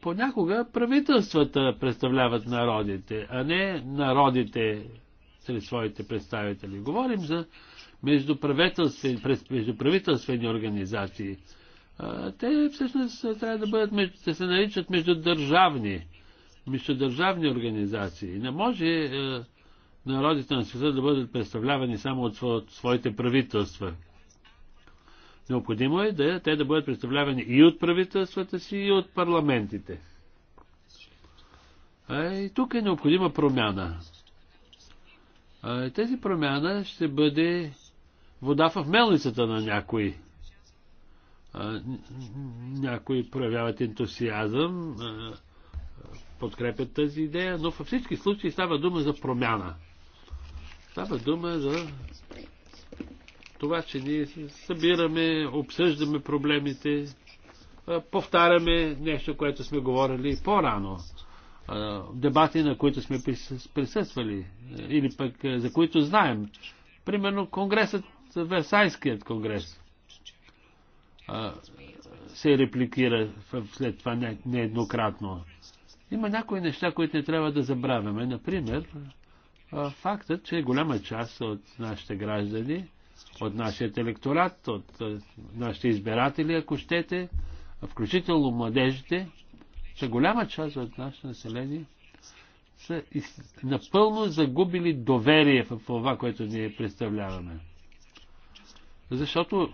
понякога правителствата представляват народите, а не народите сред своите представители. Говорим за междуправителствени, междуправителствени организации. Те всъщност трябва да бъдат, да се наричат междудържавни, междудържавни организации. Не може народите на света да бъдат представлявани само от своите правителства, Необходимо е да, те да бъдат представлявани и от правителствата си, и от парламентите. А, и тук е необходима промяна. А, тези промяна ще бъде вода в мелницата на някои. А, някои проявяват ентусиазъм, а, подкрепят тази идея, но във всички случаи става дума за промяна. Става дума за това, че ние събираме, обсъждаме проблемите, повтаряме нещо, което сме говорили по-рано. Дебати, на които сме присъствали или пък за които знаем. Примерно конгресът, Версайският конгрес се репликира след това нееднократно. Има някои неща, които не трябва да забравяме. Например, фактът, че голяма част от нашите граждани от нашия електорат, от е, нашите избиратели, ако щете, включително младежите, че голяма част от нашето население са напълно загубили доверие в това, което ние представляваме. Защото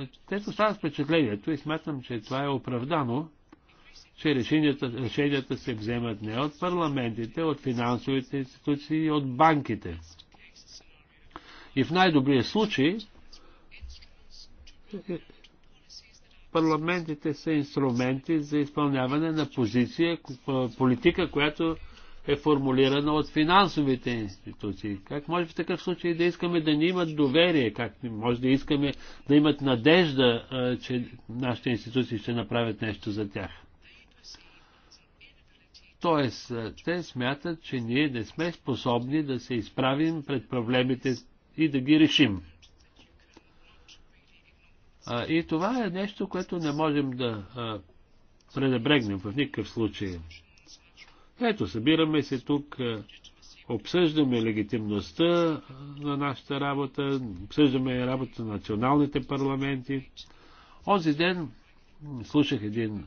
е, те остават впечатлението и смятам, че това е оправдано, че решенията, решенията се вземат не от парламентите, от финансовите институции, от банките – и в най-добрия случай парламентите са инструменти за изпълняване на позиция, политика, която е формулирана от финансовите институции. Как може в такъв случай да искаме да ни имат доверие? Как може да искаме да имат надежда, че нашите институции ще направят нещо за тях? Тоест, те смятат, че ние не сме способни да се изправим пред проблемите, и да ги решим. А, и това е нещо, което не можем да а, пренебрегнем в никакъв случай. Ето, събираме се тук, а, обсъждаме легитимността на нашата работа, обсъждаме работата на националните парламенти. Онзи ден слушах един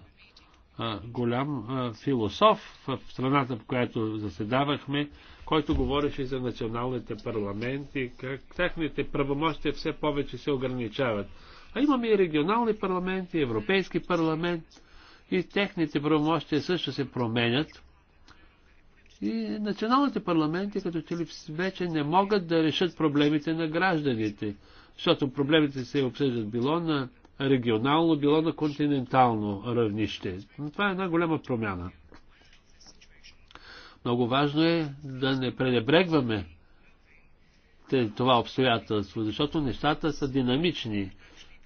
а, голям а, философ в страната, в която заседавахме, който говореше за националните парламенти, как техните правомощия все повече се ограничават. А имаме и регионални парламенти, Европейски парламент и техните правомощия също се променят. И националните парламенти като че ли вече не могат да решат проблемите на гражданите, защото проблемите се обсъждат било на регионално, било на континентално равнище. Но това е една голяма промяна. Много важно е да не пренебрегваме това обстоятелство, защото нещата са динамични.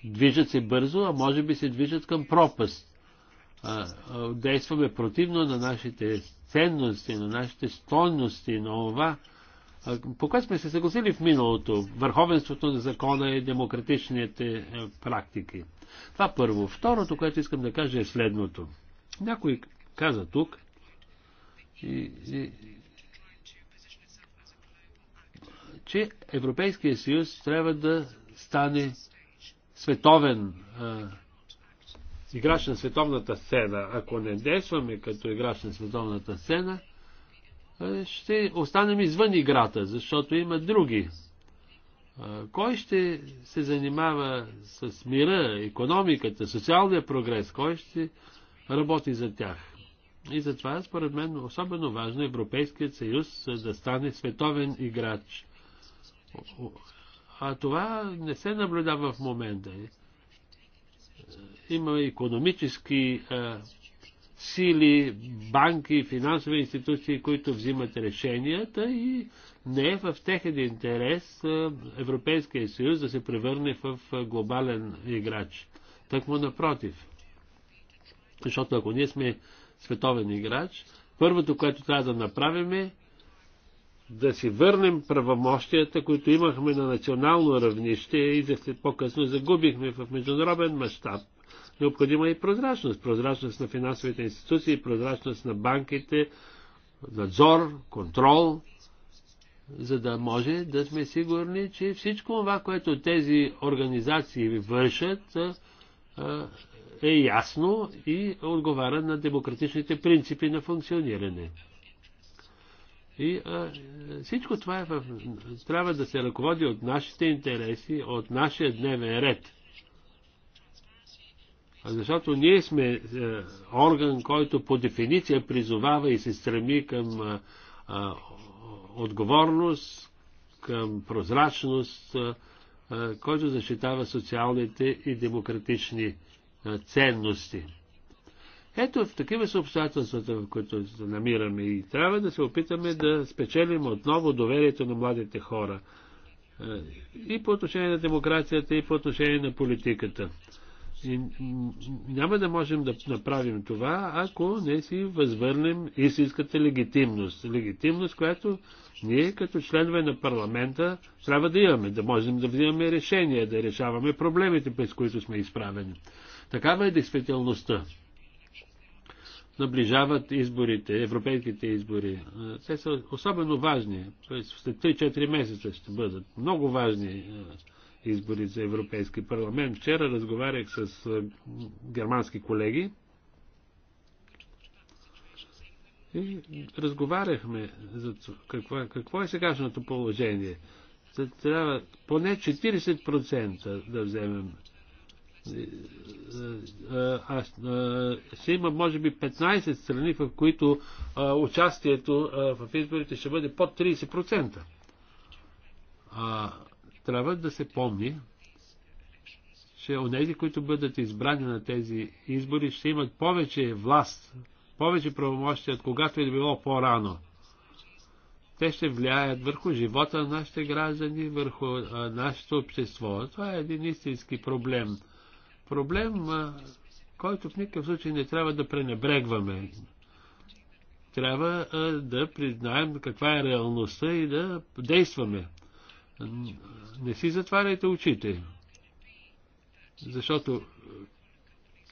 Движат се бързо, а може би се движат към пропаст. Действаме противно на нашите ценности, на нашите стойности, на това, по което сме се съгласили в миналото. Върховенството на закона и демократичните е, практики. Това първо. Второто, което искам да кажа е следното. Някой каза тук, и, и, че Европейския съюз трябва да стане световен а, играч на световната сцена. Ако не действаме като играч на световната сцена, ще останем извън играта, защото има други. Кой ще се занимава с мира, економиката, социалния прогрес? Кой ще работи за тях? И затова, според мен, особено важно е Европейският съюз е, да стане световен играч. А това не се наблюдава в момента. Е, има економически а, сили, банки, финансови институции, които взимат решенията и не е в техен интерес Европейския съюз да се превърне в глобален играч. Так му напротив. Защото ако ние сме световен играч, първото, което трябва да направим е да си върнем правомощията, които имахме на национално равнище и да след по-късно загубихме в международен мащаб. Необходима е прозрачност. Прозрачност на финансовите институции, прозрачност на банките, надзор, контрол, за да може да сме сигурни, че всичко това, което тези организации вършат, е ясно и отговаря на демократичните принципи на функциониране. И а, всичко това е в, трябва да се ръководи от нашите интереси, от нашия дневен ред. Защото ние сме е, орган, който по дефиниция призовава и се стреми към а, е, а, е, отговорност, към прозрачност, а, е, който защитава социалните и демократични ценности. Ето в такива са обстоятелствата, в които се намираме и трябва да се опитаме да спечелим отново доверието на младите хора. И по отношение на демокрацията, и по отношение на политиката. И няма да можем да направим това, ако не си възвърнем истинската легитимност. Легитимност, която ние като членове на парламента трябва да имаме, да можем да взимаме решения, да решаваме проблемите, през които сме изправени. Такава е действителността. Наближават изборите, европейските избори. Те са особено важни. След 3-4 месеца ще бъдат много важни избори за Европейски парламент. Вчера разговарях с германски колеги и разговаряхме за какво, е- какво е сегашното положение. Трябва поне 40% да вземем а, а, ще има може би 15 страни, в които а, участието а, в изборите ще бъде под 30%. А, трябва да се помни, че онези, които бъдат избрани на тези избори, ще имат повече власт, повече правомощия, от когато е било по-рано. Те ще влияят върху живота на нашите граждани, върху а, нашето общество. Това е един истински проблем Проблем, който в никакъв случай не трябва да пренебрегваме. Трябва да признаем каква е реалността и да действаме. Не си затваряйте очите. Защото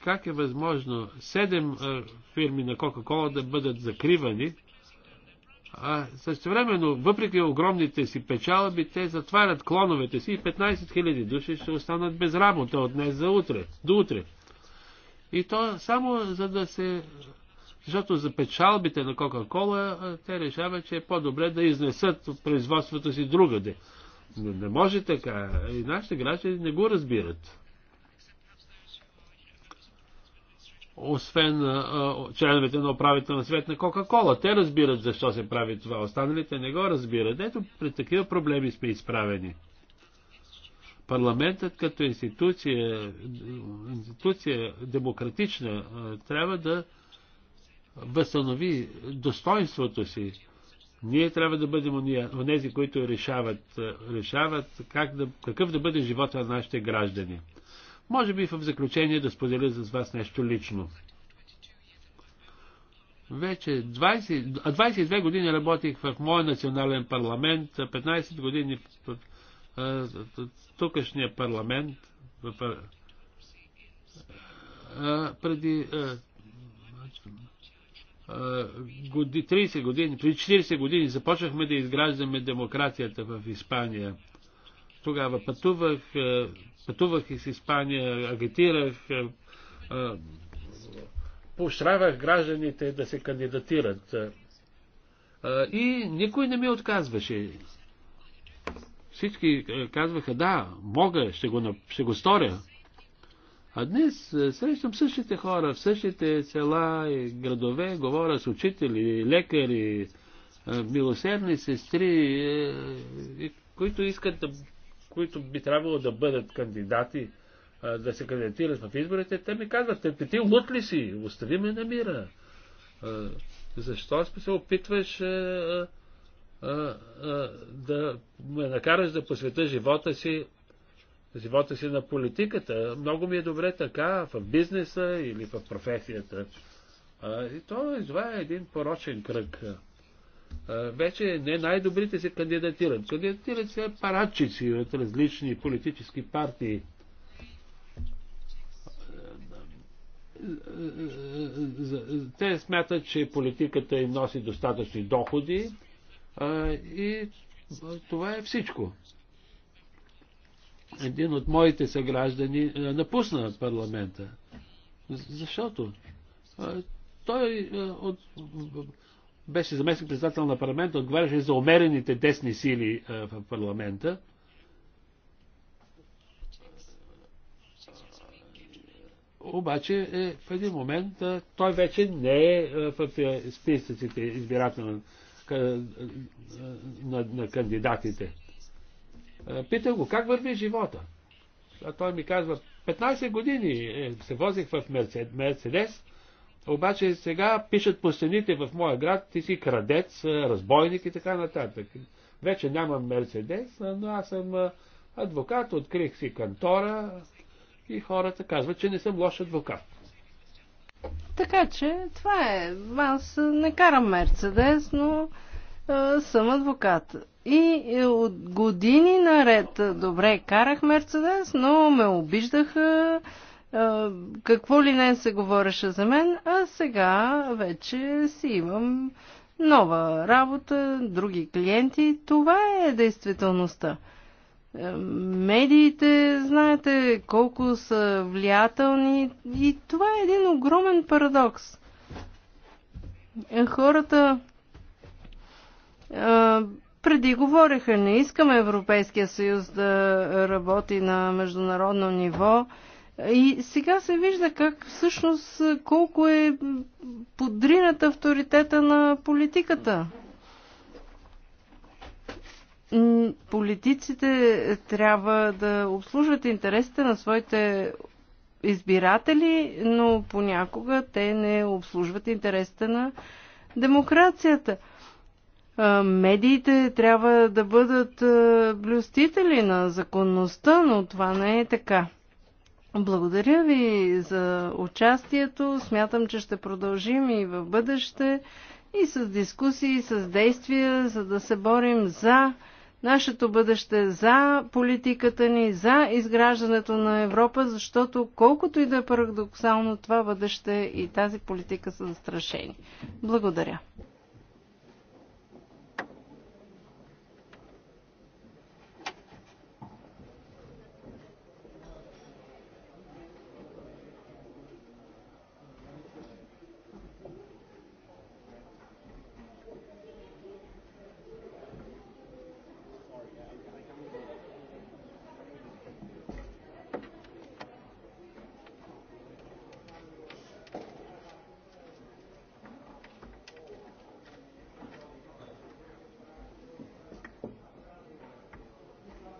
как е възможно седем фирми на Кока-Кола да бъдат закривани, а същевременно, въпреки огромните си печалби, те затварят клоновете си и 15 000 души ще останат без работа от днес за утре, до утре. И то само за да се... Защото за печалбите на Кока-Кола те решават, че е по-добре да изнесат производството си другаде. Но не може така. И нашите граждани не го разбират. освен а, членовете на на свет на Кока-Кола. Те разбират защо се прави това, останалите не го разбират. Ето, при такива проблеми сме изправени. Парламентът като институция, институция демократична, трябва да възстанови достоинството си. Ние трябва да бъдем онези, които решават, решават как да, какъв да бъде живота на нашите граждани. Може би в заключение да споделя с вас нещо лично. Вече 20, 22 години работих в моя национален парламент, 15 години в тукашния парламент. В, а, преди а, 30 години, преди 40 години започнахме да изграждаме демокрацията в Испания. Тогава пътувах, е, пътувах из Испания, агитирах, е, е, поощрявах гражданите да се кандидатират. И никой не ми отказваше. Всички казваха, да, мога, ще го, ще го сторя. А днес срещам същите хора в същите села и градове, говоря с учители, лекари, милосердни сестри, които искат да които би трябвало да бъдат кандидати, да се кандидатират в изборите, те ми казват, те ти лут ли си? Остави ме на мира. Защо се опитваш да ме накараш да посвета живота си живота си на политиката. Много ми е добре така в бизнеса или в професията. И то, това е един порочен кръг вече не най-добрите се кандидатират. Кандидатират се парадчици от различни политически партии. Те смятат, че политиката им носи достатъчни доходи и това е всичко. Един от моите съграждани напусна парламента, защото той от беше заместник председател на парламента, отговаряше за умерените десни сили е, в парламента. Обаче е, в един момент е, той вече не е, е в списъците избирателни на, на, на кандидатите. Питам го, как върви живота? А той ми казва, 15 години се возих в Мерседес, обаче сега пишат по стените в моя град, ти си крадец, разбойник и така нататък. Вече нямам Мерседес, но аз съм адвокат, открих си кантора и хората казват, че не съм лош адвокат. Така че това е. Аз не карам Мерцедес, но е, съм адвокат. И е, от години наред добре карах Мерцедес, но ме обиждаха. Е, какво ли не се говореше за мен, а сега вече си имам нова работа, други клиенти. Това е действителността. Е, медиите, знаете колко са влиятелни и това е един огромен парадокс. Е, хората преди говореха, не искаме Европейския съюз да работи на международно ниво, и сега се вижда как всъщност колко е подрината авторитета на политиката. Политиците трябва да обслужват интересите на своите избиратели, но понякога те не обслужват интересите на демокрацията. Медиите трябва да бъдат блюстители на законността, но това не е така. Благодаря ви за участието. Смятам, че ще продължим и в бъдеще и с дискусии, и с действия, за да се борим за нашето бъдеще, за политиката ни, за изграждането на Европа, защото колкото и да е парадоксално това бъдеще и тази политика са застрашени. Благодаря.